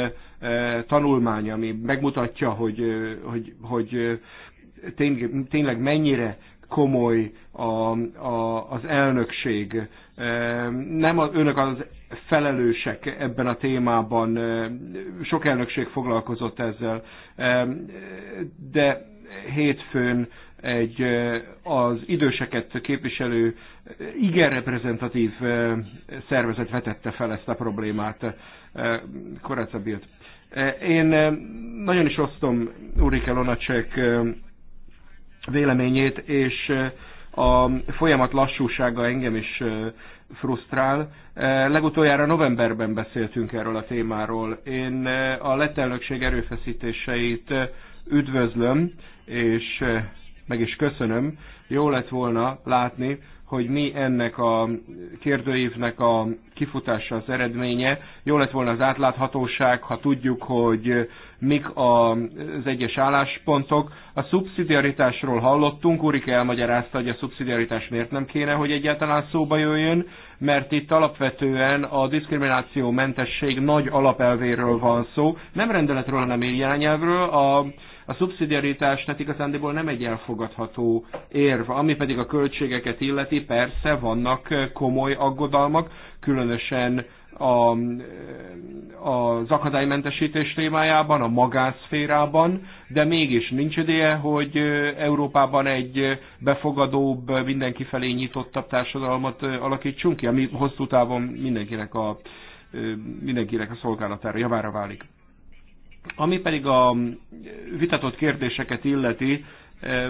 tanulmány, ami megmutatja, hogy, hogy, hogy tényleg mennyire komoly a, a, az elnökség. Nem az, önök az felelősek ebben a témában, sok elnökség foglalkozott ezzel, de hétfőn egy az időseket képviselő igen reprezentatív szervezet vetette fel ezt a problémát. Koráca Én nagyon is osztom Urike Lonacek véleményét, és a folyamat lassúsága engem is frusztrál. Legutoljára novemberben beszéltünk erről a témáról. Én a lett erőfeszítéseit üdvözlöm, és meg is köszönöm. Jó lett volna látni, hogy mi ennek a kérdőívnek a kifutása az eredménye. Jó lett volna az átláthatóság, ha tudjuk, hogy mik az egyes álláspontok. A szubszidiaritásról hallottunk, Urike elmagyarázta, hogy a szubszidiaritás miért nem kéne, hogy egyáltalán szóba jöjjön, mert itt alapvetően a diszkrimináció mentesség nagy alapelvéről van szó, nem rendeletről, hanem irányelvről. A a szubszidiaritás tehát igazándiból nem egy elfogadható érv, ami pedig a költségeket illeti, persze vannak komoly aggodalmak, különösen a, az akadálymentesítés témájában, a magánszférában, de mégis nincs ideje, hogy Európában egy befogadóbb, mindenki felé nyitottabb társadalmat alakítsunk ki, ami hosszú távon mindenkinek a, mindenkinek a szolgálatára, javára válik. Ami pedig a vitatott kérdéseket illeti, eh,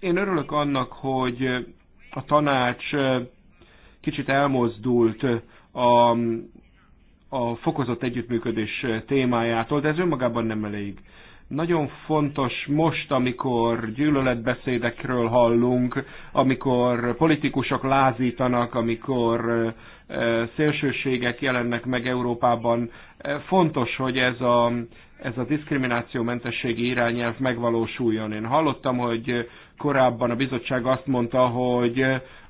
én örülök annak, hogy a tanács eh, kicsit elmozdult a, a fokozott együttműködés témájától, de ez önmagában nem elég. Nagyon fontos most, amikor gyűlöletbeszédekről hallunk, amikor politikusok lázítanak, amikor szélsőségek jelennek meg Európában. Fontos, hogy ez a, ez a diszkriminációmentességi irányelv megvalósuljon. Én hallottam, hogy korábban a bizottság azt mondta, hogy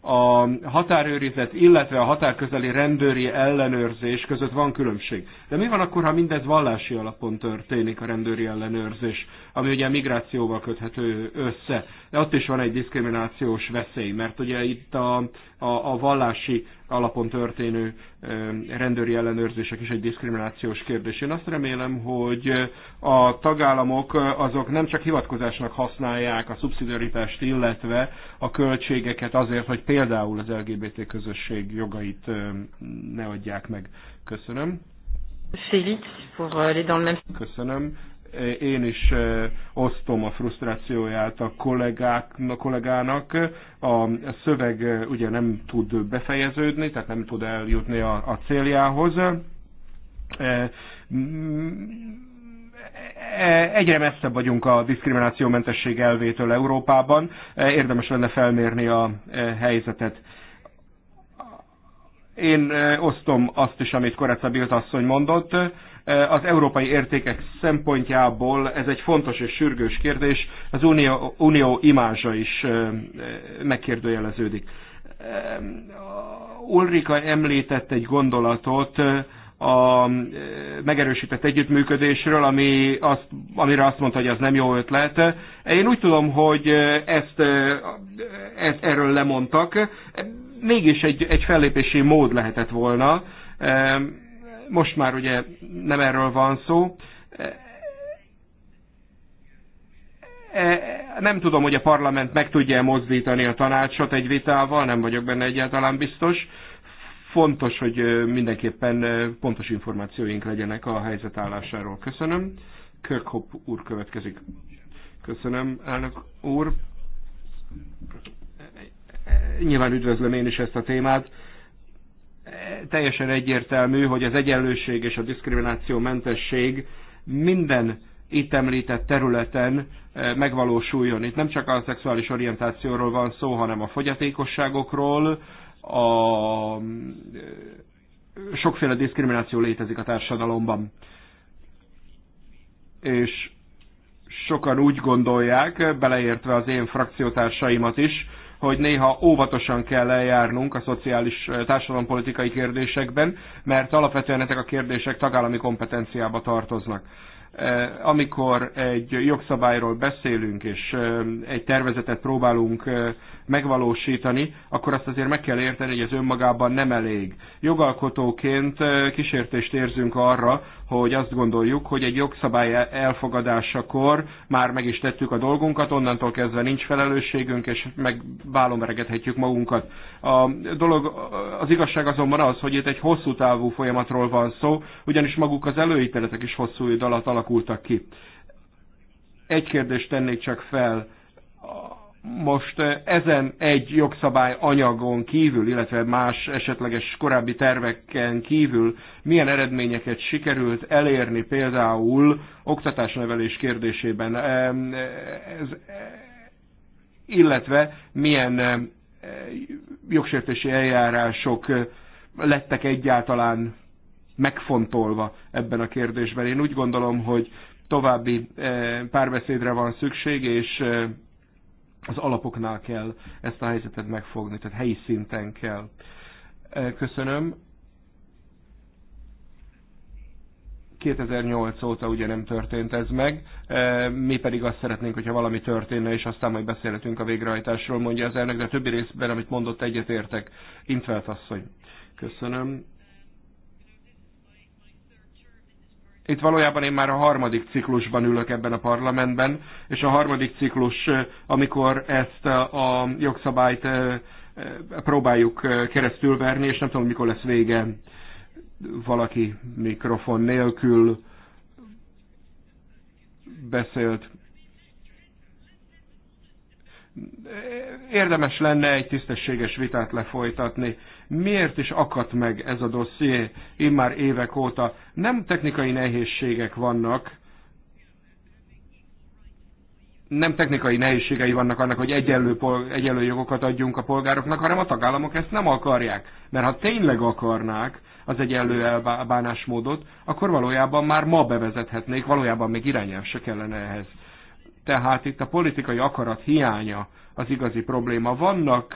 a határőrizet, illetve a határközeli rendőri ellenőrzés között van különbség. De mi van akkor, ha mindez vallási alapon történik a rendőri ellenőrzés, ami ugye migrációval köthető össze? De ott is van egy diszkriminációs veszély, mert ugye itt a, a, a vallási alapon történő rendőri ellenőrzések is egy diszkriminációs kérdés. Én azt remélem, hogy a tagállamok azok nem csak hivatkozásnak használják a szubszidiaritást, illetve a költségeket azért, hogy például az LGBT közösség jogait ne adják meg. Köszönöm. Félix, pour euh, aller dans le même... Köszönöm. Én is osztom a frusztrációját a kollégáknak, kollégának. A szöveg ugye nem tud befejeződni, tehát nem tud eljutni a, a céljához egyre messzebb vagyunk a diszkriminációmentesség elvétől Európában. Érdemes lenne felmérni a e, helyzetet. Én e, osztom azt is, amit Koreca Bilt asszony mondott. E, az európai értékek szempontjából ez egy fontos és sürgős kérdés. Az unió, unió imázsa is megkérdőjeleződik. Ulrika említett egy gondolatot, a megerősített együttműködésről, ami azt, amire azt mondta, hogy az nem jó ötlet. Én úgy tudom, hogy ezt, e, ezt erről lemondtak. Mégis egy, egy fellépési mód lehetett volna. Most már ugye nem erről van szó. E, nem tudom, hogy a parlament meg tudja mozdítani a tanácsot egy vitával, nem vagyok benne egyáltalán biztos fontos, hogy mindenképpen pontos információink legyenek a helyzetállásáról. Köszönöm. Kirkhope úr következik. Köszönöm, elnök úr. Nyilván üdvözlöm én is ezt a témát. Teljesen egyértelmű, hogy az egyenlőség és a diszkrimináció mentesség minden itt említett területen megvalósuljon. Itt nem csak a szexuális orientációról van szó, hanem a fogyatékosságokról, a sokféle diszkrimináció létezik a társadalomban. És sokan úgy gondolják, beleértve az én frakciótársaimat is, hogy néha óvatosan kell eljárnunk a szociális eh, társadalompolitikai kérdésekben, mert alapvetően ezek a kérdések tagállami kompetenciába tartoznak. Eh, amikor egy jogszabályról beszélünk, és eh, egy tervezetet próbálunk megvalósítani, akkor azt azért meg kell érteni, hogy ez önmagában nem elég. Jogalkotóként kísértést érzünk arra, hogy azt gondoljuk, hogy egy jogszabály elfogadásakor már meg is tettük a dolgunkat, onnantól kezdve nincs felelősségünk, és meg magunkat. A dolog, az igazság azonban az, hogy itt egy hosszú távú folyamatról van szó, ugyanis maguk az előítéletek is hosszú idő alatt alakultak ki. Egy kérdést tennék csak fel most eh, ezen egy jogszabály anyagon kívül, illetve más esetleges korábbi terveken kívül milyen eredményeket sikerült elérni például oktatásnevelés kérdésében, eh, ez, eh, illetve milyen jogsértési eljárások lettek egyáltalán megfontolva ebben a kérdésben. Én úgy gondolom, hogy további párbeszédre van szükség, és az alapoknál kell ezt a helyzetet megfogni, tehát helyi szinten kell. E, köszönöm. 2008 óta ugye nem történt ez meg, e, mi pedig azt szeretnénk, hogyha valami történne, és aztán majd beszélhetünk a végrehajtásról, mondja az elnök, de a többi részben, amit mondott, egyetértek. Intvelt asszony. Köszönöm. itt valójában én már a harmadik ciklusban ülök ebben a parlamentben, és a harmadik ciklus, amikor ezt a jogszabályt próbáljuk keresztülverni, és nem tudom, mikor lesz vége valaki mikrofon nélkül beszélt érdemes lenne egy tisztességes vitát lefolytatni. Miért is akadt meg ez a dosszié immár évek óta? Nem technikai nehézségek vannak, nem technikai nehézségei vannak annak, hogy egyenlő, egyenlő jogokat adjunk a polgároknak, hanem a tagállamok ezt nem akarják. Mert ha tényleg akarnák az egyenlő elbánásmódot, akkor valójában már ma bevezethetnék, valójában még irányelv se kellene ehhez. Tehát itt a politikai akarat hiánya az igazi probléma. Vannak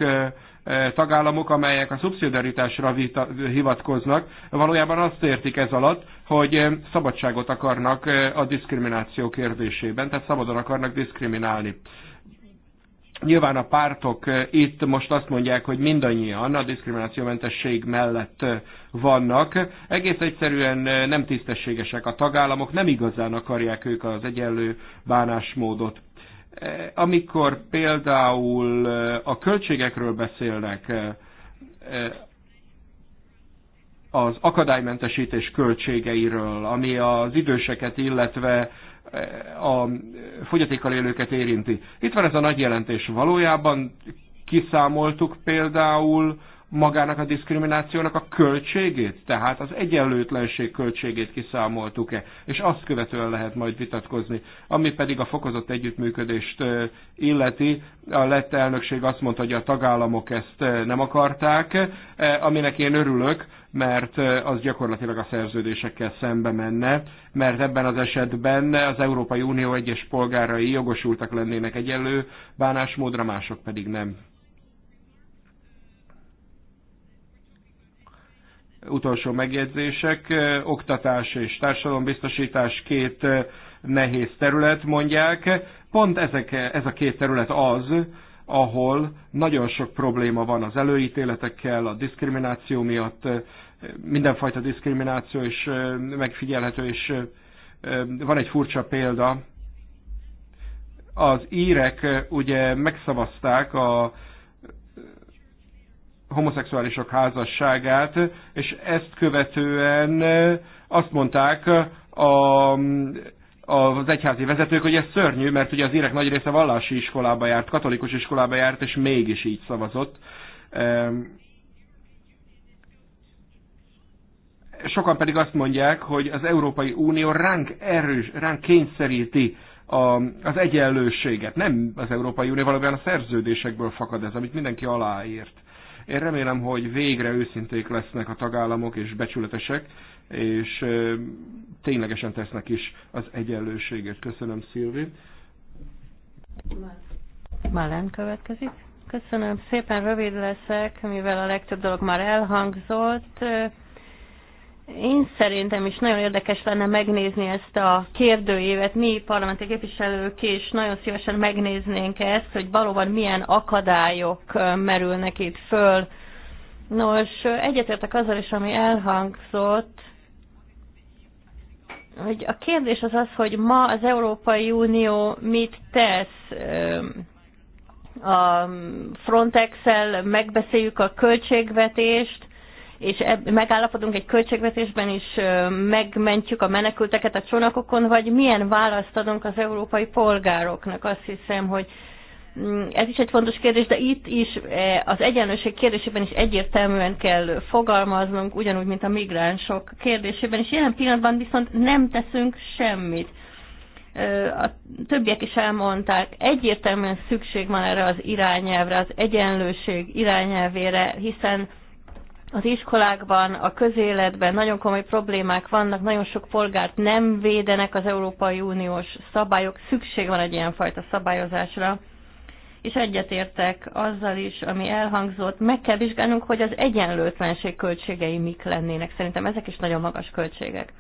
tagállamok, amelyek a szubszidaritásra hivatkoznak, valójában azt értik ez alatt, hogy szabadságot akarnak a diszkrimináció kérdésében, tehát szabadon akarnak diszkriminálni. Nyilván a pártok itt most azt mondják, hogy mindannyian a diszkriminációmentesség mellett vannak. Egész egyszerűen nem tisztességesek a tagállamok, nem igazán akarják ők az egyenlő bánásmódot. Amikor például a költségekről beszélnek, az akadálymentesítés költségeiről, ami az időseket, illetve Eh, a fogyatékkal élőket érinti. Itt van ez a nagy jelentés. Valójában kiszámoltuk például magának a diszkriminációnak a költségét, tehát az egyenlőtlenség költségét kiszámoltuk-e, és azt követően lehet majd vitatkozni. Ami pedig a fokozott együttműködést eh, illeti, a lett elnökség azt mondta, hogy a tagállamok ezt eh, nem akarták, aminek én örülök, mert az gyakorlatilag a szerződésekkel szembe menne, mert ebben az esetben az Európai Unió egyes polgárai jogosultak lennének egyenlő bánásmódra, mások pedig nem. Utolsó megjegyzések, oktatás és társadalombiztosítás két nehéz terület, mondják. Pont ezek, ez a két terület az, ahol nagyon sok probléma van az előítéletekkel, a diszkrimináció miatt, mindenfajta diszkrimináció is megfigyelhető, és van egy furcsa példa. Az írek ugye megszavazták a homoszexuálisok házasságát, és ezt követően azt mondták a az egyházi vezetők, hogy ez szörnyű, mert ugye az írek nagy része vallási iskolába járt, katolikus iskolába járt, és mégis így szavazott. Ehm, sokan pedig azt mondják, hogy az Európai Unió ránk erős, ránk kényszeríti a, az egyenlőséget. Nem az Európai Unió, valójában a szerződésekből fakad ez, amit mindenki aláírt. Én remélem, hogy végre őszinték lesznek a tagállamok és becsületesek, és ténylegesen tesznek is az egyenlőséget. Köszönöm, Szilvi. Malen következik. Köszönöm szépen, rövid leszek, mivel a legtöbb dolog már elhangzott. Én szerintem is nagyon érdekes lenne megnézni ezt a kérdőévet. Mi parlamenti képviselők is nagyon szívesen megnéznénk ezt, hogy valóban milyen akadályok merülnek itt föl. Nos, egyetértek azzal is, ami elhangzott, hogy a kérdés az az, hogy ma az Európai Unió mit tesz a Frontex-el, megbeszéljük a költségvetést, és megállapodunk egy költségvetésben is, megmentjük a menekülteket a csónakokon, vagy milyen választ adunk az európai polgároknak. Azt hiszem, hogy ez is egy fontos kérdés, de itt is eh, az egyenlőség kérdésében is egyértelműen kell fogalmaznunk, ugyanúgy, mint a migránsok kérdésében, és jelen pillanatban viszont nem teszünk semmit. Eh, a többiek is elmondták, egyértelműen szükség van erre az irányelvre, az egyenlőség irányelvére, hiszen az iskolákban, a közéletben nagyon komoly problémák vannak, nagyon sok polgárt nem védenek az Európai Uniós szabályok, szükség van egy ilyenfajta szabályozásra és egyetértek azzal is, ami elhangzott, meg kell vizsgálnunk, hogy az egyenlőtlenség költségei mik lennének. Szerintem ezek is nagyon magas költségek.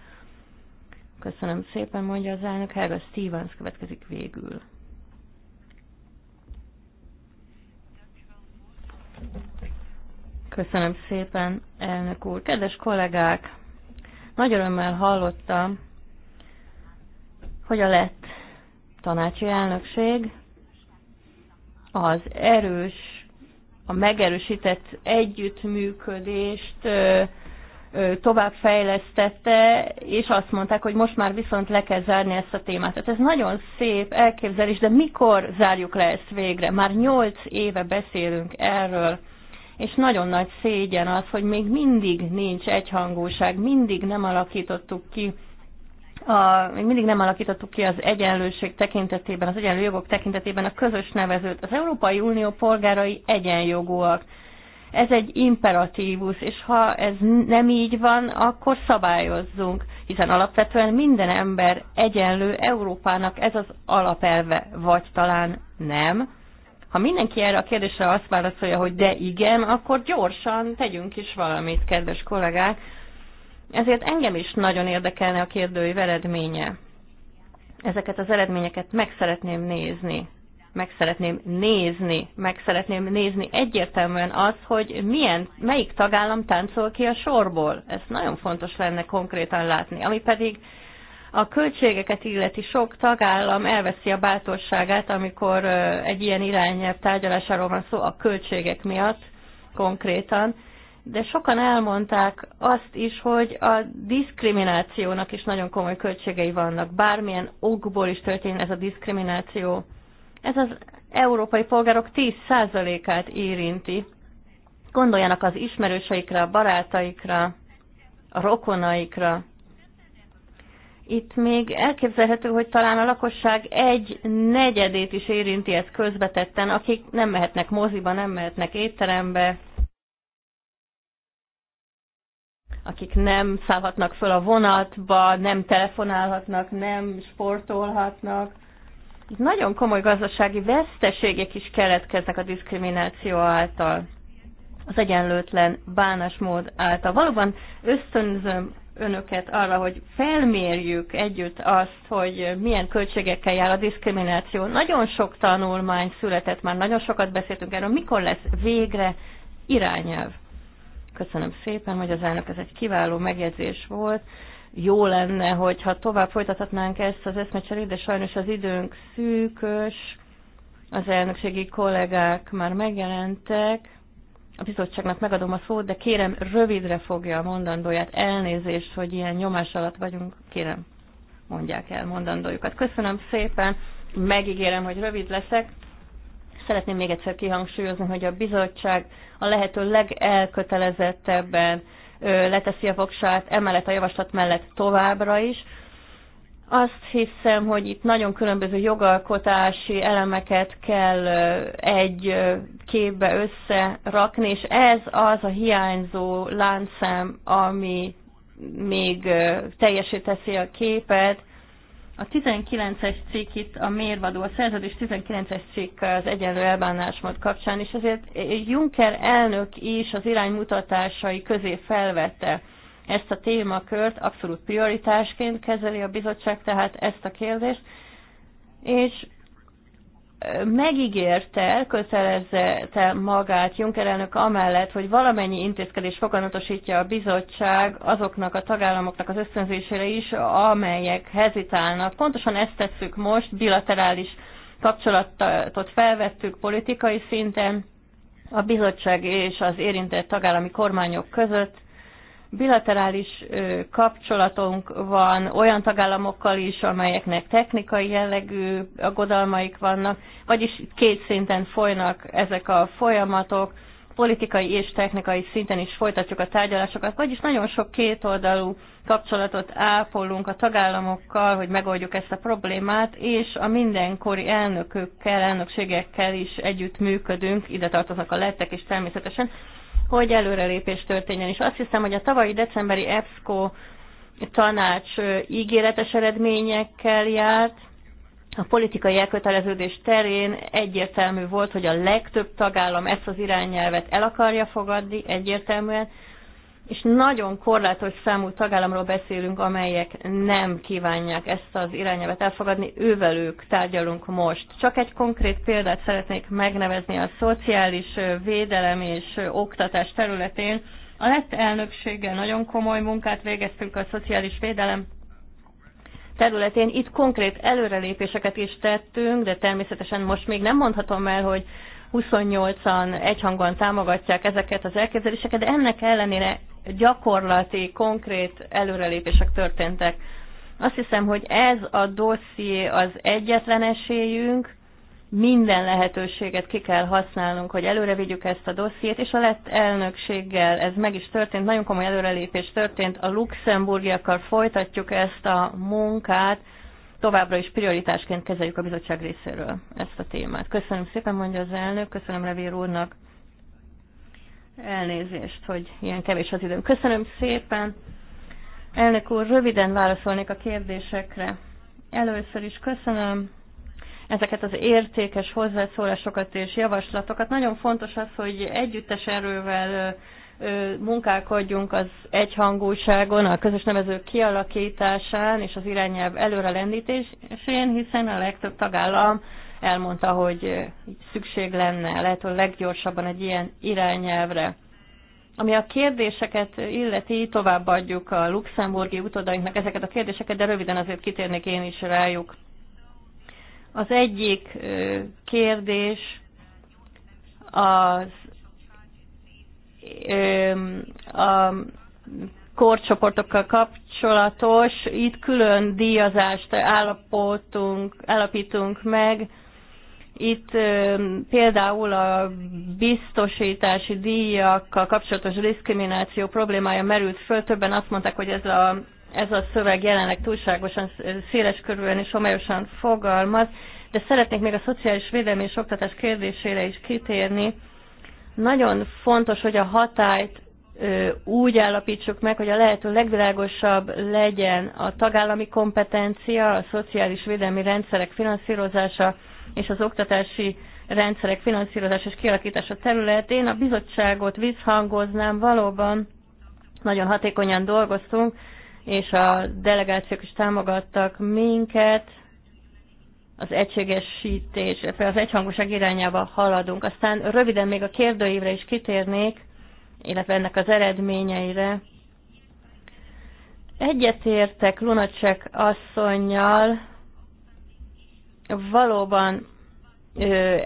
Köszönöm szépen, mondja az elnök. Helga Stevens következik végül. Köszönöm szépen, elnök úr. Kedves kollégák, nagy örömmel hallottam, hogy a lett tanácsi elnökség az erős, a megerősített együttműködést továbbfejlesztette, és azt mondták, hogy most már viszont le kell zárni ezt a témát. Tehát ez nagyon szép elképzelés, de mikor zárjuk le ezt végre? Már nyolc éve beszélünk erről, és nagyon nagy szégyen az, hogy még mindig nincs egyhangúság, mindig nem alakítottuk ki a, még mindig nem alakítottuk ki az egyenlőség tekintetében, az egyenlő jogok tekintetében a közös nevezőt. Az Európai Unió polgárai egyenjogúak. Ez egy imperatívus, és ha ez nem így van, akkor szabályozzunk, hiszen alapvetően minden ember egyenlő Európának ez az alapelve, vagy talán nem. Ha mindenki erre a kérdésre azt válaszolja, hogy de igen, akkor gyorsan tegyünk is valamit, kedves kollégák, ezért engem is nagyon érdekelne a kérdői eredménye. Ezeket az eredményeket meg szeretném nézni. Meg szeretném nézni, meg szeretném nézni egyértelműen az, hogy milyen, melyik tagállam táncol ki a sorból. Ez nagyon fontos lenne konkrétan látni. Ami pedig a költségeket illeti sok tagállam elveszi a bátorságát, amikor egy ilyen irányelv tárgyalásáról van szó a költségek miatt konkrétan, de sokan elmondták azt is, hogy a diszkriminációnak is nagyon komoly költségei vannak. Bármilyen okból is történ ez a diszkrimináció. Ez az európai polgárok 10%-át érinti. Gondoljanak az ismerőseikre, a barátaikra, a rokonaikra. Itt még elképzelhető, hogy talán a lakosság egy negyedét is érinti ez közvetetten, akik nem mehetnek moziba, nem mehetnek étterembe, akik nem szállhatnak föl a vonatba, nem telefonálhatnak, nem sportolhatnak. Itt nagyon komoly gazdasági veszteségek is keletkeznek a diszkrimináció által, az egyenlőtlen bánásmód által. Valóban ösztönzöm önöket arra, hogy felmérjük együtt azt, hogy milyen költségekkel jár a diszkrimináció. Nagyon sok tanulmány született már, nagyon sokat beszéltünk erről, mikor lesz végre irányelv. Köszönöm szépen, hogy az elnök ez egy kiváló megjegyzés volt. Jó lenne, hogyha tovább folytathatnánk ezt az eszmecserét, de sajnos az időnk szűkös. Az elnökségi kollégák már megjelentek. A bizottságnak megadom a szót, de kérem, rövidre fogja a mondandóját. Elnézést, hogy ilyen nyomás alatt vagyunk. Kérem, mondják el mondandójukat. Köszönöm szépen, megígérem, hogy rövid leszek Szeretném még egyszer kihangsúlyozni, hogy a bizottság a lehető legelkötelezettebben leteszi a fogsát, emellett a javaslat mellett továbbra is. Azt hiszem, hogy itt nagyon különböző jogalkotási elemeket kell egy képbe összerakni, és ez az a hiányzó láncszem, ami még teljesíteszi a képet, a 19-es cikk itt a mérvadó, a szerződés 19-es cikk az egyenlő elbánásmód kapcsán, és ezért Juncker elnök is az iránymutatásai közé felvette ezt a témakört, abszolút prioritásként kezeli a bizottság tehát ezt a kérdést, és megígérte, kötelezte magát Juncker elnök amellett, hogy valamennyi intézkedés foganatosítja a bizottság azoknak a tagállamoknak az ösztönzésére is, amelyek hezitálnak. Pontosan ezt tesszük most, bilaterális kapcsolatot felvettük politikai szinten, a bizottság és az érintett tagállami kormányok között, bilaterális kapcsolatunk van olyan tagállamokkal is, amelyeknek technikai jellegű aggodalmaik vannak, vagyis két szinten folynak ezek a folyamatok, politikai és technikai szinten is folytatjuk a tárgyalásokat, vagyis nagyon sok kétoldalú kapcsolatot ápolunk a tagállamokkal, hogy megoldjuk ezt a problémát, és a mindenkori elnökökkel, elnökségekkel is együtt működünk, ide tartoznak a lettek, és természetesen hogy előrelépés történjen. És azt hiszem, hogy a tavalyi decemberi EBSCO tanács ígéretes eredményekkel járt, a politikai elköteleződés terén egyértelmű volt, hogy a legtöbb tagállam ezt az irányelvet el akarja fogadni egyértelműen, és nagyon korlátos számú tagállamról beszélünk, amelyek nem kívánják ezt az irányelvet elfogadni, ővelük tárgyalunk most. Csak egy konkrét példát szeretnék megnevezni a szociális védelem és oktatás területén. A lett elnökséggel nagyon komoly munkát végeztünk a szociális védelem területén. Itt konkrét előrelépéseket is tettünk, de természetesen most még nem mondhatom el, hogy 28-an egyhangon támogatják ezeket az elképzeléseket, de ennek ellenére gyakorlati, konkrét előrelépések történtek. Azt hiszem, hogy ez a dosszié az egyetlen esélyünk, minden lehetőséget ki kell használnunk, hogy előre vigyük ezt a dossziét, és a lett elnökséggel ez meg is történt, nagyon komoly előrelépés történt, a luxemburgiakkal folytatjuk ezt a munkát, továbbra is prioritásként kezeljük a bizottság részéről ezt a témát. Köszönöm szépen, mondja az elnök, köszönöm Levér úrnak elnézést, hogy ilyen kevés az időm. Köszönöm szépen. Elnök úr, röviden válaszolnék a kérdésekre. Először is köszönöm ezeket az értékes hozzászólásokat és javaslatokat. Nagyon fontos az, hogy együttes erővel munkálkodjunk az egyhangúságon, a közös nevezők kialakításán és az irányelv előre lendítésén, hiszen a legtöbb tagállam elmondta, hogy szükség lenne lehető leggyorsabban egy ilyen irányelvre. Ami a kérdéseket illeti, továbbadjuk a luxemburgi utódainknak ezeket a kérdéseket, de röviden azért kitérnék én is rájuk. Az egyik kérdés az a korcsoportokkal kapcsolatos. Itt külön díjazást állapotunk, állapítunk meg. Itt például a biztosítási díjakkal kapcsolatos diszkrimináció problémája merült föl. Többen azt mondták, hogy ez a, ez a szöveg jelenleg túlságosan széles körülön és homályosan fogalmaz, de szeretnék még a szociális védelmi és oktatás kérdésére is kitérni nagyon fontos, hogy a hatályt úgy állapítsuk meg, hogy a lehető legvilágosabb legyen a tagállami kompetencia, a szociális védelmi rendszerek finanszírozása és az oktatási rendszerek finanszírozása és kialakítása területén. A bizottságot visszhangoznám, valóban nagyon hatékonyan dolgoztunk, és a delegációk is támogattak minket, az egységesítés, az egyhangoság irányába haladunk. Aztán röviden még a kérdőívre is kitérnék, illetve ennek az eredményeire. Egyetértek Lunacek asszonynal, valóban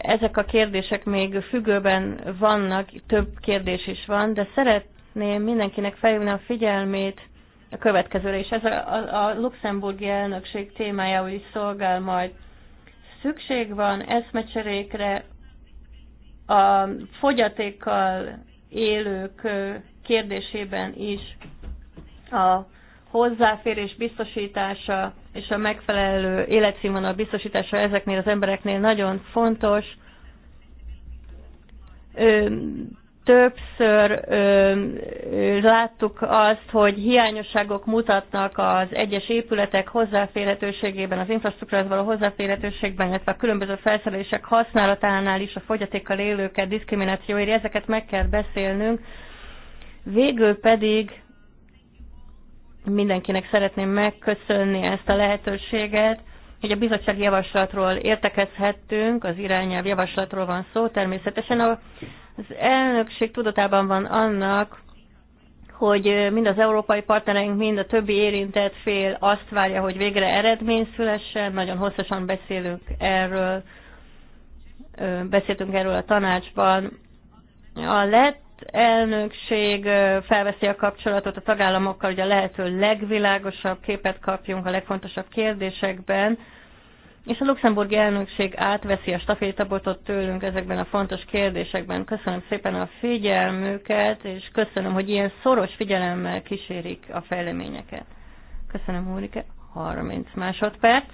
ezek a kérdések még függőben vannak, több kérdés is van, de szeretném mindenkinek felhívni a figyelmét a következőre, és ez a, a, a luxemburgi elnökség témájául is szolgál majd szükség van eszmecserékre, a fogyatékkal élők kérdésében is a hozzáférés biztosítása és a megfelelő életszínvonal biztosítása ezeknél az embereknél nagyon fontos többször ö, láttuk azt, hogy hiányosságok mutatnak az egyes épületek hozzáférhetőségében, az infrastruktúrához való hozzáférhetőségben, illetve a különböző felszerelések használatánál is a fogyatékkal élőket éri. ezeket meg kell beszélnünk. Végül pedig mindenkinek szeretném megköszönni ezt a lehetőséget, hogy a bizottság javaslatról értekezhettünk, az irányelv javaslatról van szó, természetesen a az elnökség tudatában van annak, hogy mind az európai partnereink, mind a többi érintett fél azt várja, hogy végre eredmény szülessen. Nagyon hosszasan beszélünk erről, beszéltünk erről a tanácsban. A lett elnökség felveszi a kapcsolatot a tagállamokkal, hogy a lehető legvilágosabb képet kapjunk a legfontosabb kérdésekben, és a luxemburgi elnökség átveszi a stafétabotot tőlünk ezekben a fontos kérdésekben. Köszönöm szépen a figyelmüket, és köszönöm, hogy ilyen szoros figyelemmel kísérik a fejleményeket. Köszönöm, Úrike. 30 másodperc.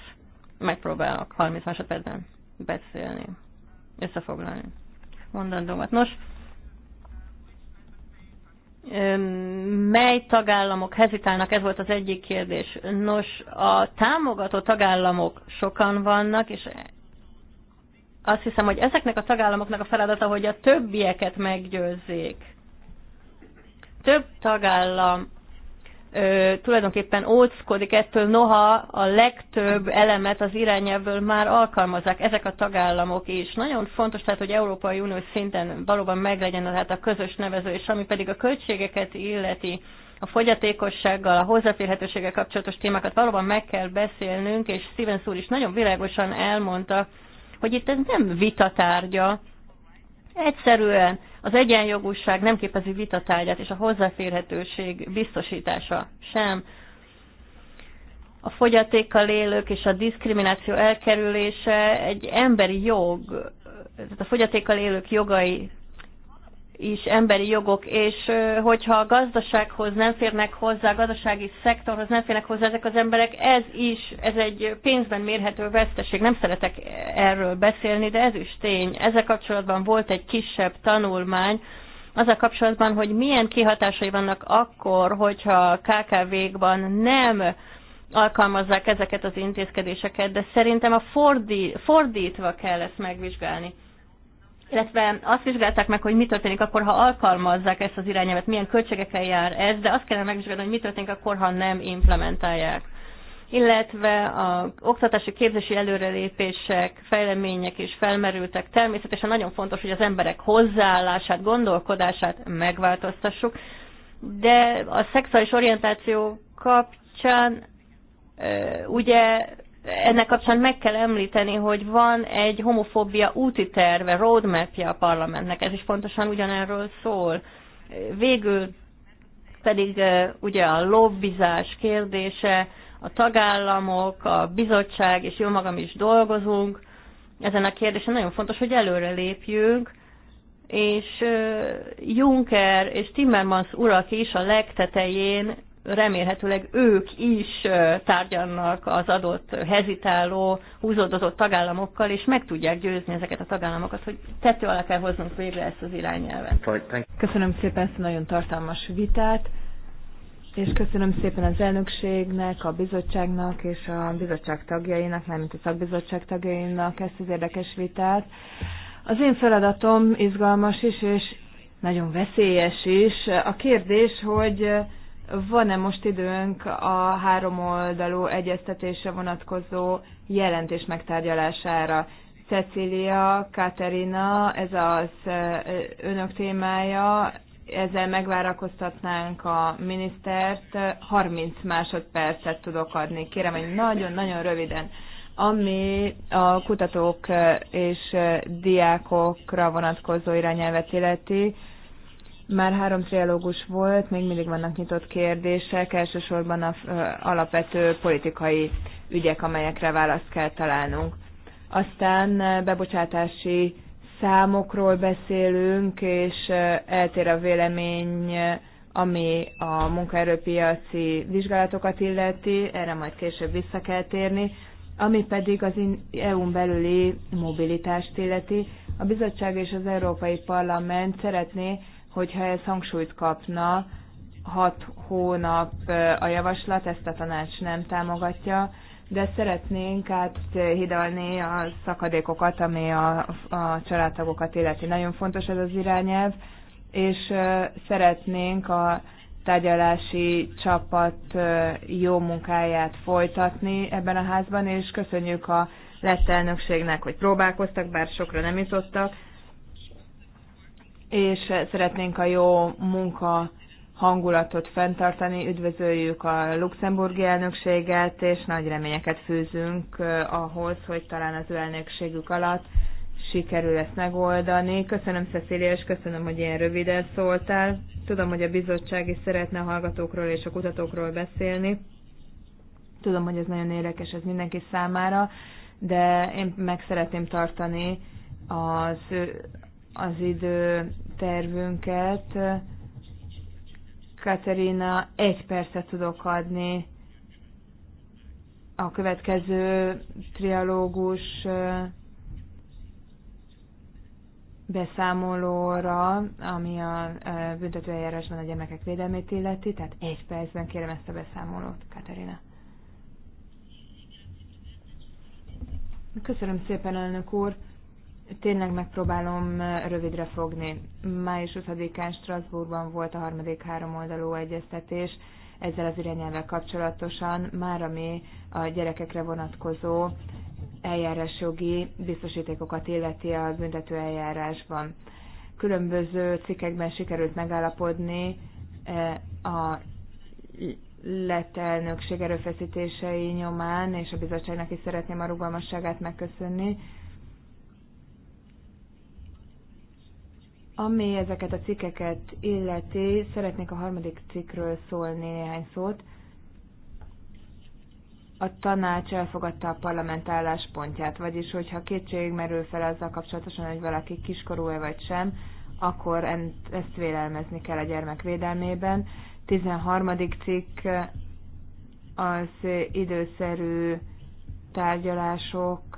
Megpróbálok 30 másodpercben beszélni, összefoglalni mondandómat. Nos, mely tagállamok hezitálnak, ez volt az egyik kérdés. Nos, a támogató tagállamok sokan vannak, és azt hiszem, hogy ezeknek a tagállamoknak a feladata, hogy a többieket meggyőzzék. Több tagállam ö, tulajdonképpen óckodik ettől, noha a legtöbb elemet az irányelvből már alkalmazzák ezek a tagállamok is. Nagyon fontos tehát, hogy Európai Unió szinten valóban meglegyen tehát a közös nevező, és ami pedig a költségeket illeti, a fogyatékossággal, a hozzáférhetőséggel kapcsolatos témákat valóban meg kell beszélnünk, és Steven úr is nagyon világosan elmondta, hogy itt ez nem vitatárgya, egyszerűen az egyenjogúság nem képezi vitatárgyát, és a hozzáférhetőség biztosítása sem. A fogyatékkal élők és a diszkrimináció elkerülése egy emberi jog, tehát a fogyatékkal élők jogai is emberi jogok, és hogyha a gazdasághoz nem férnek hozzá, a gazdasági szektorhoz nem férnek hozzá ezek az emberek, ez is, ez egy pénzben mérhető veszteség. Nem szeretek erről beszélni, de ez is tény. Ezzel kapcsolatban volt egy kisebb tanulmány, az a kapcsolatban, hogy milyen kihatásai vannak akkor, hogyha KKV-kban nem alkalmazzák ezeket az intézkedéseket, de szerintem a fordi, fordítva kell ezt megvizsgálni illetve azt vizsgálták meg, hogy mi történik akkor, ha alkalmazzák ezt az irányelvet, milyen költségekkel jár ez, de azt kellene megvizsgálni, hogy mi történik akkor, ha nem implementálják illetve a oktatási képzési előrelépések, fejlemények is felmerültek. Természetesen nagyon fontos, hogy az emberek hozzáállását, gondolkodását megváltoztassuk, de a szexuális orientáció kapcsán ugye ennek kapcsán meg kell említeni, hogy van egy homofóbia úti terve, roadmapja a parlamentnek, ez is pontosan ugyanerről szól. Végül pedig eh, ugye a lobbizás kérdése, a tagállamok, a bizottság, és jó magam is dolgozunk, ezen a kérdésen nagyon fontos, hogy előre lépjünk, és eh, Juncker és Timmermans urak is a legtetején remélhetőleg ők is tárgyalnak az adott hezitáló, húzódozott tagállamokkal, és meg tudják győzni ezeket a tagállamokat, hogy tető alá kell hoznunk végre ezt az irányelvet. Köszönöm szépen ezt a nagyon tartalmas vitát, és köszönöm szépen az elnökségnek, a bizottságnak és a bizottság tagjainak, mármint a szakbizottság tagjainak ezt az érdekes vitát. Az én feladatom izgalmas is, és nagyon veszélyes is. A kérdés, hogy van-e most időnk a három oldalú egyeztetésre vonatkozó jelentés megtárgyalására. Cecília, Katerina, ez az önök témája, ezzel megvárakoztatnánk a minisztert, 30 másodpercet tudok adni. Kérem, hogy nagyon-nagyon röviden ami a kutatók és diákokra vonatkozó irányelvet illeti, már három trialógus volt, még mindig vannak nyitott kérdések, elsősorban az alapvető politikai ügyek, amelyekre választ kell találnunk. Aztán bebocsátási számokról beszélünk, és eltér a vélemény, ami a munkaerőpiaci vizsgálatokat illeti, erre majd később vissza kell térni, ami pedig az EU-n belüli mobilitást illeti. A bizottság és az Európai Parlament szeretné, hogyha ez hangsúlyt kapna, hat hónap a javaslat, ezt a tanács nem támogatja, de szeretnénk áthidalni a szakadékokat, ami a, a családtagokat illeti. Nagyon fontos ez az irányelv, és szeretnénk a tárgyalási csapat jó munkáját folytatni ebben a házban, és köszönjük a lett elnökségnek, hogy próbálkoztak, bár sokra nem jutottak, és szeretnénk a jó munka hangulatot fenntartani. Üdvözöljük a luxemburgi elnökséget, és nagy reményeket fűzünk ahhoz, hogy talán az ő elnökségük alatt sikerül ezt megoldani. Köszönöm, Cecília, és köszönöm, hogy ilyen röviden szóltál. Tudom, hogy a bizottság is szeretne a hallgatókról és a kutatókról beszélni. Tudom, hogy ez nagyon érdekes ez mindenki számára, de én meg szeretném tartani az az időtervünket. Katerina, egy percet tudok adni a következő trialógus beszámolóra, ami a büntetőeljárásban a gyermekek védelmét illeti, tehát egy percben kérem ezt a beszámolót, Katerina. Köszönöm szépen, elnök úr! Tényleg megpróbálom rövidre fogni. Május 20-án Strasbourgban volt a harmadik háromoldalú egyeztetés ezzel az irányelvel kapcsolatosan, már ami a gyerekekre vonatkozó eljárásjogi biztosítékokat illeti a büntető eljárásban. Különböző cikkekben sikerült megállapodni a lett elnökség erőfeszítései nyomán, és a bizottságnak is szeretném a rugalmasságát megköszönni. Ami ezeket a cikkeket illeti, szeretnék a harmadik cikkről szólni néhány szót. A tanács elfogadta a parlament álláspontját, vagyis hogyha kétség merül fel azzal kapcsolatosan, hogy valaki kiskorú-e vagy sem, akkor ezt vélelmezni kell a gyermek védelmében. 13. cikk az időszerű tárgyalások,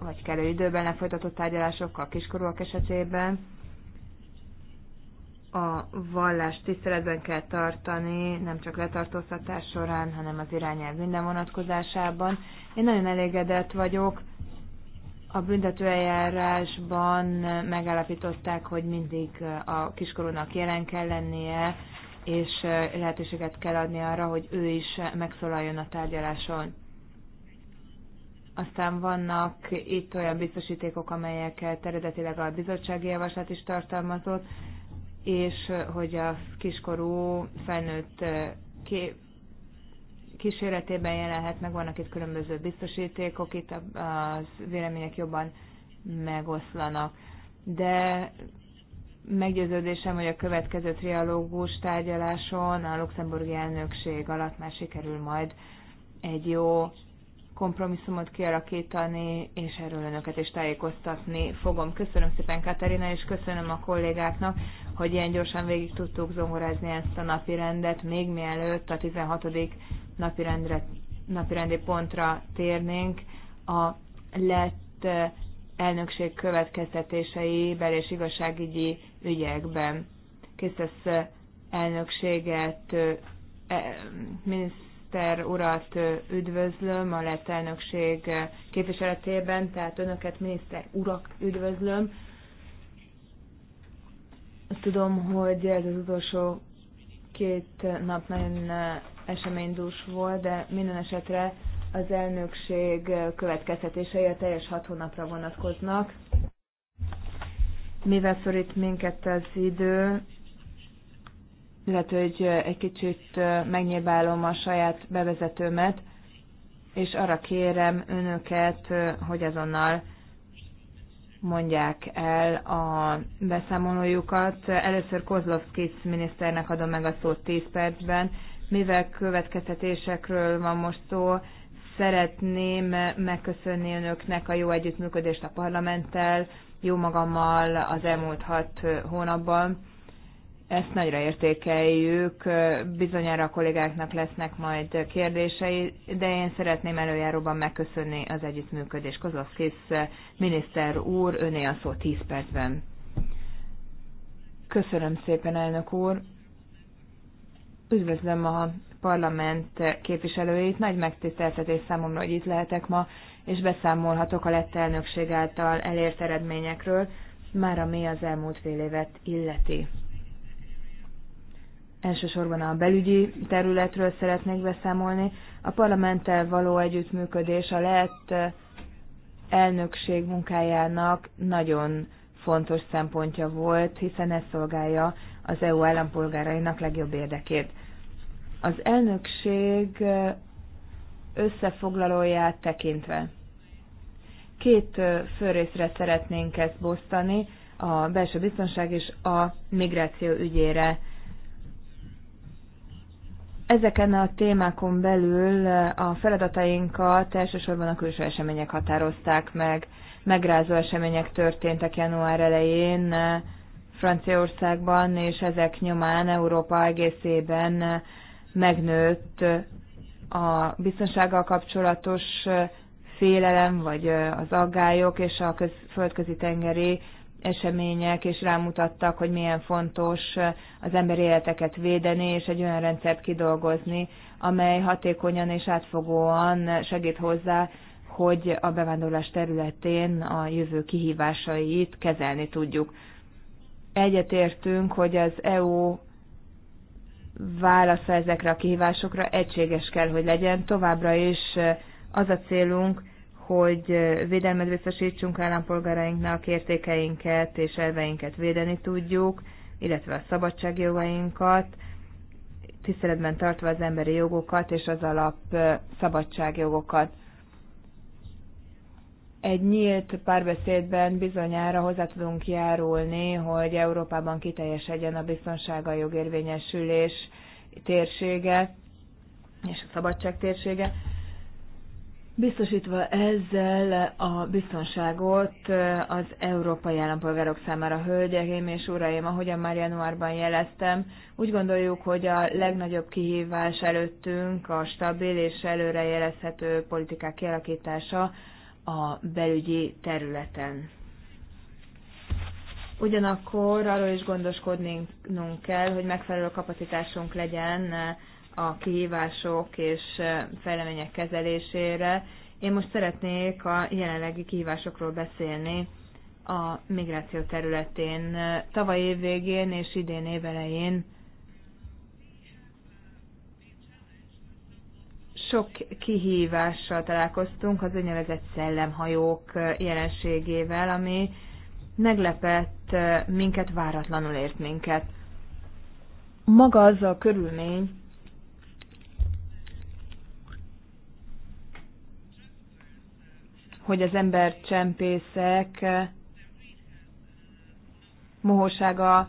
vagy kellő időben lefolytatott tárgyalások a kiskorúak esetében a vallást tiszteletben kell tartani, nem csak letartóztatás során, hanem az irányelv minden vonatkozásában. Én nagyon elégedett vagyok. A büntetőeljárásban megállapították, hogy mindig eh, a kiskorúnak jelen kell lennie, és eh, lehetőséget kell adni arra, hogy ő is megszólaljon a tárgyaláson. Aztán vannak itt olyan biztosítékok, amelyeket eredetileg a bizottsági javaslat is tartalmazott, és hogy a kiskorú felnőtt kép, kíséretében jelenhet meg, vannak itt különböző biztosítékok, itt az vélemények jobban megoszlanak. De meggyőződésem, hogy a következő trialógus tárgyaláson a luxemburgi elnökség alatt már sikerül majd egy jó kompromisszumot kialakítani, és erről önöket is tájékoztatni fogom. Köszönöm szépen Katarina, és köszönöm a kollégáknak, hogy ilyen gyorsan végig tudtuk zongorázni ezt a napi rendet, még mielőtt a 16. napi, rendre, napi rendi pontra térnénk. A lett eh, elnökség következtetései bel- és igazságügyi ügyekben. Készesz eh, elnökséget, eh, miniszter miniszter urat üdvözlöm a lett elnökség képviseletében, tehát önöket, miniszter urak üdvözlöm. Tudom, hogy ez az utolsó két nap nagyon eseménydús volt, de minden esetre az elnökség következtetései a teljes hat hónapra vonatkoznak. Mivel szorít minket az idő, lehet, hogy egy kicsit megnyilválom a saját bevezetőmet, és arra kérem önöket, hogy azonnal mondják el a beszámolójukat. Először Kozlovskis miniszternek adom meg a szót 10 percben. Mivel következtetésekről van most szó, szeretném megköszönni önöknek a jó együttműködést a parlamenttel, jó magammal az elmúlt hat hónapban ezt nagyra értékeljük, bizonyára a kollégáknak lesznek majd kérdései, de én szeretném előjáróban megköszönni az együttműködés Kozlovszkis miniszter úr, öné a szó 10 percben. Köszönöm szépen, elnök úr. Üdvözlöm a parlament képviselőit. Nagy megtiszteltetés számomra, hogy itt lehetek ma, és beszámolhatok a lett elnökség által elért eredményekről, már ami az elmúlt fél évet illeti elsősorban a belügyi területről szeretnék beszámolni. A parlamenttel való együttműködés a lett elnökség munkájának nagyon fontos szempontja volt, hiszen ez szolgálja az EU állampolgárainak legjobb érdekét. Az elnökség összefoglalóját tekintve. Két fő részre szeretnénk ezt bosztani, a belső biztonság és a migráció ügyére Ezeken a témákon belül a feladatainkat elsősorban a külső események határozták meg. Megrázó események történtek január elején Franciaországban, és ezek nyomán Európa egészében megnőtt a biztonsággal kapcsolatos félelem, vagy az aggályok és a köz, földközi tengeri események, és rámutattak, hogy milyen fontos az emberi életeket védeni, és egy olyan rendszert kidolgozni, amely hatékonyan és átfogóan segít hozzá, hogy a bevándorlás területén a jövő kihívásait kezelni tudjuk. Egyetértünk, hogy az EU válasza ezekre a kihívásokra egységes kell, hogy legyen. Továbbra is az a célunk, hogy védelmet biztosítsunk állampolgárainknak, értékeinket és elveinket védeni tudjuk, illetve a szabadságjogainkat, tiszteletben tartva az emberi jogokat és az alap szabadságjogokat. Egy nyílt párbeszédben bizonyára hozzá tudunk járulni, hogy Európában kiteljesedjen a biztonsága jogérvényesülés térsége és a szabadság térsége biztosítva ezzel a biztonságot az európai állampolgárok számára, hölgyeim és uraim, ahogyan már januárban jeleztem, úgy gondoljuk, hogy a legnagyobb kihívás előttünk a stabil és előrejelezhető politikák kialakítása a belügyi területen. Ugyanakkor arról is gondoskodnunk kell, hogy megfelelő kapacitásunk legyen a kihívások és fejlemények kezelésére. Én most szeretnék a jelenlegi kihívásokról beszélni a migráció területén. Tavaly év végén és idén év elején sok kihívással találkoztunk az úgynevezett szellemhajók jelenségével, ami meglepett minket, váratlanul ért minket. Maga az a körülmény, hogy az csempészek mohósága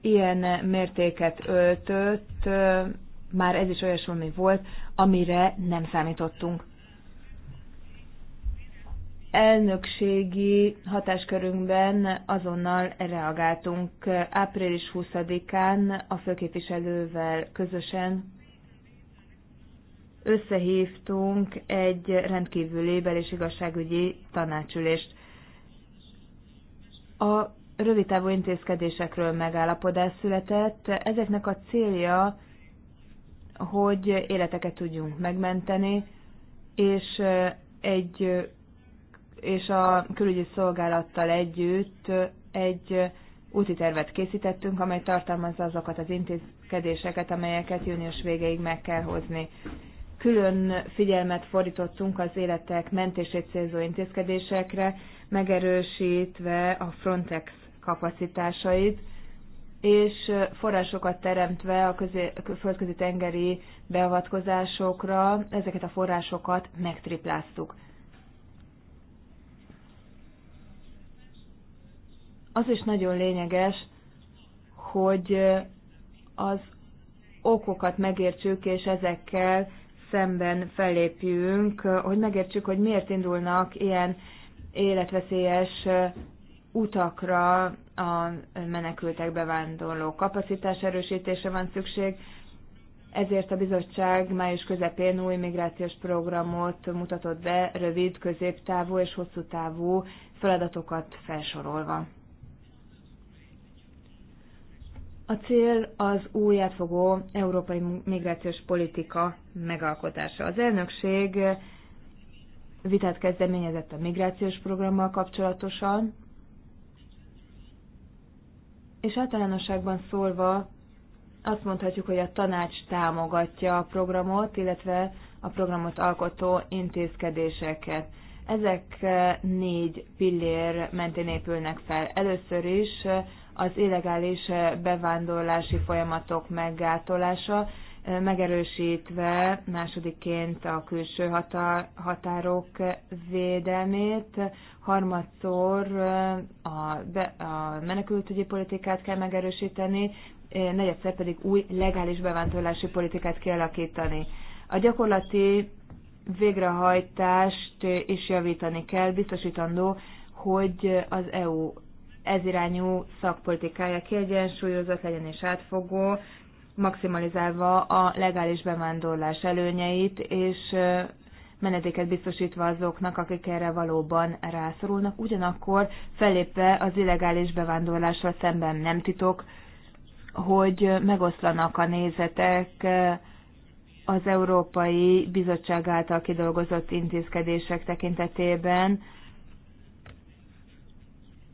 ilyen mértéket öltött, már ez is olyasmi volt, amire nem számítottunk. Elnökségi hatáskörünkben azonnal reagáltunk. Április 20-án a főképviselővel közösen összehívtunk egy rendkívüli bel- és igazságügyi tanácsülést. A rövidtávú intézkedésekről megállapodás született. Ezeknek a célja, hogy életeket tudjunk megmenteni, és egy és a külügyi szolgálattal együtt egy úti tervet készítettünk, amely tartalmazza azokat az intézkedéseket, amelyeket június végéig meg kell hozni külön figyelmet fordítottunk az életek mentését célzó intézkedésekre, megerősítve a Frontex kapacitásait, és forrásokat teremtve a közé, földközi tengeri beavatkozásokra, ezeket a forrásokat megtripláztuk. Az is nagyon lényeges, hogy az okokat megértsük, és ezekkel szemben fellépjünk, hogy megértsük, hogy miért indulnak ilyen életveszélyes utakra a menekültek bevándorló kapacitás erősítése van szükség, ezért a bizottság május közepén új migrációs programot mutatott be, rövid, középtávú és hosszú távú feladatokat felsorolva. A cél az új átfogó európai migrációs politika megalkotása. Az elnökség vitát kezdeményezett a migrációs programmal kapcsolatosan, és általánosságban szólva azt mondhatjuk, hogy a tanács támogatja a programot, illetve a programot alkotó intézkedéseket. Ezek eh, négy pillér mentén épülnek fel. Először is eh, az illegális bevándorlási folyamatok meggátolása, megerősítve másodiként a külső határok védelmét, harmadszor a, be, a menekültügyi politikát kell megerősíteni, negyedszer pedig új legális bevándorlási politikát kialakítani. A gyakorlati végrehajtást is javítani kell, biztosítandó, hogy az EU ez irányú szakpolitikája kiegyensúlyozott legyen és átfogó, maximalizálva a legális bevándorlás előnyeit, és menedéket biztosítva azoknak, akik erre valóban rászorulnak, ugyanakkor felépve az illegális bevándorlással szemben nem titok, hogy megoszlanak a nézetek az Európai Bizottság által kidolgozott intézkedések tekintetében,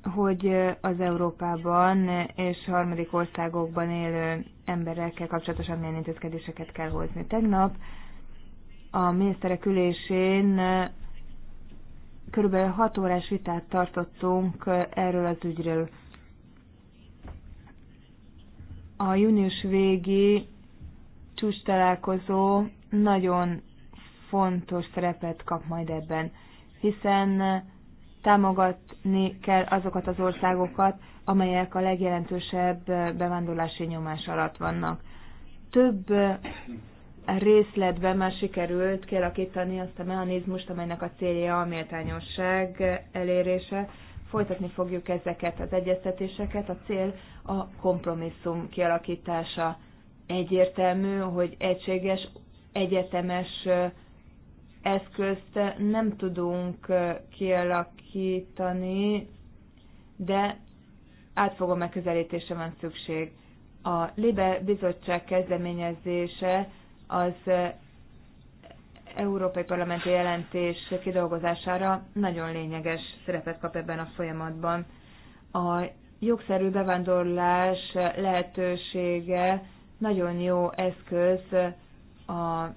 hogy az Európában és harmadik országokban élő emberekkel kapcsolatosan milyen intézkedéseket kell hozni. Tegnap a miniszterek ülésén körülbelül 6 órás vitát tartottunk erről az ügyről. A június végi csúcs találkozó nagyon fontos szerepet kap majd ebben, hiszen támogatni kell azokat az országokat, amelyek a legjelentősebb bevándorlási nyomás alatt vannak. Több részletben már sikerült kialakítani azt a mechanizmust, amelynek a célja a méltányosság elérése. Folytatni fogjuk ezeket az egyeztetéseket. A cél a kompromisszum kialakítása. Egyértelmű, hogy egységes, egyetemes eszközt nem tudunk kialakítani, de átfogó megközelítése van szükség. A Libe Bizottság kezdeményezése az Európai Parlamenti jelentés kidolgozására nagyon lényeges szerepet kap ebben a folyamatban. A jogszerű bevándorlás lehetősége nagyon jó eszköz a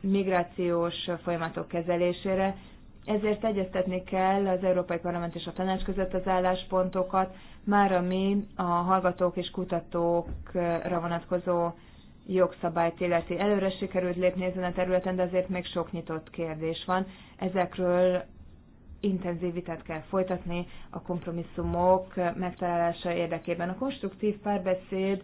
migrációs folyamatok kezelésére. Ezért egyeztetni kell az Európai Parlament és a Tanács között az álláspontokat, már ami a hallgatók és kutatókra vonatkozó jogszabályt illeti. Előre sikerült lépni ezen a területen, de azért még sok nyitott kérdés van. Ezekről intenzív vitát kell folytatni a kompromisszumok megtalálása érdekében. A konstruktív párbeszéd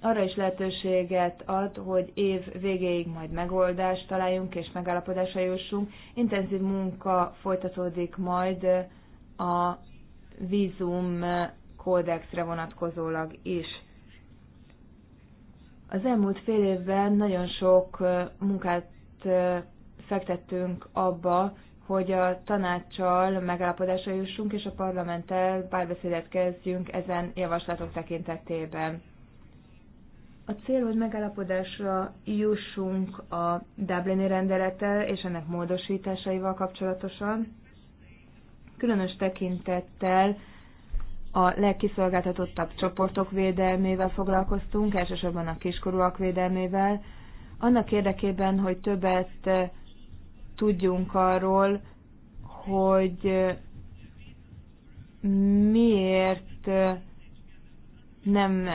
arra is lehetőséget ad, hogy év végéig majd megoldást találjunk és megállapodásra jussunk. Intenzív munka folytatódik majd a vízum kódexre vonatkozólag is. Az elmúlt fél évben nagyon sok munkát fektettünk abba, hogy a tanácssal megállapodásra jussunk, és a parlamenttel párbeszédet kezdjünk ezen javaslatok tekintetében. A cél, hogy megállapodásra jussunk a Dublini rendelettel és ennek módosításaival kapcsolatosan, különös tekintettel a legkiszolgáltatottabb csoportok védelmével foglalkoztunk, elsősorban a kiskorúak védelmével, annak érdekében, hogy többet tudjunk arról, hogy miért nem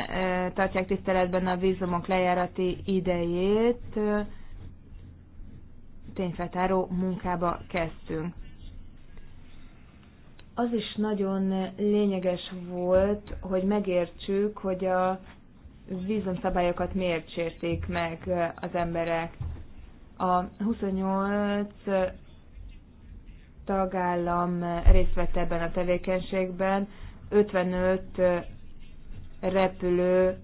tartják tiszteletben a vízumok lejárati idejét, tényfeltáró munkába kezdtünk. Az is nagyon lényeges volt, hogy megértsük, hogy a vízumszabályokat miért sérték meg az emberek. A 28 tagállam részt vett ebben a tevékenységben, 55 repülő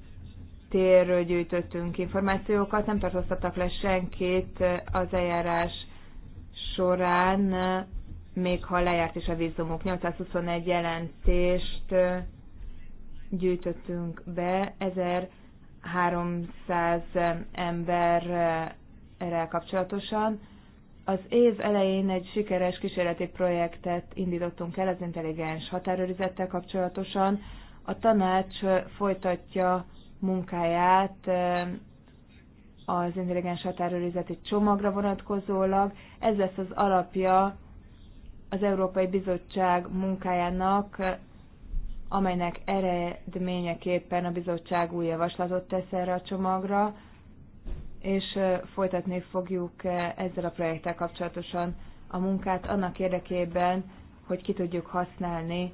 térről gyűjtöttünk információkat, nem tartóztattak le senkit az eljárás során, még ha lejárt is a vízumuk. 821 jelentést gyűjtöttünk be, 1300 emberrel kapcsolatosan. Az év elején egy sikeres kísérleti projektet indítottunk el az intelligens határőrizettel kapcsolatosan, a tanács folytatja munkáját az intelligens határőrizeti csomagra vonatkozólag. Ez lesz az alapja az Európai Bizottság munkájának, amelynek eredményeképpen a bizottság új javaslatot tesz erre a csomagra, és folytatni fogjuk ezzel a projekttel kapcsolatosan a munkát annak érdekében, hogy ki tudjuk használni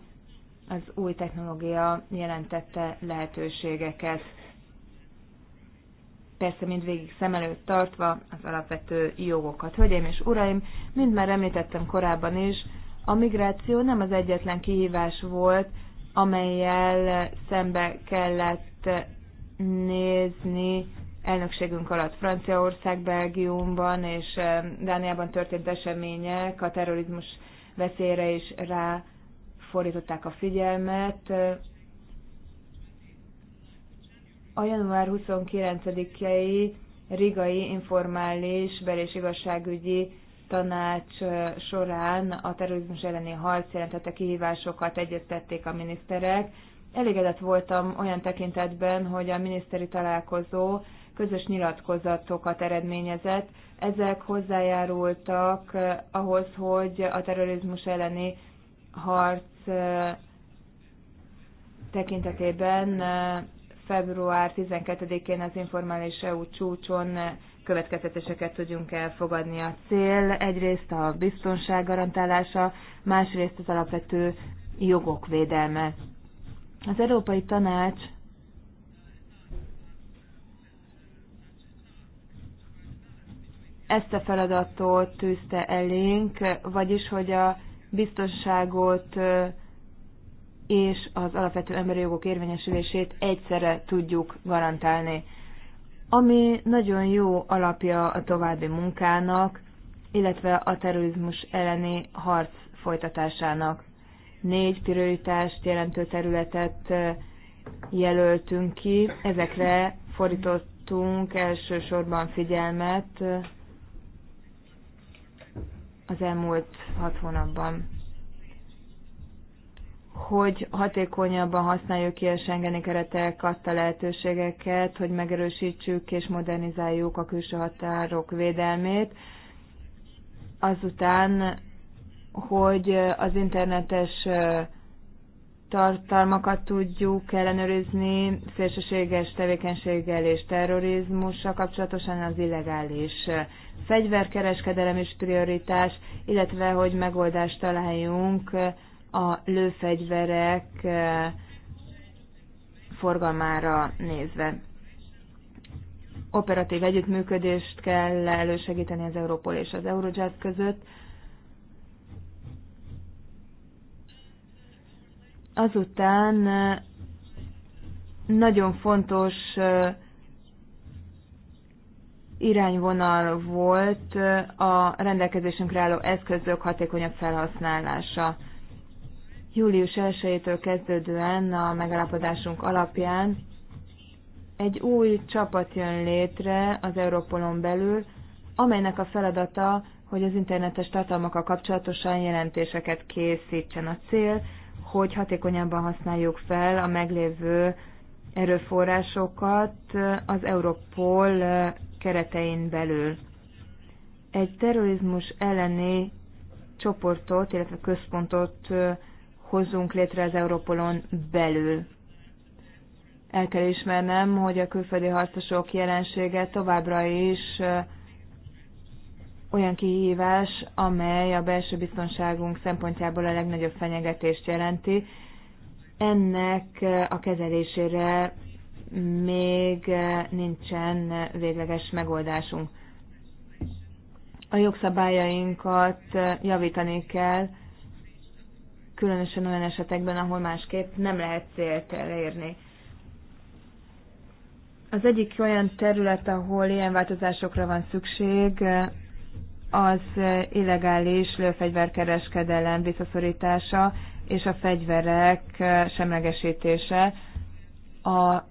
az új technológia jelentette lehetőségeket. Persze mindvégig szem előtt tartva az alapvető jogokat. Hölgyeim és uraim, mint már említettem korábban is, a migráció nem az egyetlen kihívás volt, amelyel szembe kellett nézni elnökségünk alatt Franciaország, Belgiumban és eh, Dániában történt események a terrorizmus veszélyre is rá fordították a figyelmet. A január 29-i rigai informális bel- és igazságügyi tanács során a terrorizmus elleni harc jelentette kihívásokat egyeztették a miniszterek. Elégedett voltam olyan tekintetben, hogy a miniszteri találkozó közös nyilatkozatokat eredményezett. Ezek hozzájárultak ahhoz, hogy a terrorizmus elleni harc tekintetében február 12-én az informális EU csúcson következtetéseket tudjunk elfogadni. A cél egyrészt a biztonság garantálása, másrészt az alapvető jogok védelme. Az Európai Tanács ezt a feladatot tűzte elénk, vagyis hogy a biztonságot és az alapvető emberi jogok érvényesülését egyszerre tudjuk garantálni. Ami nagyon jó alapja a további munkának, illetve a terrorizmus elleni harc folytatásának. Négy prioritást jelentő területet jelöltünk ki, ezekre fordítottunk elsősorban figyelmet az elmúlt hat hónapban hogy hatékonyabban használjuk ki a Schengeni keretek adta lehetőségeket, hogy megerősítsük és modernizáljuk a külső határok védelmét, azután, hogy az internetes tartalmakat tudjuk ellenőrizni szélsőséges tevékenységgel és terrorizmussal kapcsolatosan az illegális fegyverkereskedelem is prioritás, illetve hogy megoldást találjunk a lőfegyverek eh, forgalmára nézve. Operatív együttműködést kell elősegíteni az Európol és az Eurojust között, Azután nagyon fontos irányvonal volt a rendelkezésünkre álló eszközök hatékonyabb felhasználása. Július 1-től kezdődően a megállapodásunk alapján egy új csapat jön létre az Európolon belül, amelynek a feladata, hogy az internetes tartalmakkal kapcsolatosan jelentéseket készítsen. A cél, hogy hatékonyabban használjuk fel a meglévő erőforrásokat az Europol keretein belül. Egy terrorizmus elleni csoportot, illetve központot hozzunk létre az Europolon belül. El kell ismernem, hogy a külföldi harcosok jelensége továbbra is olyan kihívás, amely a belső biztonságunk szempontjából a legnagyobb fenyegetést jelenti. Ennek eh, a kezelésére még eh, nincsen végleges megoldásunk. A jogszabályainkat eh, javítani kell, különösen olyan esetekben, ahol másképp nem lehet célt elérni. Az egyik olyan terület, ahol ilyen változásokra van szükség, az illegális lőfegyverkereskedelem visszaszorítása és a fegyverek semlegesítése. A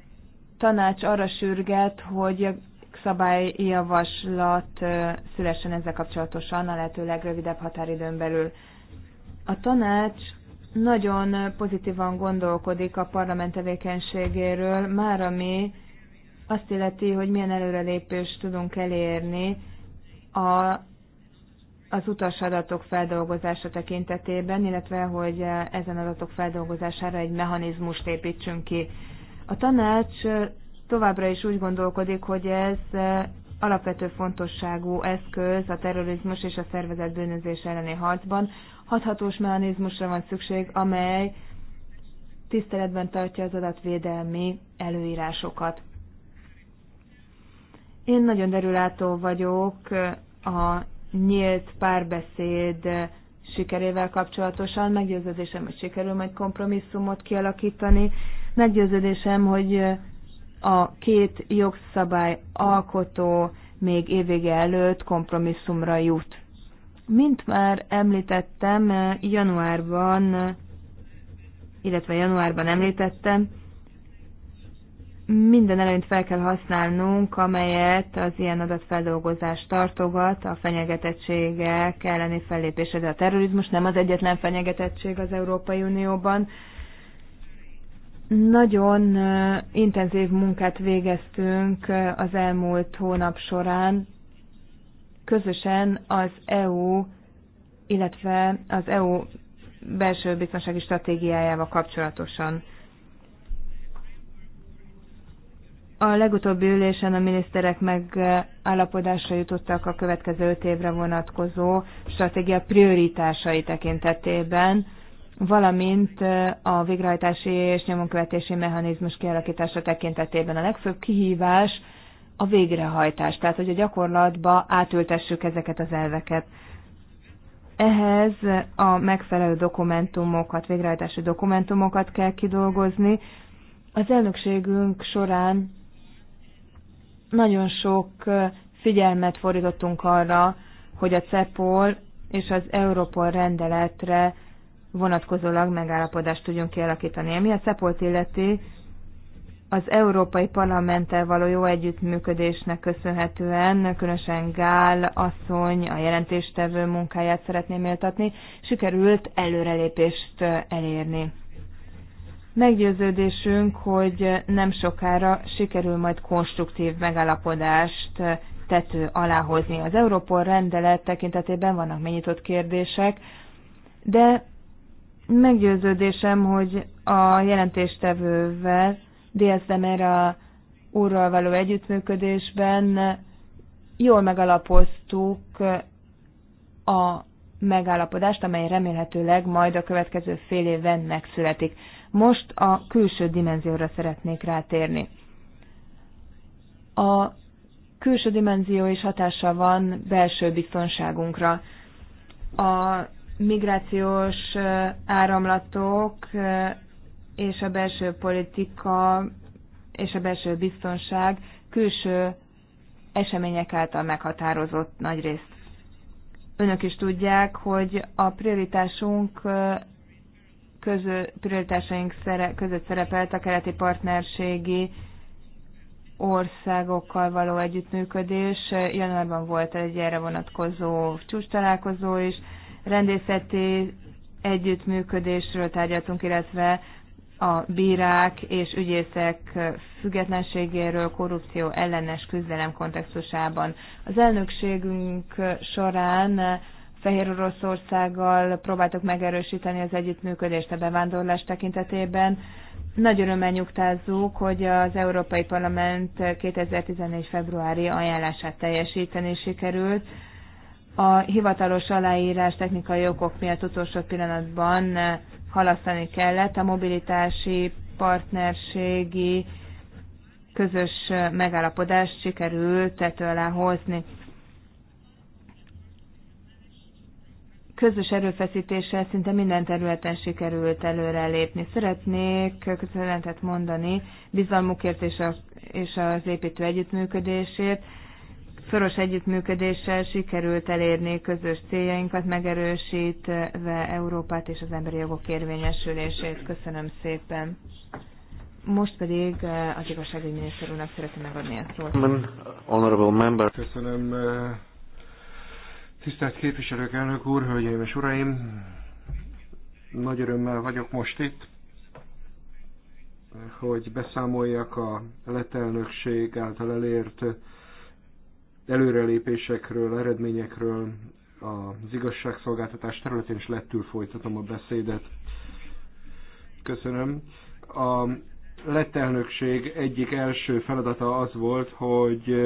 tanács arra sürget, hogy szabályjavaslat szülessen ezzel kapcsolatosan a lehető legrövidebb határidőn belül. A tanács nagyon pozitívan gondolkodik a parlament tevékenységéről, már ami azt illeti, hogy milyen előrelépést tudunk elérni a az utas adatok feldolgozása tekintetében, illetve hogy ezen adatok feldolgozására egy mechanizmust építsünk ki. A tanács továbbra is úgy gondolkodik, hogy ez alapvető fontosságú eszköz a terrorizmus és a szervezett bűnözés elleni harcban. Hathatós mechanizmusra van szükség, amely tiszteletben tartja az adatvédelmi előírásokat. Én nagyon derülátó vagyok a nyílt párbeszéd sikerével kapcsolatosan. Meggyőződésem, hogy sikerül majd kompromisszumot kialakítani. Meggyőződésem, hogy a két jogszabály alkotó még évvége előtt kompromisszumra jut. Mint már említettem, januárban, illetve januárban említettem, minden előnyt fel kell használnunk, amelyet az ilyen adatfeldolgozás tartogat, a fenyegetettségek elleni fellépése, de a terrorizmus nem az egyetlen fenyegetettség az Európai Unióban. Nagyon intenzív munkát végeztünk az elmúlt hónap során, közösen az EU, illetve az EU belső biztonsági stratégiájával kapcsolatosan. A legutóbbi ülésen a miniszterek megállapodásra jutottak a következő öt évre vonatkozó stratégia prioritásai tekintetében, valamint a végrehajtási és nyomonkövetési mechanizmus kialakítása tekintetében. A legfőbb kihívás a végrehajtás, tehát hogy a gyakorlatba átültessük ezeket az elveket. Ehhez a megfelelő dokumentumokat, végrehajtási dokumentumokat kell kidolgozni. Az elnökségünk során nagyon sok figyelmet fordítottunk arra, hogy a CEPOL és az Európol rendeletre vonatkozólag megállapodást tudjunk kialakítani. Ami a CEPOL-t illeti, az Európai Parlamenttel való jó együttműködésnek köszönhetően, különösen Gál asszony a jelentéstevő munkáját szeretném éltatni, sikerült előrelépést elérni. Meggyőződésünk, hogy nem sokára sikerül majd konstruktív megalapodást tető alá hozni. Az Európol rendelet tekintetében vannak megnyitott kérdések, de meggyőződésem, hogy a jelentéstevővel, Diaz Demera úrral való együttműködésben jól megalapoztuk a megállapodást, amely remélhetőleg majd a következő fél évben megszületik. Most a külső dimenzióra szeretnék rátérni. A külső dimenzió is hatása van belső biztonságunkra. A migrációs áramlatok és a belső politika és a belső biztonság külső események által meghatározott részt. Önök is tudják, hogy a prioritásunk közö, prioritásaink szere, között szerepelt a keleti partnerségi országokkal való együttműködés. Januárban volt egy erre vonatkozó csúcs találkozó is. Rendészeti együttműködésről tárgyaltunk, illetve a bírák és ügyészek függetlenségéről korrupció ellenes küzdelem kontextusában. Az elnökségünk során Fehér Oroszországgal próbáltuk megerősíteni az együttműködést a bevándorlás tekintetében. Nagy örömmel nyugtázzuk, hogy az Európai Parlament 2014. februári ajánlását teljesíteni sikerült. A hivatalos aláírás technikai okok miatt utolsó pillanatban halasztani kellett. A mobilitási partnerségi közös megállapodást sikerült tető alá hozni. közös erőfeszítéssel szinte minden területen sikerült előrelépni. Szeretnék köszönetet mondani bizalmukért és, a, és az építő együttműködésért. Szoros együttműködéssel sikerült elérni közös céljainkat, megerősítve Európát és az emberi jogok érvényesülését. Köszönöm szépen. Most pedig eh, az igazságügyminiszter úrnak szeretném megadni a szót. Köszönöm eh, Tisztelt képviselők, elnök úr, hölgyeim és uraim! Nagy örömmel vagyok most itt, hogy beszámoljak a letelnökség által elért előrelépésekről, eredményekről az igazságszolgáltatás területén, és lettül folytatom a beszédet. Köszönöm. A letelnökség egyik első feladata az volt, hogy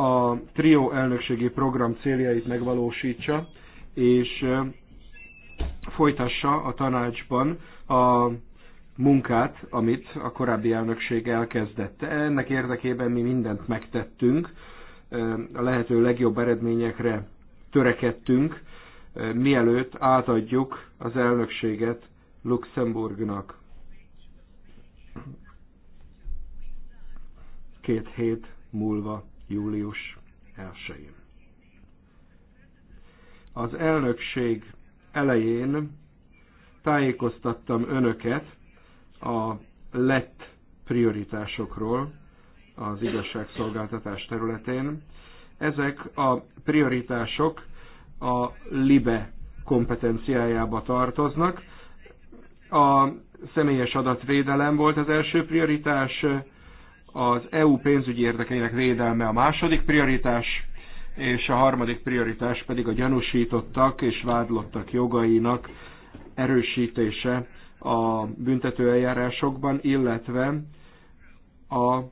a trió elnökségi program céljait megvalósítsa, és folytassa a tanácsban a munkát, amit a korábbi elnökség elkezdett. Ennek érdekében mi mindent megtettünk, a lehető legjobb eredményekre törekedtünk, mielőtt átadjuk az elnökséget Luxemburgnak. Két hét múlva július 1-én. Az elnökség elején tájékoztattam önöket a lett prioritásokról az igazságszolgáltatás területén. Ezek a prioritások a LIBE kompetenciájába tartoznak. A személyes adatvédelem volt az első prioritás, az EU pénzügyi érdekeinek védelme a második prioritás, és a harmadik prioritás pedig a gyanúsítottak és vádlottak jogainak erősítése a eljárásokban, illetve az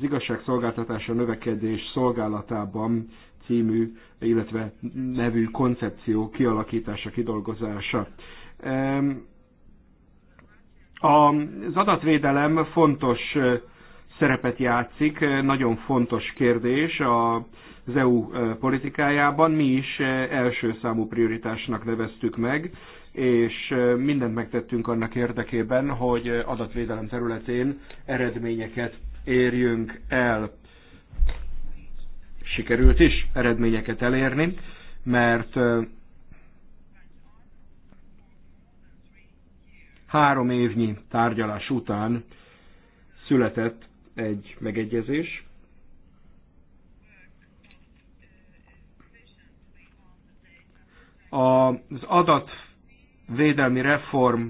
igazságszolgáltatása növekedés szolgálatában című, illetve nevű koncepció kialakítása, kidolgozása. Az adatvédelem fontos szerepet játszik. Nagyon fontos kérdés az EU e, politikájában. Mi is e, első számú prioritásnak neveztük meg, és e, mindent megtettünk annak érdekében, hogy adatvédelem területén eredményeket érjünk el. Sikerült is eredményeket elérni, mert három évnyi tárgyalás után született egy megegyezés, az adatvédelmi reform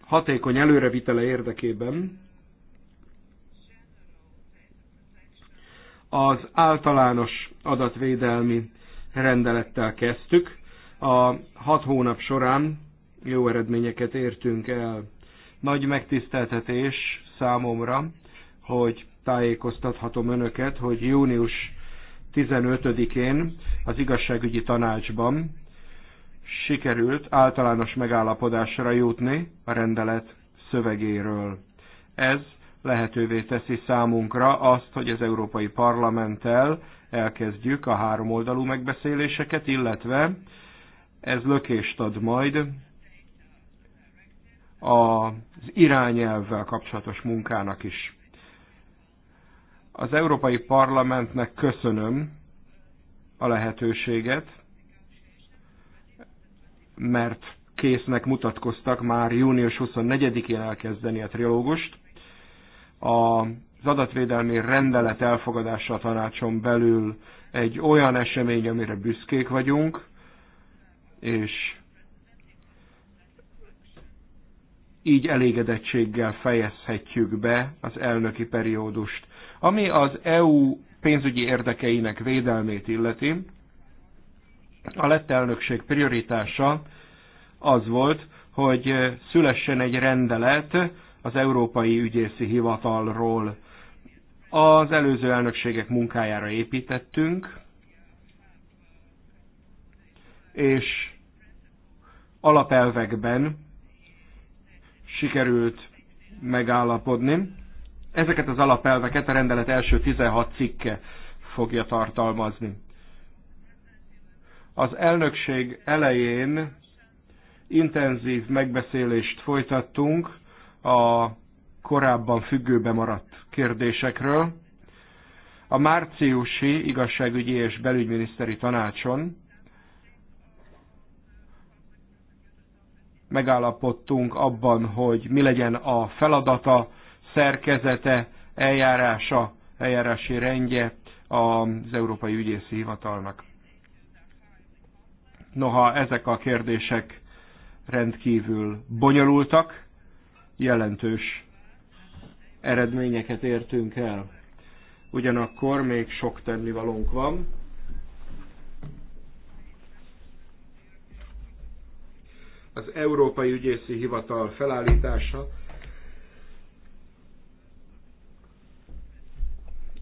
hatékony előrevitele érdekében az általános adatvédelmi rendelettel kezdtük. A hat hónap során jó eredményeket értünk el. Nagy megtiszteltetés számomra, hogy tájékoztathatom önöket, hogy június 15-én az igazságügyi tanácsban sikerült általános megállapodásra jutni a rendelet szövegéről. Ez lehetővé teszi számunkra azt, hogy az Európai Parlamenttel elkezdjük a háromoldalú megbeszéléseket, illetve ez lökést ad majd az irányelvvel kapcsolatos munkának is. Az Európai Parlamentnek köszönöm a lehetőséget, mert késznek mutatkoztak már június 24-én elkezdeni a trilógust. Az adatvédelmi rendelet elfogadása a tanácson belül egy olyan esemény, amire büszkék vagyunk, és így elégedettséggel fejezhetjük be az elnöki periódust. Ami az EU pénzügyi érdekeinek védelmét illeti, a lett elnökség prioritása az volt, hogy szülessen egy rendelet az Európai Ügyészi Hivatalról. Az előző elnökségek munkájára építettünk, és alapelvekben sikerült megállapodni. Ezeket az alapelveket a rendelet első 16 cikke fogja tartalmazni. Az elnökség elején intenzív megbeszélést folytattunk a korábban függőbe maradt kérdésekről. A márciusi igazságügyi és belügyminiszteri tanácson megállapodtunk abban, hogy mi legyen a feladata szerkezete, eljárása, eljárási rendje az Európai Ügyészi Hivatalnak. Noha ezek a kérdések rendkívül bonyolultak, jelentős eredményeket értünk el. Ugyanakkor még sok tennivalónk van. Az Európai Ügyészi Hivatal felállítása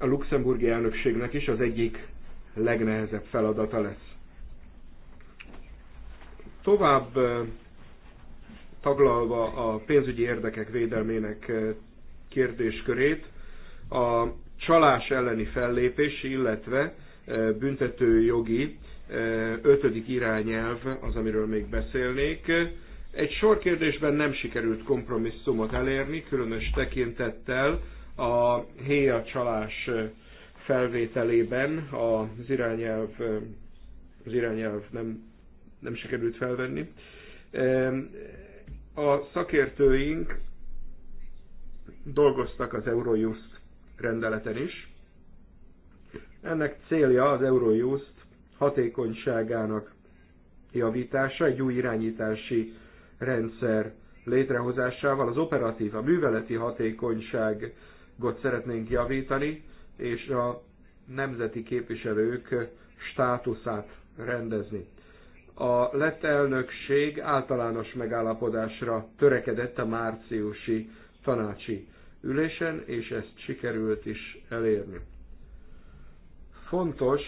a luxemburgi elnökségnek is az egyik legnehezebb feladata lesz. Tovább taglalva a pénzügyi érdekek védelmének kérdéskörét, a csalás elleni fellépés, illetve büntető jogi ötödik irányelv az, amiről még beszélnék. Egy sor kérdésben nem sikerült kompromisszumot elérni, különös tekintettel a héja csalás felvételében az irányelv, az irányelv nem, nem sikerült felvenni. A szakértőink dolgoztak az Eurojust rendeleten is. Ennek célja az Eurojust hatékonyságának javítása, egy új irányítási rendszer létrehozásával, az operatív, a műveleti hatékonyság szeretnénk javítani, és a nemzeti képviselők státuszát rendezni. A lett elnökség általános megállapodásra törekedett a márciusi tanácsi ülésen, és ezt sikerült is elérni. Fontos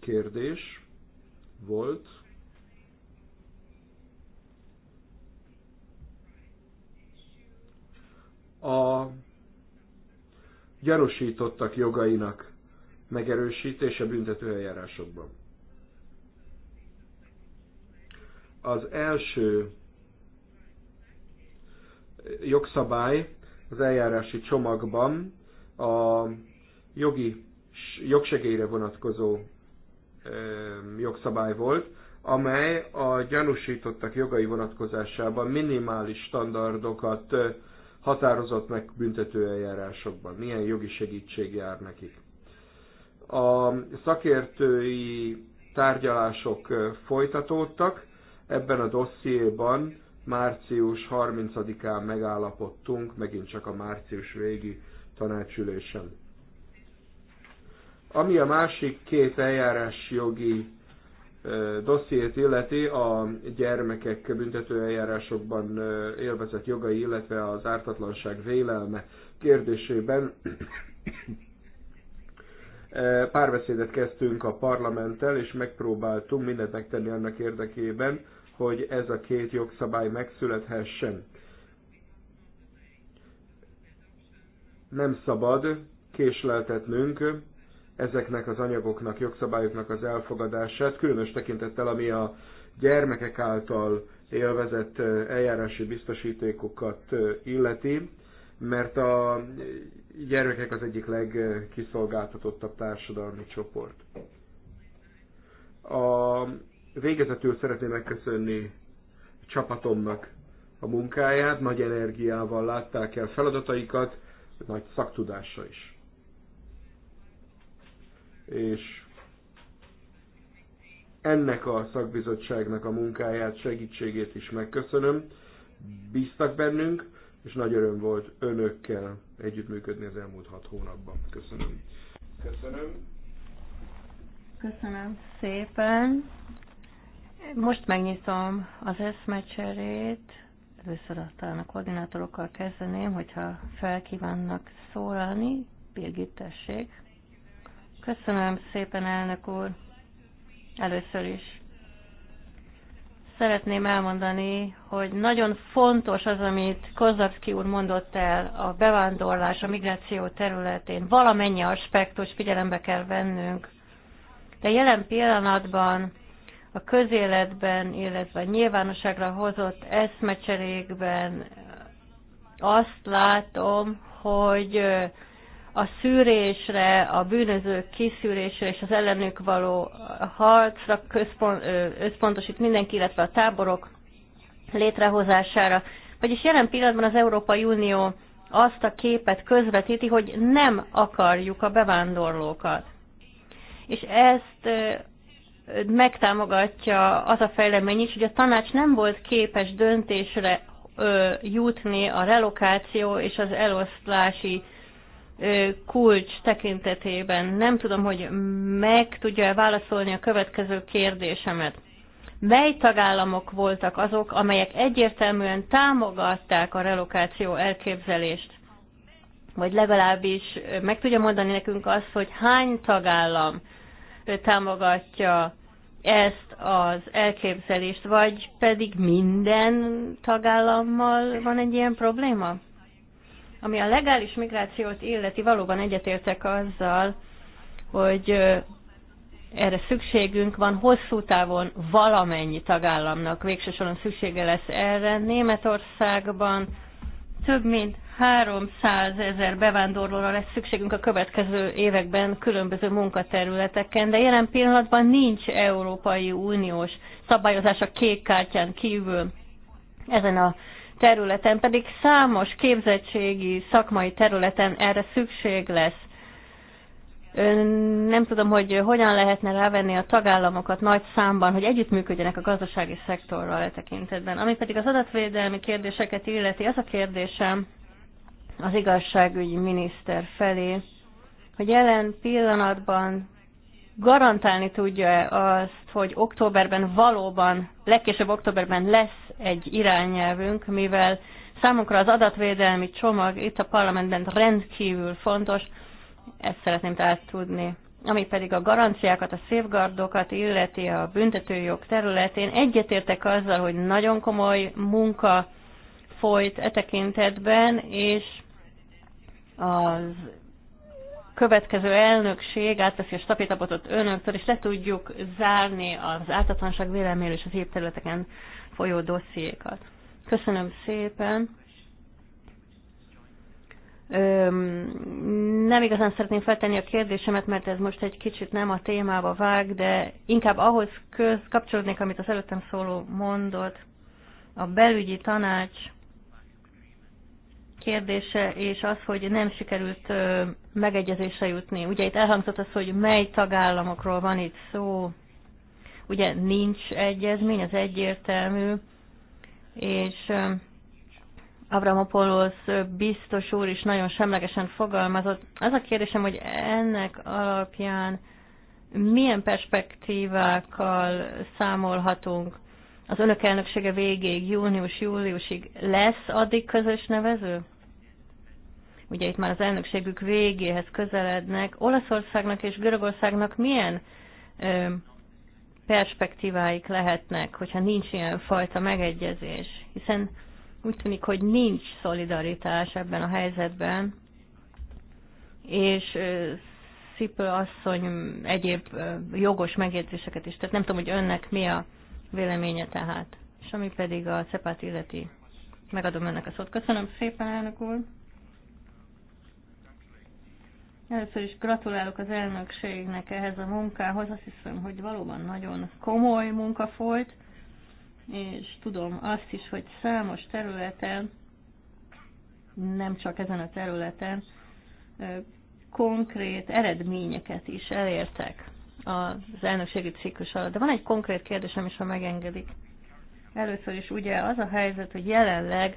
kérdés volt, a gyanúsítottak jogainak megerősítése büntetőeljárásokban. Az első jogszabály az eljárási csomagban a jogi, jogsegélyre vonatkozó jogszabály volt, amely a gyanúsítottak jogai vonatkozásában minimális standardokat határozott meg büntető eljárásokban. milyen jogi segítség jár nekik. A szakértői tárgyalások folytatódtak, ebben a dossziéban március 30-án megállapodtunk, megint csak a március végi tanácsülésen. Ami a másik két jogi dossziét illeti, a gyermekek büntetőeljárásokban élvezett jogai, illetve az ártatlanság vélelme kérdésében párbeszédet kezdtünk a parlamenttel, és megpróbáltunk mindent megtenni annak érdekében, hogy ez a két jogszabály megszülethessen. Nem szabad késleltetnünk ezeknek az anyagoknak, jogszabályoknak az elfogadását, különös tekintettel, ami a gyermekek által élvezett eljárási biztosítékokat illeti, mert a gyermekek az egyik legkiszolgáltatottabb társadalmi csoport. A végezetül szeretném megköszönni csapatomnak a munkáját, nagy energiával látták el feladataikat, nagy szaktudása is és ennek a szakbizottságnak a munkáját, segítségét is megköszönöm. Bíztak bennünk, és nagy öröm volt önökkel együttműködni az elmúlt hat hónapban. Köszönöm. Köszönöm. Köszönöm szépen. Most megnyitom az eszmecserét. Először aztán a koordinátorokkal kezdeném, hogyha felkívánnak szólalni. Birgit, tessék. Köszönöm szépen, elnök úr. Először is. Szeretném elmondani, hogy nagyon fontos az, amit Kozlowski úr mondott el, a bevándorlás, a migráció területén. Valamennyi aspektus figyelembe kell vennünk. De jelen pillanatban a közéletben, illetve a nyilvánosságra hozott eszmecserékben azt látom, hogy a szűrésre, a bűnözők kiszűrésre és az ellenük való harcra központ, összpontosít mindenki, illetve a táborok létrehozására. Vagyis jelen pillanatban az Európai Unió azt a képet közvetíti, hogy nem akarjuk a bevándorlókat. És ezt megtámogatja az a fejlemény is, hogy a tanács nem volt képes döntésre jutni a relokáció és az eloszlási kulcs tekintetében. Nem tudom, hogy meg tudja-e válaszolni a következő kérdésemet. Mely tagállamok voltak azok, amelyek egyértelműen támogatták a relokáció elképzelést? Vagy legalábbis meg tudja mondani nekünk azt, hogy hány tagállam támogatja ezt az elképzelést, vagy pedig minden tagállammal van egy ilyen probléma? Ami a legális migrációt illeti, valóban egyetértek azzal, hogy erre szükségünk van hosszú távon valamennyi tagállamnak. Végső szüksége lesz erre. Németországban több mint 300 ezer bevándorlóra lesz szükségünk a következő években különböző munkaterületeken, de jelen pillanatban nincs Európai Uniós szabályozás a kék kártyán kívül ezen a területen, pedig számos képzettségi szakmai területen erre szükség lesz. Nem tudom, hogy hogyan lehetne rávenni a tagállamokat nagy számban, hogy együttműködjenek a gazdasági szektorral e tekintetben. Ami pedig az adatvédelmi kérdéseket illeti, az a kérdésem az igazságügyi miniszter felé, hogy jelen pillanatban garantálni tudja azt, hogy októberben valóban, legkésőbb októberben lesz egy irányelvünk, mivel számunkra az adatvédelmi csomag itt a parlamentben rendkívül fontos, ezt szeretném tehát tudni. Ami pedig a garanciákat, a safeguardokat illeti a büntetőjog területén, egyetértek azzal, hogy nagyon komoly munka folyt e tekintetben, és az következő elnökség átveszi a stapétapotot önöktől, és le tudjuk zárni az ártatlanság vélemény és az épp területeken folyó dossziékat. Köszönöm szépen. Öm, nem igazán szeretném feltenni a kérdésemet, mert ez most egy kicsit nem a témába vág, de inkább ahhoz köz, kapcsolódnék, amit az előttem szóló mondott. A belügyi tanács kérdése, és az, hogy nem sikerült megegyezésre jutni. Ugye itt elhangzott az, hogy mely tagállamokról van itt szó, ugye nincs egyezmény, az egyértelmű, és Apollos biztos úr is nagyon semlegesen fogalmazott. Az a kérdésem, hogy ennek alapján milyen perspektívákkal számolhatunk az önök elnöksége végéig, június-júliusig lesz addig közös nevező? ugye itt már az elnökségük végéhez közelednek, Olaszországnak és Görögországnak milyen ö, perspektíváik lehetnek, hogyha nincs ilyen fajta megegyezés, hiszen úgy tűnik, hogy nincs szolidaritás ebben a helyzetben, és Szipő asszony egyéb jogos megjegyzéseket is. Tehát nem tudom, hogy önnek mi a véleménye tehát. És ami pedig a cepát illeti. Megadom önnek a szót. Köszönöm szépen, elnök úr. Először is gratulálok az elnökségnek ehhez a munkához. Azt hiszem, hogy valóban nagyon komoly munka folyt, és tudom azt is, hogy számos területen, nem csak ezen a területen, konkrét eredményeket is elértek az elnökségi ciklus alatt. De van egy konkrét kérdésem is, ha megengedik. Először is ugye az a helyzet, hogy jelenleg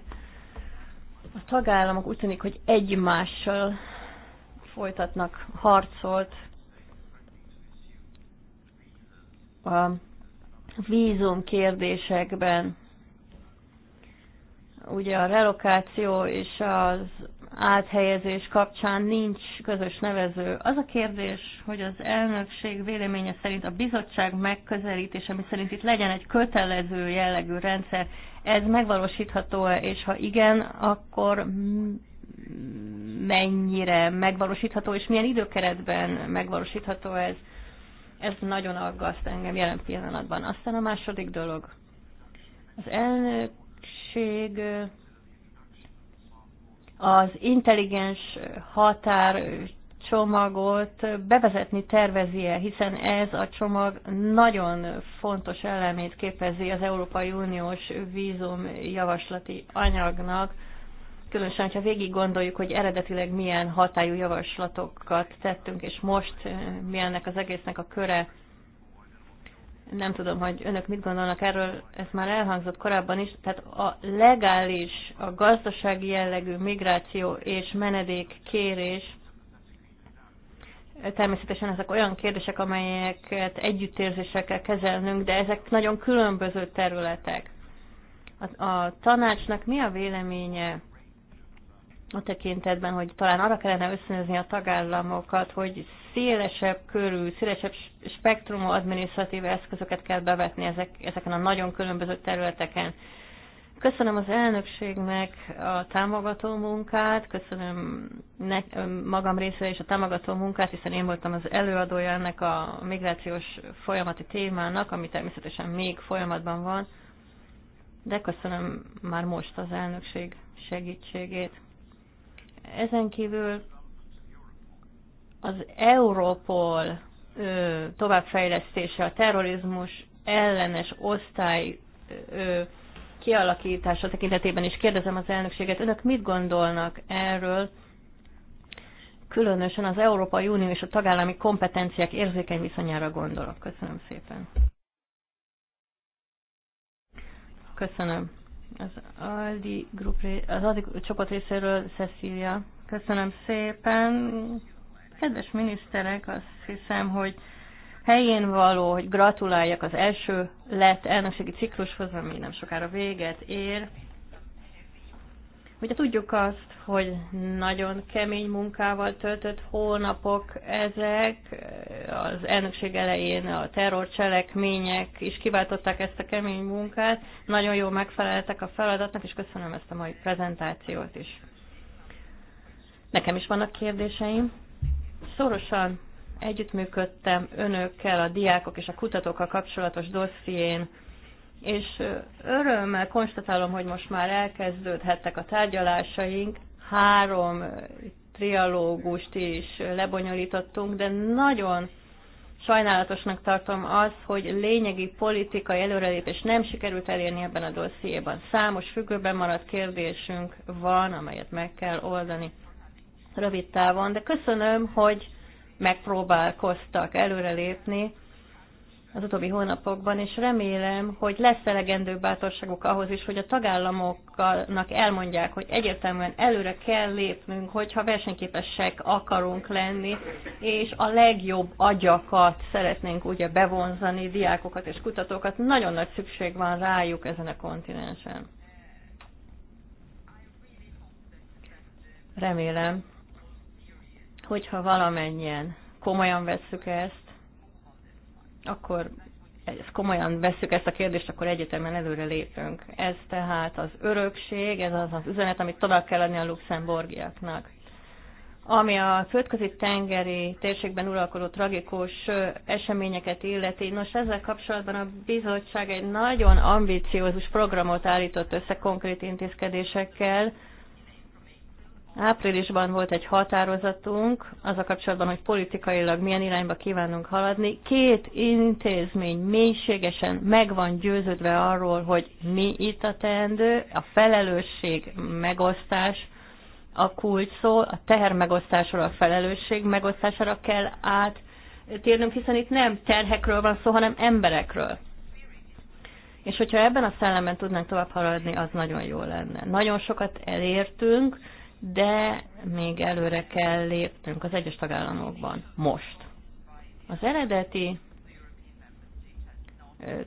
a tagállamok úgy tűnik, hogy egymással folytatnak harcolt a vízum kérdésekben. Ugye a relokáció és az áthelyezés kapcsán nincs közös nevező. Az a kérdés, hogy az elnökség véleménye szerint a bizottság megközelítése, ami szerint itt legyen egy kötelező jellegű rendszer, ez megvalósítható-e, és ha igen, akkor mennyire megvalósítható, és milyen időkeretben megvalósítható ez. Ez nagyon aggaszt engem jelen pillanatban. Aztán a második dolog. Az elnökség az intelligens határ csomagot bevezetni tervezi-e, hiszen ez a csomag nagyon fontos elemét képezi az Európai Uniós vízum javaslati anyagnak, különösen, ha végig gondoljuk, hogy eredetileg milyen hatályú javaslatokat tettünk, és most eh, milyennek az egésznek a köre, nem tudom, hogy önök mit gondolnak erről, ez már elhangzott korábban is, tehát a legális, a gazdasági jellegű migráció és menedék kérés, természetesen ezek olyan kérdések, amelyeket együttérzéssel kell kezelnünk, de ezek nagyon különböző területek. A, a tanácsnak mi a véleménye a tekintetben, hogy talán arra kellene összönözni a tagállamokat, hogy szélesebb körül, szélesebb spektrumú adminisztratív eszközöket kell bevetni ezek, ezeken a nagyon különböző területeken. Köszönöm az elnökségnek a támogató munkát, köszönöm ne, magam részére is a támogató munkát, hiszen én voltam az előadója ennek a migrációs folyamati témának, ami természetesen még folyamatban van, de köszönöm már most az elnökség segítségét. Ezen kívül az Európol továbbfejlesztése, a terrorizmus ellenes osztály ö, kialakítása tekintetében is kérdezem az elnökséget, önök mit gondolnak erről, különösen az Európai Unió és a tagállami kompetenciák érzékeny viszonyára gondolok. Köszönöm szépen. Köszönöm az Aldi, Group, az Aldi csoport részéről Cecilia. Köszönöm szépen. Kedves miniszterek, azt hiszem, hogy helyén való, hogy gratuláljak az első lett elnökségi ciklushoz, ami nem sokára véget ér. Ugye tudjuk azt, hogy nagyon kemény munkával töltött hónapok ezek, az elnökség elején a terrorcselekmények is kiváltották ezt a kemény munkát, nagyon jól megfeleltek a feladatnak, és köszönöm ezt a mai prezentációt is. Nekem is vannak kérdéseim. Szorosan együttműködtem önökkel a diákok és a kutatókkal kapcsolatos dosszién, és örömmel konstatálom, hogy most már elkezdődhettek a tárgyalásaink. Három trialógust is lebonyolítottunk, de nagyon sajnálatosnak tartom az, hogy lényegi politikai előrelépés nem sikerült elérni ebben a dossziéban. Számos függőben maradt kérdésünk van, amelyet meg kell oldani rövid távon, de köszönöm, hogy megpróbálkoztak előrelépni, az utóbbi hónapokban, és remélem, hogy lesz elegendő bátorságuk ahhoz is, hogy a tagállamoknak elmondják, hogy egyértelműen előre kell lépnünk, hogyha versenyképesek akarunk lenni, és a legjobb agyakat szeretnénk ugye bevonzani, diákokat és kutatókat. Nagyon nagy szükség van rájuk ezen a kontinensen. Remélem, hogyha valamennyien komolyan vesszük ezt, akkor ezt komolyan veszük ezt a kérdést, akkor egyetemen előre lépünk. Ez tehát az örökség, ez az az üzenet, amit tovább kell adni a luxemburgiaknak. Ami a földközi tengeri térségben uralkodó tragikus eseményeket illeti, nos ezzel kapcsolatban a bizottság egy nagyon ambiciózus programot állított össze konkrét intézkedésekkel, Áprilisban volt egy határozatunk az a kapcsolatban, hogy politikailag milyen irányba kívánunk haladni. Két intézmény mélységesen meg van győződve arról, hogy mi itt a teendő, a felelősség megosztás, a kulcs szó, a teher megosztásról, a felelősség megosztására kell átérnünk, hiszen itt nem terhekről van szó, hanem emberekről. És hogyha ebben a szellemben tudnánk tovább haladni, az nagyon jó lenne. Nagyon sokat elértünk, de még előre kell lépnünk az egyes tagállamokban most. Az eredeti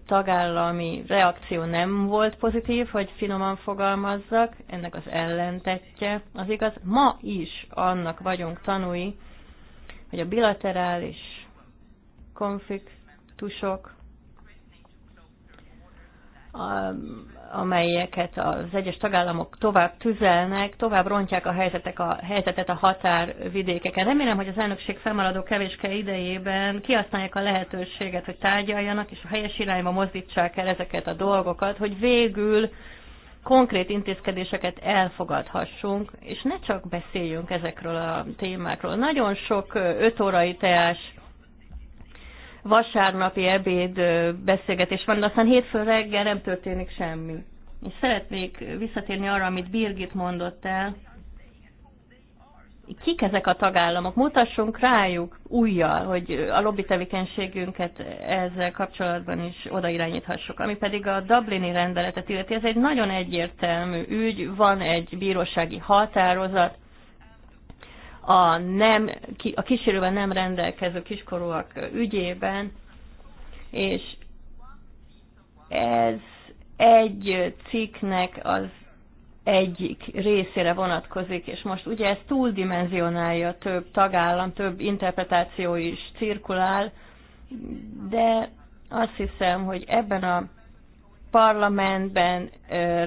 tagállami reakció nem volt pozitív, hogy finoman fogalmazzak, ennek az ellentetje az igaz. Ma is annak vagyunk tanúi, hogy a bilaterális konfliktusok amelyeket az egyes tagállamok tovább tüzelnek, tovább rontják a, helyzetek a helyzetet a határvidékeken. Remélem, hogy az elnökség felmaradó kevéske idejében kihasználják a lehetőséget, hogy tárgyaljanak, és a helyes irányba mozdítsák el ezeket a dolgokat, hogy végül konkrét intézkedéseket elfogadhassunk, és ne csak beszéljünk ezekről a témákról. Nagyon sok ötórai teás vasárnapi ebéd beszélgetés van, de aztán hétfő reggel nem történik semmi. És szeretnék visszatérni arra, amit Birgit mondott el. Kik ezek a tagállamok? Mutassunk rájuk újjal, hogy a lobby tevékenységünket ezzel kapcsolatban is odairányíthassuk. Ami pedig a Dublini rendeletet illeti, ez egy nagyon egyértelmű ügy, van egy bírósági határozat, a, nem, a kísérővel nem rendelkező kiskorúak ügyében, és ez egy cikknek az egyik részére vonatkozik, és most ugye ez túldimenzionálja több tagállam, több interpretáció is cirkulál, de azt hiszem, hogy ebben a parlamentben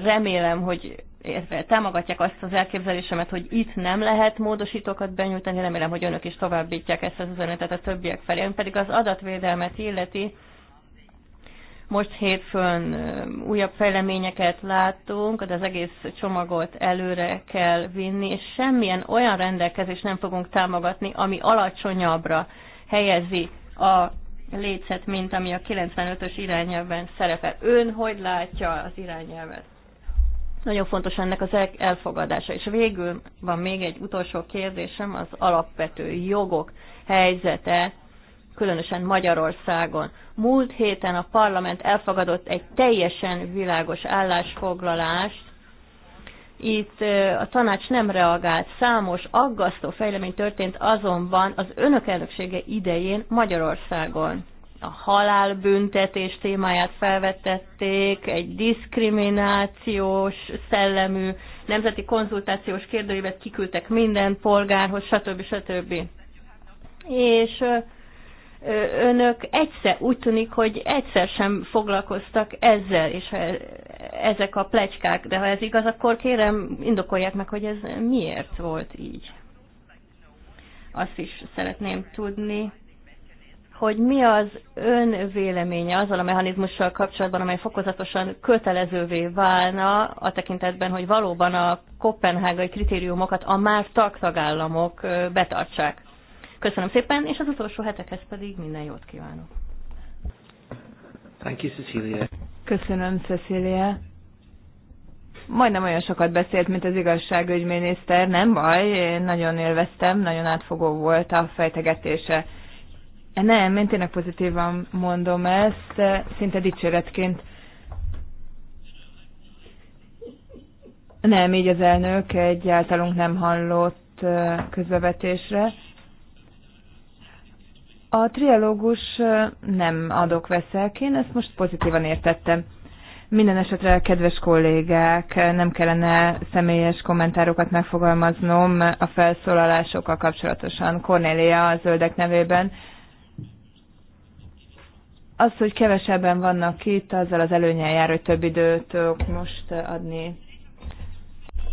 remélem, hogy támogatják azt az elképzelésemet, hogy itt nem lehet módosítókat benyújtani, remélem, hogy önök is továbbítják ezt az üzenetet a többiek felé. Ön pedig az adatvédelmet illeti, most hétfőn újabb fejleményeket látunk, de az egész csomagot előre kell vinni, és semmilyen olyan rendelkezést nem fogunk támogatni, ami alacsonyabbra helyezi a létszet, mint ami a 95-ös irányelven szerepel. Ön hogy látja az irányelvet? Nagyon fontos ennek az elfogadása. És végül van még egy utolsó kérdésem, az alapvető jogok helyzete, különösen Magyarországon. Múlt héten a parlament elfogadott egy teljesen világos állásfoglalást, itt a tanács nem reagált. Számos aggasztó fejlemény történt azonban az önök elnöksége idején Magyarországon a halálbüntetés témáját felvetették, egy diszkriminációs szellemű nemzeti konzultációs kérdőívet kiküldtek minden polgárhoz, stb. stb. És önök egyszer, úgy tűnik, hogy egyszer sem foglalkoztak ezzel, és e, ezek a plecskák, de ha ez igaz, akkor kérem, indokolják meg, hogy ez miért volt így. Azt is szeretném tudni hogy mi az ön véleménye azzal a mechanizmussal kapcsolatban, amely fokozatosan kötelezővé válna a tekintetben, hogy valóban a kopenhágai kritériumokat a már tagtagállamok betartsák. Köszönöm szépen, és az utolsó hetekhez pedig minden jót kívánok. Thank you, Cecilia. Köszönöm, Cecilia. Majdnem olyan sokat beszélt, mint az igazságügyminiszter, nem baj, én nagyon élveztem, nagyon átfogó volt a fejtegetése. E, nem, én tényleg pozitívan mondom ezt, e, szinte dicséretként. Nem, így az elnök egy általunk nem hallott e, közbevetésre. A trialógus nem adok-veszek, én ezt most pozitívan értettem. Minden esetre, kedves kollégák, nem kellene személyes kommentárokat megfogalmaznom a felszólalásokkal kapcsolatosan. Cornélia a zöldek nevében az, hogy kevesebben vannak itt, azzal az előnyel jár, hogy több időt most adni.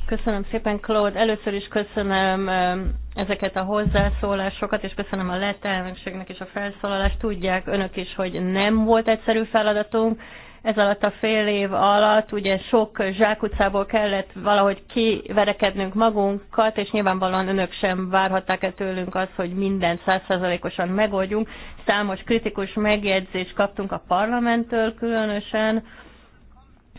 Köszönöm szépen, Claude. Először is köszönöm um, ezeket a hozzászólásokat, és köszönöm a lett elnökségnek is a felszólalást. Tudják önök is, hogy nem volt egyszerű feladatunk, ez alatt a fél év alatt ugye sok zsákutcából kellett valahogy kiverekednünk magunkat, és nyilvánvalóan önök sem várhatták e tőlünk azt, hogy mindent százszerzalékosan megoldjunk. Számos kritikus megjegyzést kaptunk a parlamenttől különösen,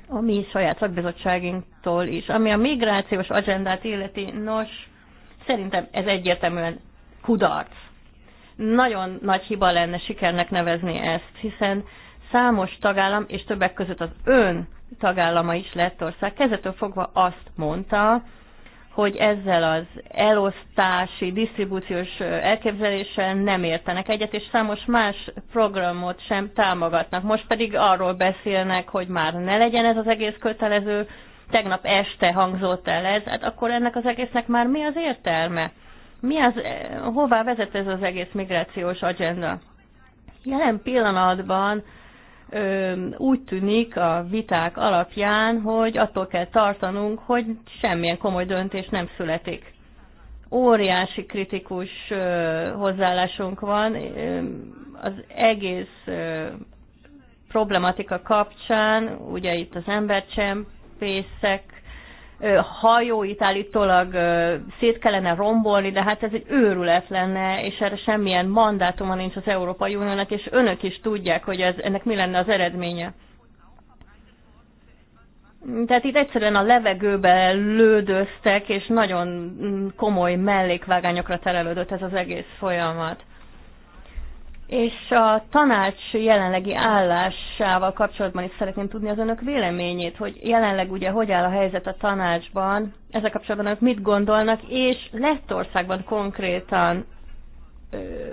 a mi saját szakbizottságunktól is. Ami a migrációs agendát illeti, nos, szerintem ez egyértelműen kudarc. Nagyon nagy hiba lenne sikernek nevezni ezt, hiszen számos tagállam, és többek között az ön tagállama is Lettország kezdetől fogva azt mondta, hogy ezzel az elosztási, disztribúciós elképzeléssel nem értenek egyet, és számos más programot sem támogatnak. Most pedig arról beszélnek, hogy már ne legyen ez az egész kötelező, tegnap este hangzott el ez, hát akkor ennek az egésznek már mi az értelme? Mi az, e, hová vezet ez az egész migrációs agenda? Jelen pillanatban úgy tűnik a viták alapján, hogy attól kell tartanunk, hogy semmilyen komoly döntés nem születik. Óriási kritikus hozzáállásunk van az egész problematika kapcsán, ugye itt az embercsempészek hajóit állítólag szét kellene rombolni, de hát ez egy őrület lenne, és erre semmilyen mandátuma nincs az Európai Uniónak, és önök is tudják, hogy ez, ennek mi lenne az eredménye. Tehát itt egyszerűen a levegőbe lődöztek, és nagyon mm, komoly mellékvágányokra terelődött ez az egész folyamat és a tanács jelenlegi állásával kapcsolatban is szeretném tudni az önök véleményét, hogy jelenleg ugye hogy áll a helyzet a tanácsban, ezzel kapcsolatban önök mit gondolnak, és Lettországban konkrétan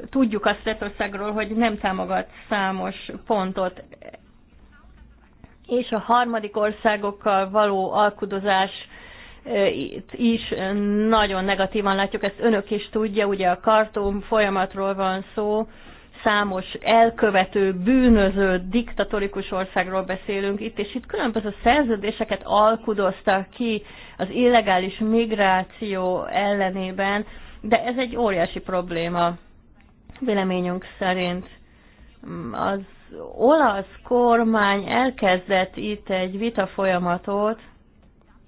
tudjuk azt Lettországról, hogy nem támogat számos pontot, és a harmadik országokkal való alkudozás itt is nagyon negatívan látjuk, ezt önök is tudja, ugye a kartum folyamatról van szó, számos elkövető, bűnöző, diktatórikus országról beszélünk itt, és itt különböző szerződéseket alkudoztak ki az illegális migráció ellenében, de ez egy óriási probléma véleményünk szerint. Az olasz kormány elkezdett itt egy vita folyamatot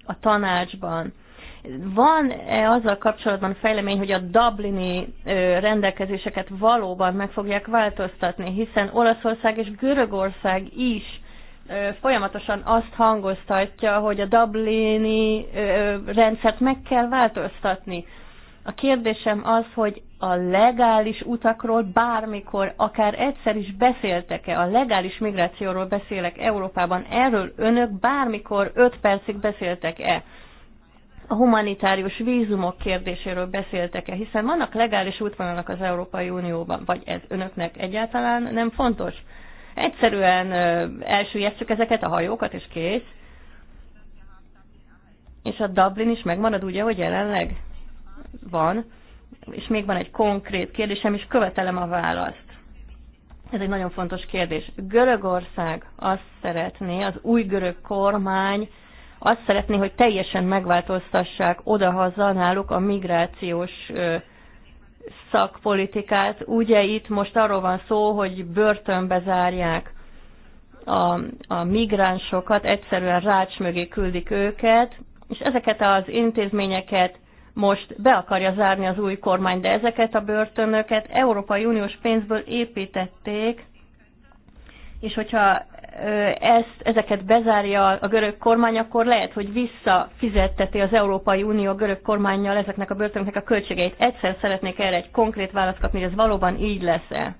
a tanácsban van-e azzal kapcsolatban fejlemény, hogy a Dublini rendelkezéseket valóban meg fogják változtatni, hiszen Olaszország és Görögország is folyamatosan azt hangoztatja, hogy a Dublini rendszert meg kell változtatni. A kérdésem az, hogy a legális utakról bármikor, akár egyszer is beszéltek-e, a legális migrációról beszélek Európában, erről önök bármikor öt percig beszéltek-e? a humanitárius vízumok kérdéséről beszéltek-e, hiszen vannak legális útvonalak az Európai Unióban, vagy ez önöknek egyáltalán nem fontos? Egyszerűen elsüllyesztjük ezeket a hajókat, és kész. És a Dublin is megmarad ugye? hogy jelenleg van. És még van egy konkrét kérdésem, és követelem a választ. Ez egy nagyon fontos kérdés. Görögország azt szeretné, az új görög kormány, azt szeretné, hogy teljesen megváltoztassák odahaza náluk a migrációs szakpolitikát. Ugye itt most arról van szó, hogy börtönbe zárják a, a migránsokat, egyszerűen rács mögé küldik őket, és ezeket az intézményeket most be akarja zárni az új kormány, de ezeket a börtönöket Európai Uniós pénzből építették, és hogyha ezt, ezeket bezárja a görög kormány, akkor lehet, hogy visszafizetteti az Európai Unió a görög kormányjal ezeknek a börtönöknek a költségeit. Egyszer szeretnék erre egy konkrét választ kapni, hogy ez valóban így lesz-e.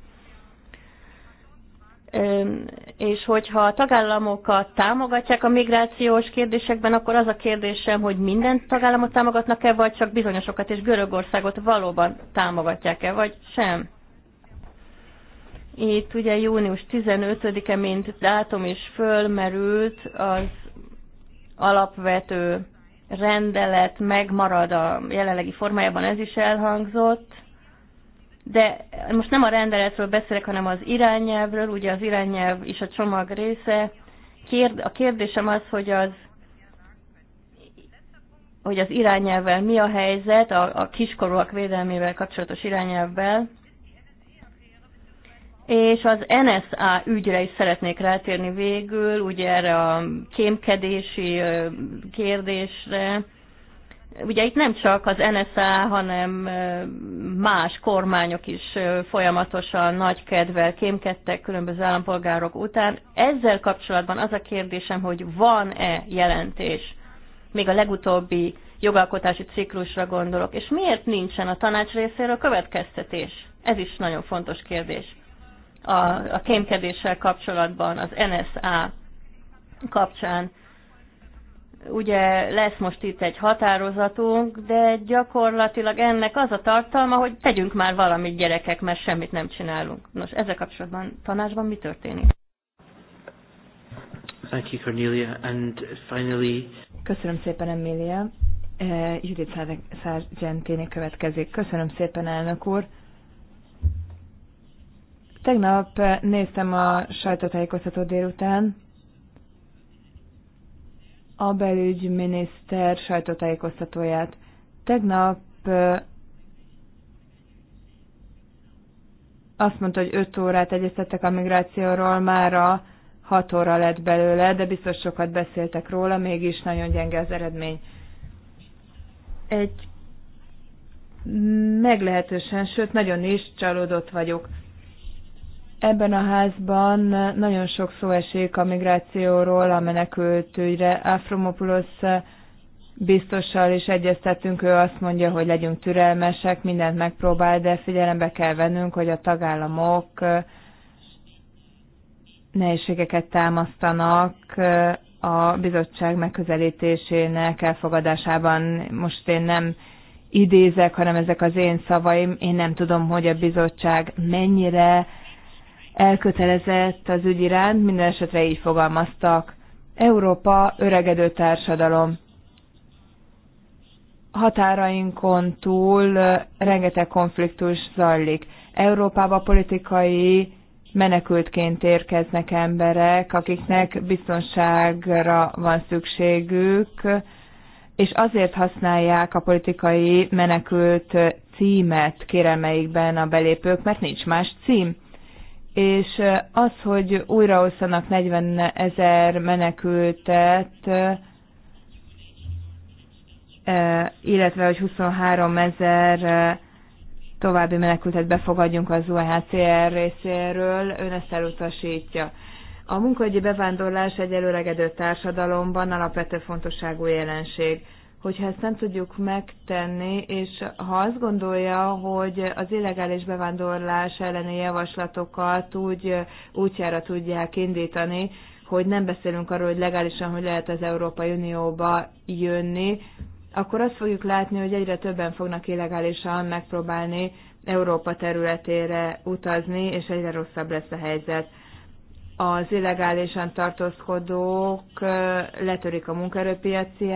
És hogyha a tagállamokat támogatják a migrációs kérdésekben, akkor az a kérdésem, hogy minden tagállamot támogatnak-e, vagy csak bizonyosokat, és Görögországot valóban támogatják-e, vagy sem. Itt ugye június 15-e, mint dátum is fölmerült, az alapvető rendelet megmarad a jelenlegi formájában, ez is elhangzott. De most nem a rendeletről beszélek, hanem az irányelvről, ugye az irányelv is a csomag része. kérd A kérdésem az, hogy az hogy az irányelvvel mi a helyzet, a, a kiskorúak védelmével kapcsolatos irányelvvel, és az NSA ügyre is szeretnék rátérni végül, ugye erre a kémkedési kérdésre. Ugye itt nem csak az NSA, hanem más kormányok is folyamatosan nagy kedvel kémkedtek különböző állampolgárok után. Ezzel kapcsolatban az a kérdésem, hogy van-e jelentés, még a legutóbbi jogalkotási ciklusra gondolok, és miért nincsen a tanács részéről következtetés? Ez is nagyon fontos kérdés a, a kémkedéssel kapcsolatban, az NSA kapcsán. Ugye lesz most itt egy határozatunk, de gyakorlatilag ennek az a tartalma, hogy tegyünk már valamit gyerekek, mert semmit nem csinálunk. Nos, ezzel kapcsolatban tanácsban mi történik? Thank you, Cornelia. And finally... Köszönöm szépen, Emilia. Eh, Judith Sargentini következik. Köszönöm szépen, elnök úr. Tegnap eh, néztem a sajtótájékoztató délután. A belügyminiszter sajtótájékoztatóját. Tegnap eh, azt mondta, hogy 5 órát egyeztettek a migrációról, mára 6 óra lett belőle, de biztos sokat beszéltek róla, mégis nagyon gyenge az eredmény. Egy meglehetősen, sőt nagyon is csalódott vagyok. Ebben a házban nagyon sok szó esik a migrációról, a menekültügyre. Afromopulosz biztossal is egyeztettünk, ő azt mondja, hogy legyünk türelmesek, mindent megpróbál, de figyelembe kell vennünk, hogy a tagállamok nehézségeket támasztanak a bizottság megközelítésének elfogadásában. Most én nem idézek, hanem ezek az én szavaim. Én nem tudom, hogy a bizottság mennyire elkötelezett az ügy iránt, minden esetre így fogalmaztak. Európa öregedő társadalom. Határainkon túl rengeteg konfliktus zajlik. Európába politikai menekültként érkeznek emberek, akiknek biztonságra van szükségük, és azért használják a politikai menekült címet kéremeikben a belépők, mert nincs más cím és az, hogy újraosztanak 40 ezer menekültet, illetve hogy 23 ezer további menekültet befogadjunk az UNHCR részéről, ön ezt elutasítja. A munkahogyi bevándorlás egy előregedő társadalomban alapvető fontosságú jelenség hogyha ezt nem tudjuk megtenni, és ha azt gondolja, hogy az illegális bevándorlás elleni javaslatokat úgy útjára tudják indítani, hogy nem beszélünk arról, hogy legálisan, hogy lehet az Európai Unióba jönni, akkor azt fogjuk látni, hogy egyre többen fognak illegálisan megpróbálni Európa területére utazni, és egyre rosszabb lesz a helyzet az illegálisan tartózkodók letörik a munkaerőpiaci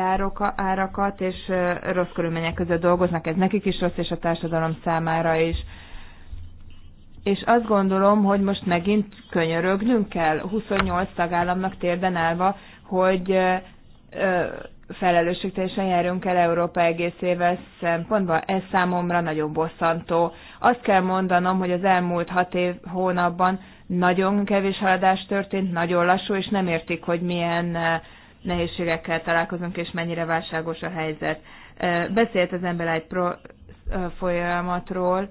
árakat, és rossz körülmények között dolgoznak, ez nekik is rossz, és a társadalom számára is. És azt gondolom, hogy most megint könyörögnünk kell 28 tagállamnak térden állva, hogy felelősségteljesen járunk el Európa egészével szempontban, ez számomra nagyon bosszantó. Azt kell mondanom, hogy az elmúlt hat év hónapban nagyon kevés haladás történt, nagyon lassú, és nem értik, hogy milyen eh, nehézségekkel találkozunk, és mennyire válságos a helyzet. Eh, beszélt az ember egy pro eh, folyamatról,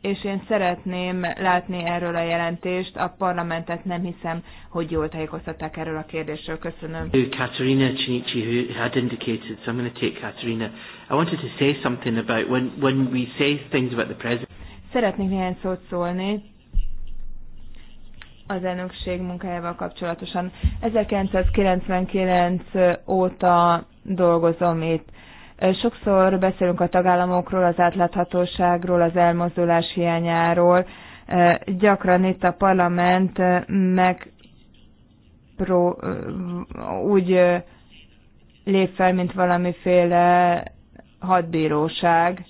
és én szeretném látni erről a jelentést. A parlamentet nem hiszem, hogy jól tájékoztatták erről a kérdésről. Köszönöm. Katerina Chinichi, who had indicated, so I'm going to take Katerina. I wanted to say something about when, when we say things about the president. Szeretnék néhány szót szólni az elnökség munkájával kapcsolatosan. 1999 óta dolgozom itt Sokszor beszélünk a tagállamokról, az átláthatóságról, az elmozdulás hiányáról. Gyakran itt a parlament meg pró, úgy lép fel, mint valamiféle hadbíróság,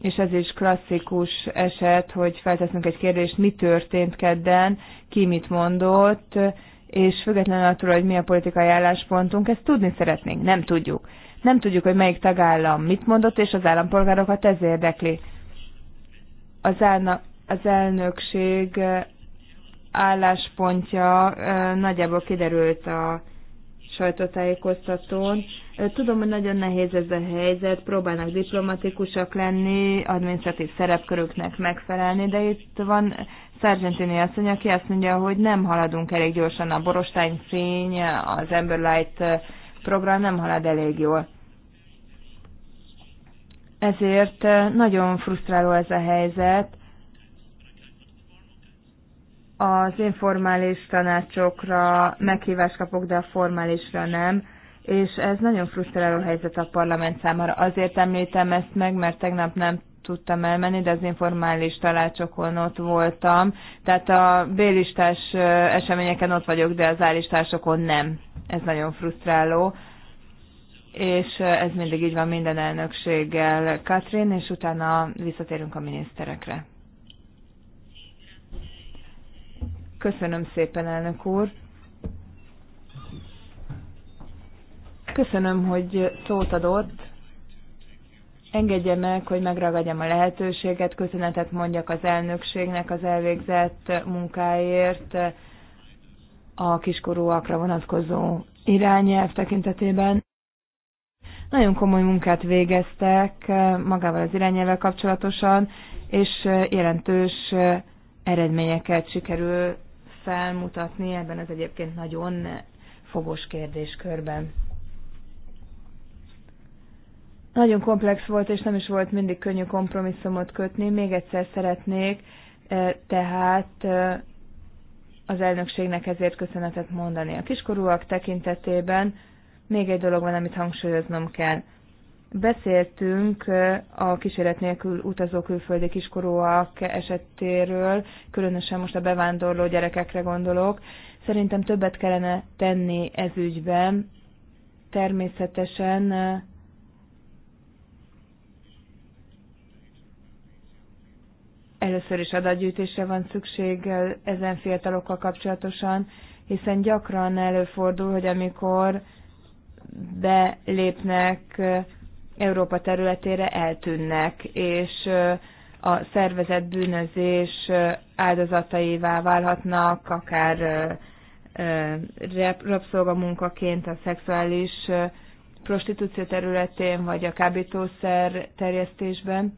és ez is klasszikus eset, hogy felteszünk egy kérdést, mi történt kedden, ki mit mondott, és függetlenül attól, hogy mi a politikai álláspontunk, ezt tudni szeretnénk, nem tudjuk nem tudjuk, hogy melyik tagállam mit mondott, és az állampolgárokat ez érdekli. Az, állna, az elnökség álláspontja nagyjából kiderült a sajtótájékoztatón. Tudom, hogy nagyon nehéz ez a helyzet, próbálnak diplomatikusak lenni, adminisztratív szerepköröknek megfelelni, de itt van Sargentini asszony, aki azt mondja, hogy nem haladunk elég gyorsan a borostány fény, az Amber Light program nem halad elég jól. Ezért eh, nagyon frusztráló ez a helyzet. Az informális tanácsokra meghívást kapok, de a formálisra nem és ez nagyon frusztráló helyzet a parlament számára. Azért említem ezt meg, mert tegnap nem tudtam elmenni, de az informális találcsokon ott voltam. Tehát a bélistás eseményeken ott vagyok, de az állistásokon nem. Ez nagyon frusztráló. És ez mindig így van minden elnökséggel, Katrin, és utána visszatérünk a miniszterekre. Köszönöm szépen, elnök úr. Köszönöm, hogy szót adott Engedje meg, hogy megragadjam a lehetőséget, köszönetet mondjak az elnökségnek az elvégzett munkáért a kiskorúakra vonatkozó irányelv tekintetében. Nagyon komoly munkát végeztek magával az irányelvvel kapcsolatosan, és jelentős eredményeket sikerül felmutatni ebben az egyébként nagyon fogos kérdéskörben. Nagyon komplex volt, és nem is volt mindig könnyű kompromisszumot kötni. Még egyszer szeretnék e, tehát e, az elnökségnek ezért köszönetet mondani. A kiskorúak tekintetében még egy dolog van, amit hangsúlyoznom kell. Beszéltünk e, a kísérlet nélkül utazó külföldi kiskorúak esetéről, különösen most a bevándorló gyerekekre gondolok. Szerintem többet kellene tenni ez ügyben. Természetesen Először is adatgyűjtésre van szükség ezen fiatalokkal kapcsolatosan, hiszen gyakran előfordul, hogy amikor belépnek Európa területére, eltűnnek, és a szervezett bűnözés áldozataivá válhatnak, akár rabszolgamunkaként a szexuális prostitúció területén, vagy a kábítószer terjesztésben.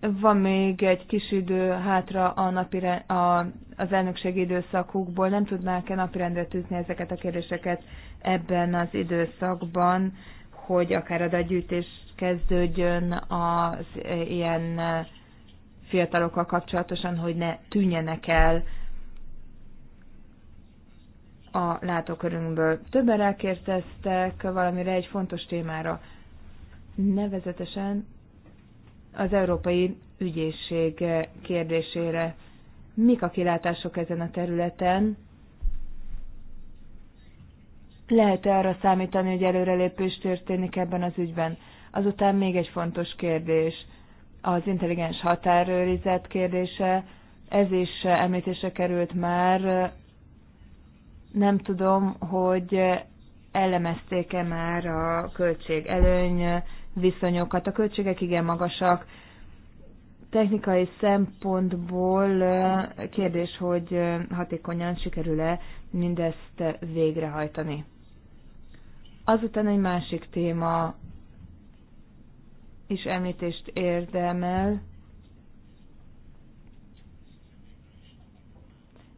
Van még egy kis idő hátra a napi, a, az elnökség időszakukból. Nem tudnák-e napirendre tűzni ezeket a kérdéseket ebben az időszakban, hogy akár adatgyűjtés kezdődjön az ilyen fiatalokkal kapcsolatosan, hogy ne tűnjenek el a látókörünkből. Többen rákérdeztek valamire egy fontos témára, nevezetesen az Európai Ügyészség kérdésére. Mik a kilátások ezen a területen? Lehet-e arra számítani, hogy előrelépés történik ebben az ügyben? Azután még egy fontos kérdés, az intelligens határőrizet kérdése. Ez is említése került már. Nem tudom, hogy elemezték-e már a költség előny viszonyokat. A költségek igen magasak. Technikai szempontból kérdés, hogy hatékonyan sikerül-e mindezt végrehajtani. Azután egy másik téma is említést érdemel.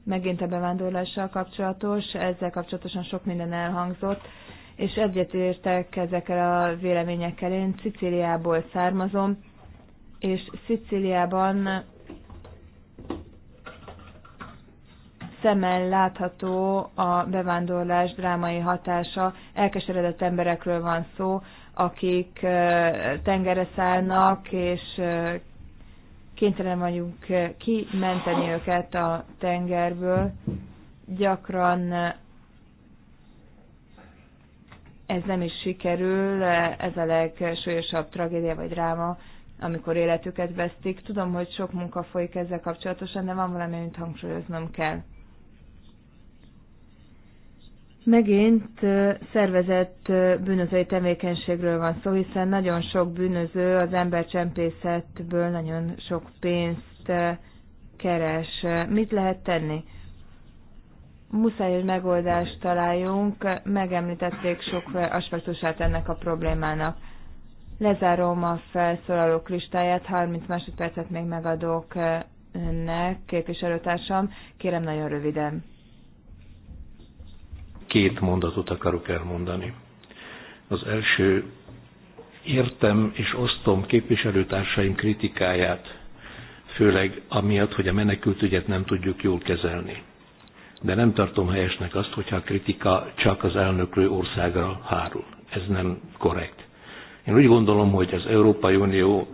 Megint a bevándorlással kapcsolatos, ezzel kapcsolatosan sok minden elhangzott és egyetértek ezekkel a véleményekkel. Én Sziciliából származom, és Sziciliában szemmel látható a bevándorlás drámai hatása. Elkeseredett emberekről van szó, akik tengerre szállnak, és kénytelen vagyunk kimenteni őket a tengerből. Gyakran ez nem is sikerül, ez a legsúlyosabb tragédia vagy dráma, amikor életüket vesztik. Tudom, hogy sok munka folyik ezzel kapcsolatosan, de van valami, amit hangsúlyoznom kell. Megint szervezett bűnözői tevékenységről van szó, hiszen nagyon sok bűnöző az embercsempészetből nagyon sok pénzt keres. Mit lehet tenni? muszáj, egy megoldást találjunk, megemlítették sok aspektusát ennek a problémának. Lezárom a felszólalók listáját, 30 másodpercet még megadok eh, önnek, képviselőtársam. Kérem nagyon röviden. Két mondatot akarok elmondani. Az első, értem és osztom képviselőtársaim kritikáját, főleg amiatt, hogy a menekültügyet nem tudjuk jól kezelni de nem tartom helyesnek azt, hogyha a kritika csak az elnöklő országra hárul. Ez nem korrekt. Én úgy gondolom, hogy az Európai Unió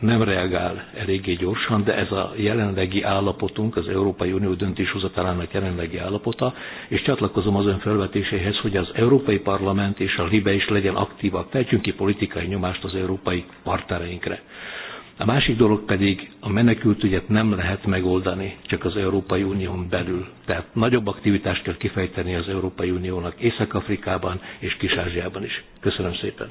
nem reagál eléggé gyorsan, de ez a jelenlegi állapotunk, az Európai Unió döntéshozatalának jelenlegi állapota, és csatlakozom az ön felvetéséhez, hogy az Európai Parlament és a LIBE is legyen aktívak, tegyünk ki politikai nyomást az európai partnereinkre. A másik dolog pedig a menekültügyet nem lehet megoldani csak az Európai Unión belül. Tehát nagyobb aktivitást kell kifejteni az Európai Uniónak Észak-Afrikában és Kis-Ázsiában is. Köszönöm szépen.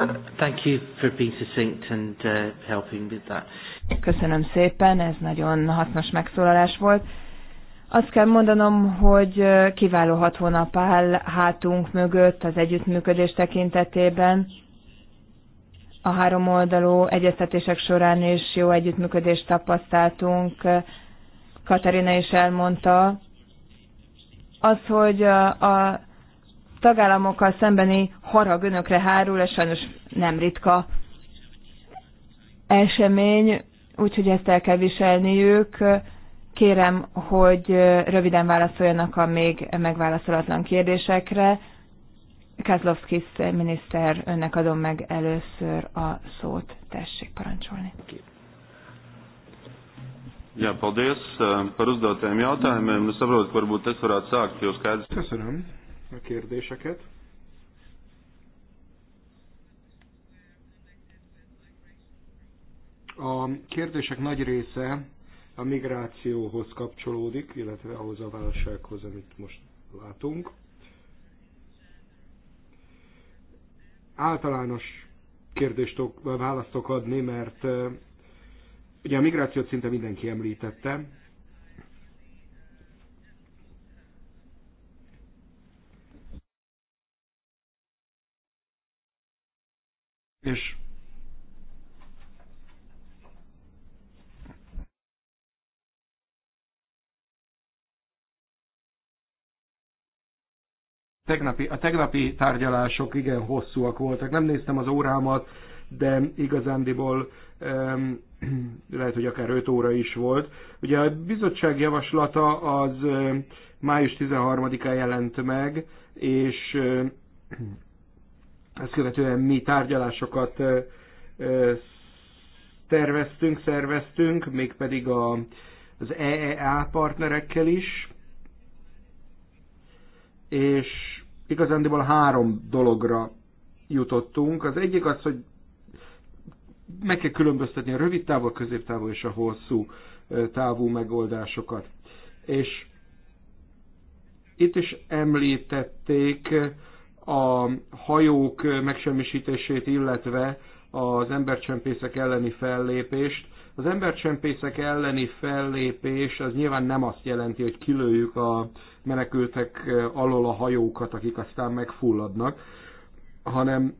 Uh, thank you for being succinct and uh, helping with that. Köszönöm szépen, ez nagyon hasznos megszólalás volt. Azt kell mondanom, hogy uh, kiváló hat hónap áll hátunk mögött az együttműködés tekintetében a három oldalú egyeztetések során is jó együttműködést tapasztaltunk. Katarina is elmondta. Az, hogy a tagállamokkal szembeni harag önökre hárul, ez sajnos nem ritka esemény, úgyhogy ezt el kell viselniük. Kérem, hogy röviden válaszoljanak a még megválaszolatlan kérdésekre Kázlovszki miniszter, önnek adom meg először a szót. Tessék parancsolni. Ja, paldies eh, par uzdotajiem jautājumiem. Es saprotu, ka varbūt es varētu sākt, jo skaidrs. Köszönöm a kérdéseket. A kérdések nagy része a migrációhoz kapcsolódik, illetve ahhoz a válsághoz, amit most látunk. általános kérdést választok adni, mert ugye a migrációt szinte mindenki említette. És tegnapi, a tegnapi tárgyalások igen hosszúak voltak. Nem néztem az órámat, de igazándiból lehet, hogy akár 5 óra is volt. Ugye a bizottság javaslata az május 13-án jelent meg, és ezt követően mi tárgyalásokat terveztünk, szerveztünk, mégpedig a, az EEA partnerekkel is, és igazándiból három dologra jutottunk. Az egyik az, hogy meg kell különböztetni a rövid távú, a középtávú és a hosszú távú megoldásokat. És itt is említették a hajók megsemmisítését, illetve az embercsempészek elleni fellépést. Az embercsempészek elleni fellépés az nyilván nem azt jelenti, hogy kilőjük a menekültek eh, alól a hajókat, akik aztán megfulladnak, hanem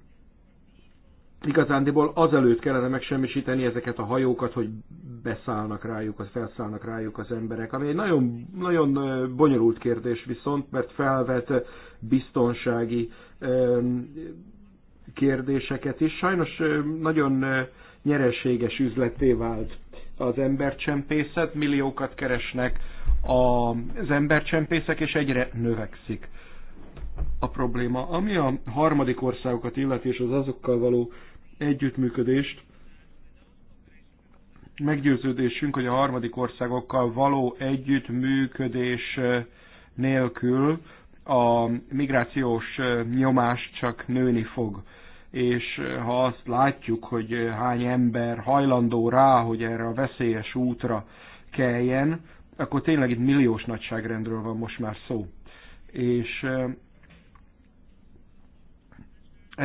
igazándiból azelőtt kellene megsemmisíteni ezeket a hajókat, hogy beszállnak rájuk, az felszállnak rájuk az emberek, ami egy nagyon, nagyon eh, bonyolult kérdés viszont, mert felvet eh, biztonsági kérdéseket is. Sajnos nagyon nyereséges üzleté vált az embercsempészet, milliókat keresnek az embercsempészek, és egyre növekszik a probléma. Ami a harmadik országokat illeti, és az azokkal való együttműködést, meggyőződésünk, hogy a harmadik országokkal való együttműködés eh, nélkül a migrációs eh, nyomás csak nőni fog és eh, ha azt látjuk, hogy eh, hány ember hajlandó rá, hogy erre a veszélyes útra keljen, akkor tényleg itt milliós nagyságrendről van most már szó. És eh,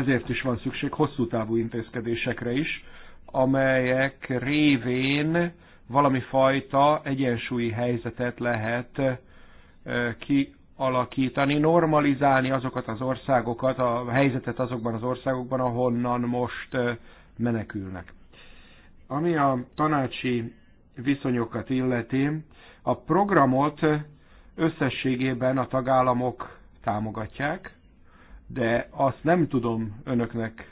ezért is van szükség hosszú távú intézkedésekre is, amelyek révén valami fajta egyensúlyi helyzetet lehet ki átalakítani, normalizálni azokat az országokat, a helyzetet azokban az országokban, ahonnan most menekülnek. Ami a tanácsi viszonyokat illeti, a programot összességében a tagállamok támogatják, de azt nem tudom önöknek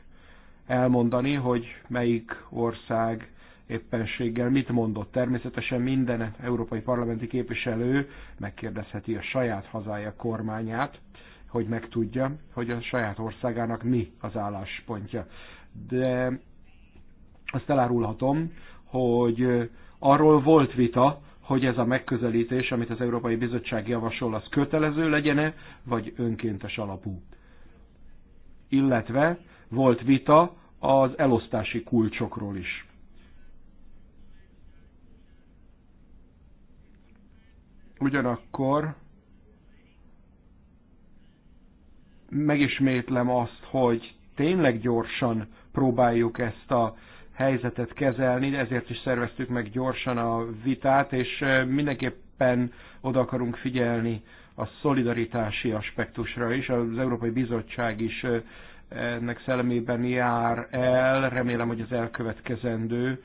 elmondani, hogy melyik ország éppenséggel mit mondott. Természetesen minden európai parlamenti képviselő megkérdezheti a saját hazája kormányát, hogy megtudja, hogy a saját országának mi az álláspontja. De azt elárulhatom, hogy arról volt vita, hogy ez a megközelítés, amit az Európai Bizottság javasol, az kötelező legyen-e, vagy önkéntes alapú. Illetve volt vita az elosztási kulcsokról is. Ugyanakkor megismétlem azt, hogy tényleg gyorsan próbáljuk ezt a helyzetet kezelni, ezért is szerveztük meg gyorsan a vitát, és mindenképpen oda akarunk figyelni a szolidaritási aspektusra is. Az Európai Bizottság is ennek szellemében jár el, remélem, hogy az elkövetkezendő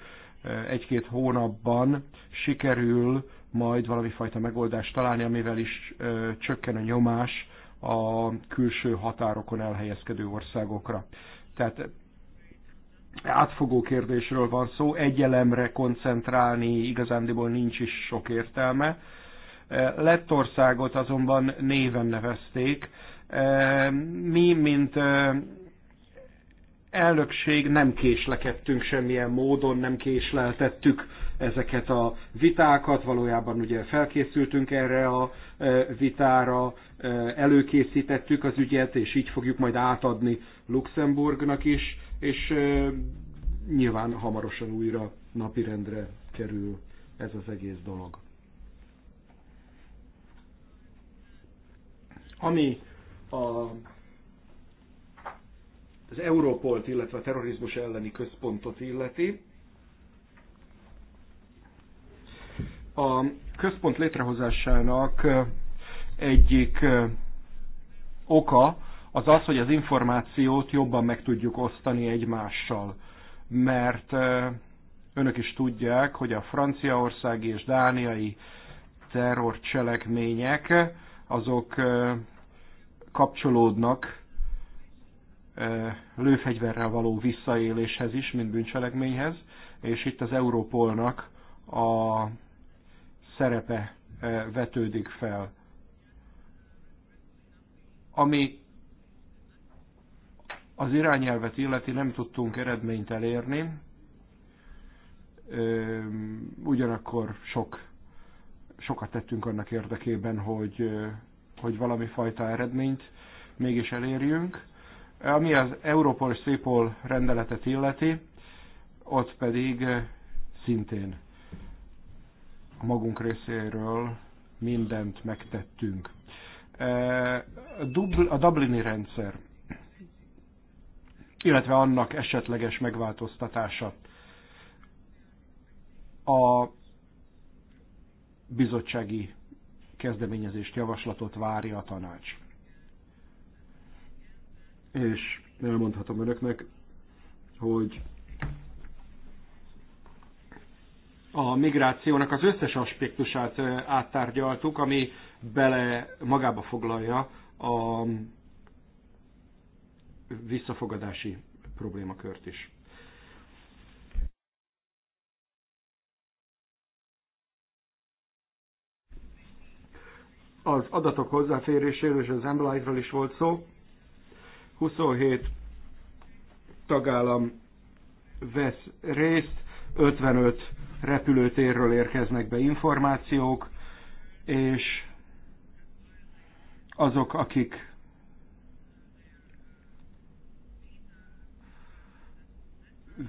egy-két hónapban sikerül majd valami fajta megoldást találni, amivel is csökken a nyomás a külső határokon elhelyezkedő országokra. Tehát átfogó kérdésről van szó, egy elemre koncentrálni igazándiból nincs is sok értelme. Lettországot azonban néven nevezték. Mi, mint elnökség nem késlekedtünk semmilyen módon, nem késleltettük ezeket a vitákat, valójában ugye felkészültünk erre a e, vitára, e, előkészítettük az ügyet, és így fogjuk majd átadni Luxemburgnak is, és e, nyilván hamarosan újra napirendre kerül ez az egész dolog. Ami a az Európolt, illetve a terrorizmus elleni központot illeti. A központ létrehozásának egyik oka az az, hogy az információt jobban meg tudjuk osztani egymással, mert önök is tudják, hogy a franciaországi és dániai terrorcselekmények azok kapcsolódnak lőfegyverrel való visszaéléshez is, mint bűncselekményhez, és itt az Európolnak a szerepe vetődik fel. Ami az irányelvet illeti nem tudtunk eredményt elérni, ugyanakkor sok, sokat tettünk annak érdekében, hogy, hogy valami fajta eredményt mégis elérjünk. Ami az és Szépol rendeletet illeti, ott pedig szintén a magunk részéről mindent megtettünk. E, a Dublini rendszer, illetve annak esetleges megváltoztatása. A bizottsági kezdeményezést, javaslatot várja a tanács. És elmondhatom önöknek, hogy a migrációnak az összes aspektusát áttárgyaltuk, ami bele magába foglalja a visszafogadási problémakört is. Az adatok hozzáféréséről és az Emblight-ról is volt szó. 27 tagállam vesz részt, 55 repülőtérről érkeznek be információk, és azok, akik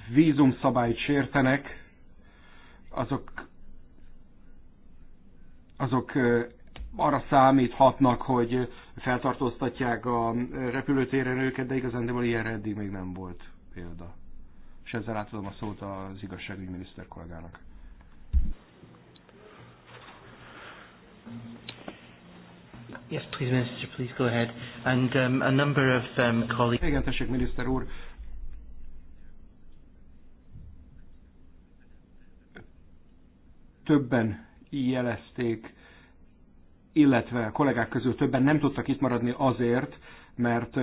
vízumszabályt sértenek, azok, azok arra számíthatnak, hogy feltartóztatják a repülőtéren őket, de de ilyen eddig még nem volt példa és ezzel átadom a szót az igazságügyminiszter kollégának. Yes, please, Minister, please go ahead. And um, a number of um, colleagues... Igen, tessék, miniszter úr. Többen jelezték, illetve a kollégák közül többen nem tudtak itt maradni azért, mert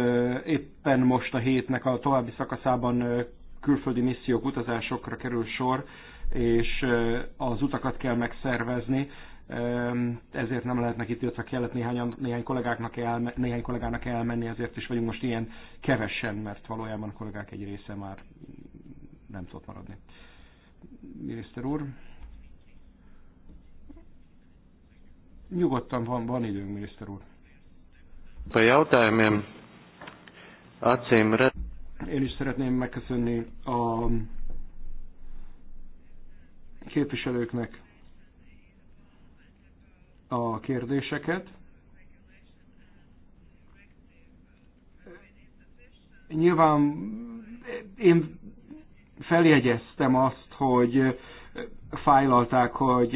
éppen most a hétnek a további szakaszában külföldi missziók, utazásokra kerül sor, és az utakat kell megszervezni, ezért nem lehetnek itt, illetve kellett néhány, néhány, kollégáknak elme, néhány kollégának elmenni, ezért is vagyunk most ilyen kevesen, mert valójában a kollégák egy része már nem tudott maradni. Miniszter úr. Nyugodtan van, van időnk, miniszter úr. A jautājumiem acīm én is szeretném megköszönni a képviselőknek a kérdéseket. Nyilván én feljegyeztem azt, hogy fájlalták, hogy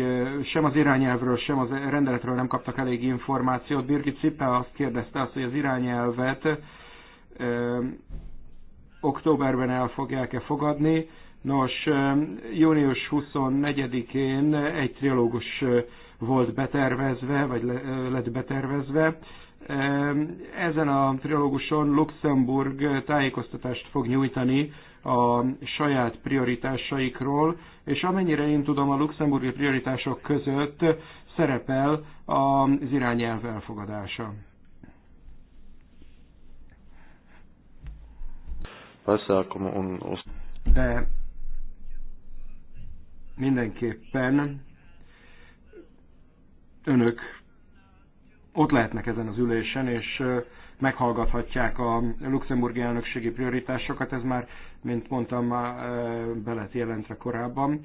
sem az irányelvről, sem az rendeletről nem kaptak elég információt. Birgit Cippe azt kérdezte azt, hogy az irányelvet októberben el fogják-e fogadni. Nos, június 24-én egy trilógus volt betervezve, vagy lett betervezve. Ezen a trilóguson Luxemburg tájékoztatást fog nyújtani a saját prioritásaikról, és amennyire én tudom, a luxemburgi prioritások között szerepel az irányelv elfogadása. pasākumu un uz. De mindenképpen önök ott lehetnek ezen az ülésen, és meghallgathatják a luxemburgi elnökségi prioritásokat, ez már, mint mondtam, be jelentve korábban.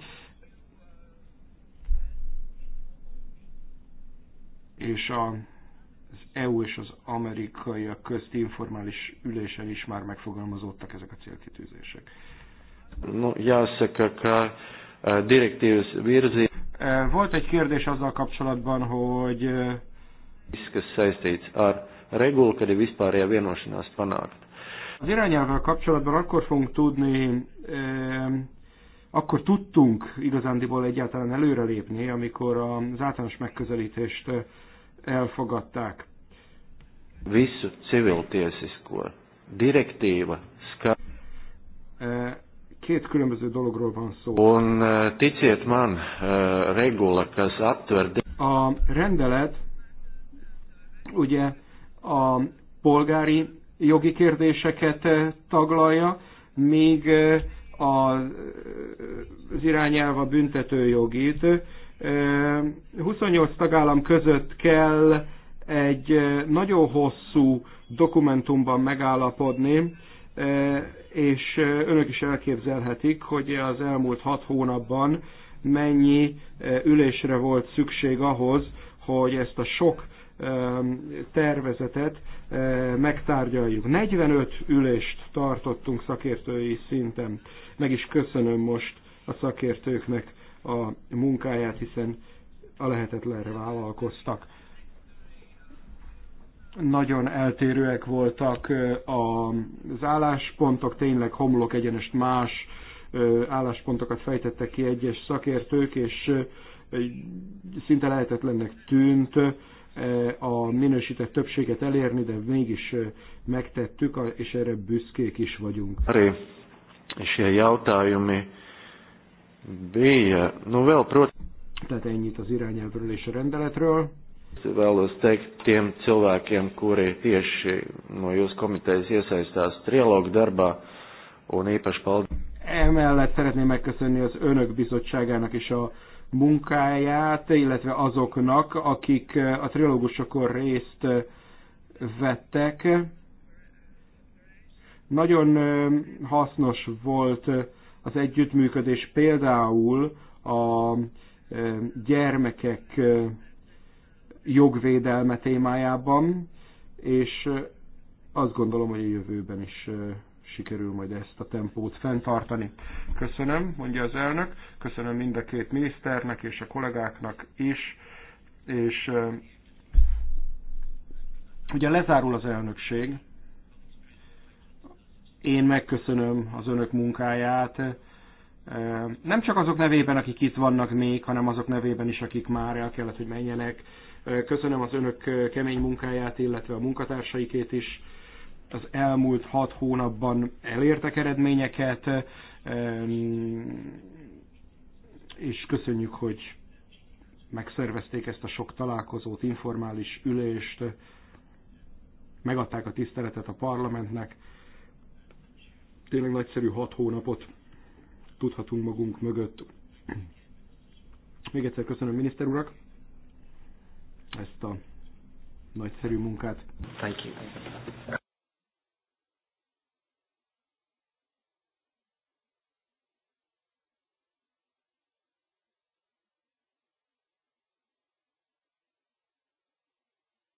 És a EU és az amerikaiak közt informális ülésen is már megfogalmazódtak ezek a célkitűzések. No, ja a direktív vérzi. E, volt egy kérdés azzal kapcsolatban, hogy e, Az irányelvvel kapcsolatban akkor fogunk tudni, e, akkor tudtunk igazándiból egyáltalán előrelépni, amikor az általános megközelítést elfogadták. Visu civiltiesisko direktíva skat. E, két különböző dologról van szó. Un e, ticiet man, e, regula, kas aptver... A rendelet ugye a polgári jogi kérdéseket taglalja, míg az irányelv a büntetőjogit. 28 tagállam között kell egy nagyon hosszú dokumentumban megállapodni, és önök is elképzelhetik, hogy az elmúlt hat hónapban mennyi ülésre volt szükség ahhoz, hogy ezt a sok tervezetet megtárgyaljuk. 45 ülést tartottunk szakértői szinten. Meg is köszönöm most a szakértőknek a munkáját, hiszen a lehetetlenre vállalkoztak nagyon eltérőek voltak az álláspontok, tényleg homlok egyenest más álláspontokat fejtettek ki egyes szakértők, és szinte lehetetlennek tűnt a minősített többséget elérni, de mégis megtettük, és erre büszkék is vagyunk. Arī šie jautājumi bija, nu vēl, protams. Tehát ennyit az irányelvről és a rendeletről. Vēlos teikt tiem cilvēkiem, kuri tieši no jūsu komitejas iesaistās trialogu darbā un īpaši paldies. Emellett szeretném megköszönni az Önök bizottságának is a munkáját, illetve azoknak, akik eh, a trilógusokon részt eh, vettek. Nagyon eh, hasznos volt az együttműködés például a gyermekek jogvédelme témájában, és azt gondolom, hogy a jövőben is sikerül majd ezt a tempót fenntartani. Köszönöm, mondja az elnök, köszönöm mind a két miniszternek és a kollégáknak is, és ugye lezárul az elnökség, én megköszönöm az önök munkáját, nem csak azok nevében, akik itt vannak még, hanem azok nevében is, akik már el kellett, hogy menjenek, Köszönöm az önök kemény munkáját, illetve a munkatársaikét is. Az elmúlt hat hónapban elértek eredményeket, és köszönjük, hogy megszervezték ezt a sok találkozót, informális ülést, megadták a tiszteletet a parlamentnek. Tényleg nagyszerű hat hónapot tudhatunk magunk mögött. Még egyszer köszönöm miniszter urak ezt a nagyszerű munkát. Thank you.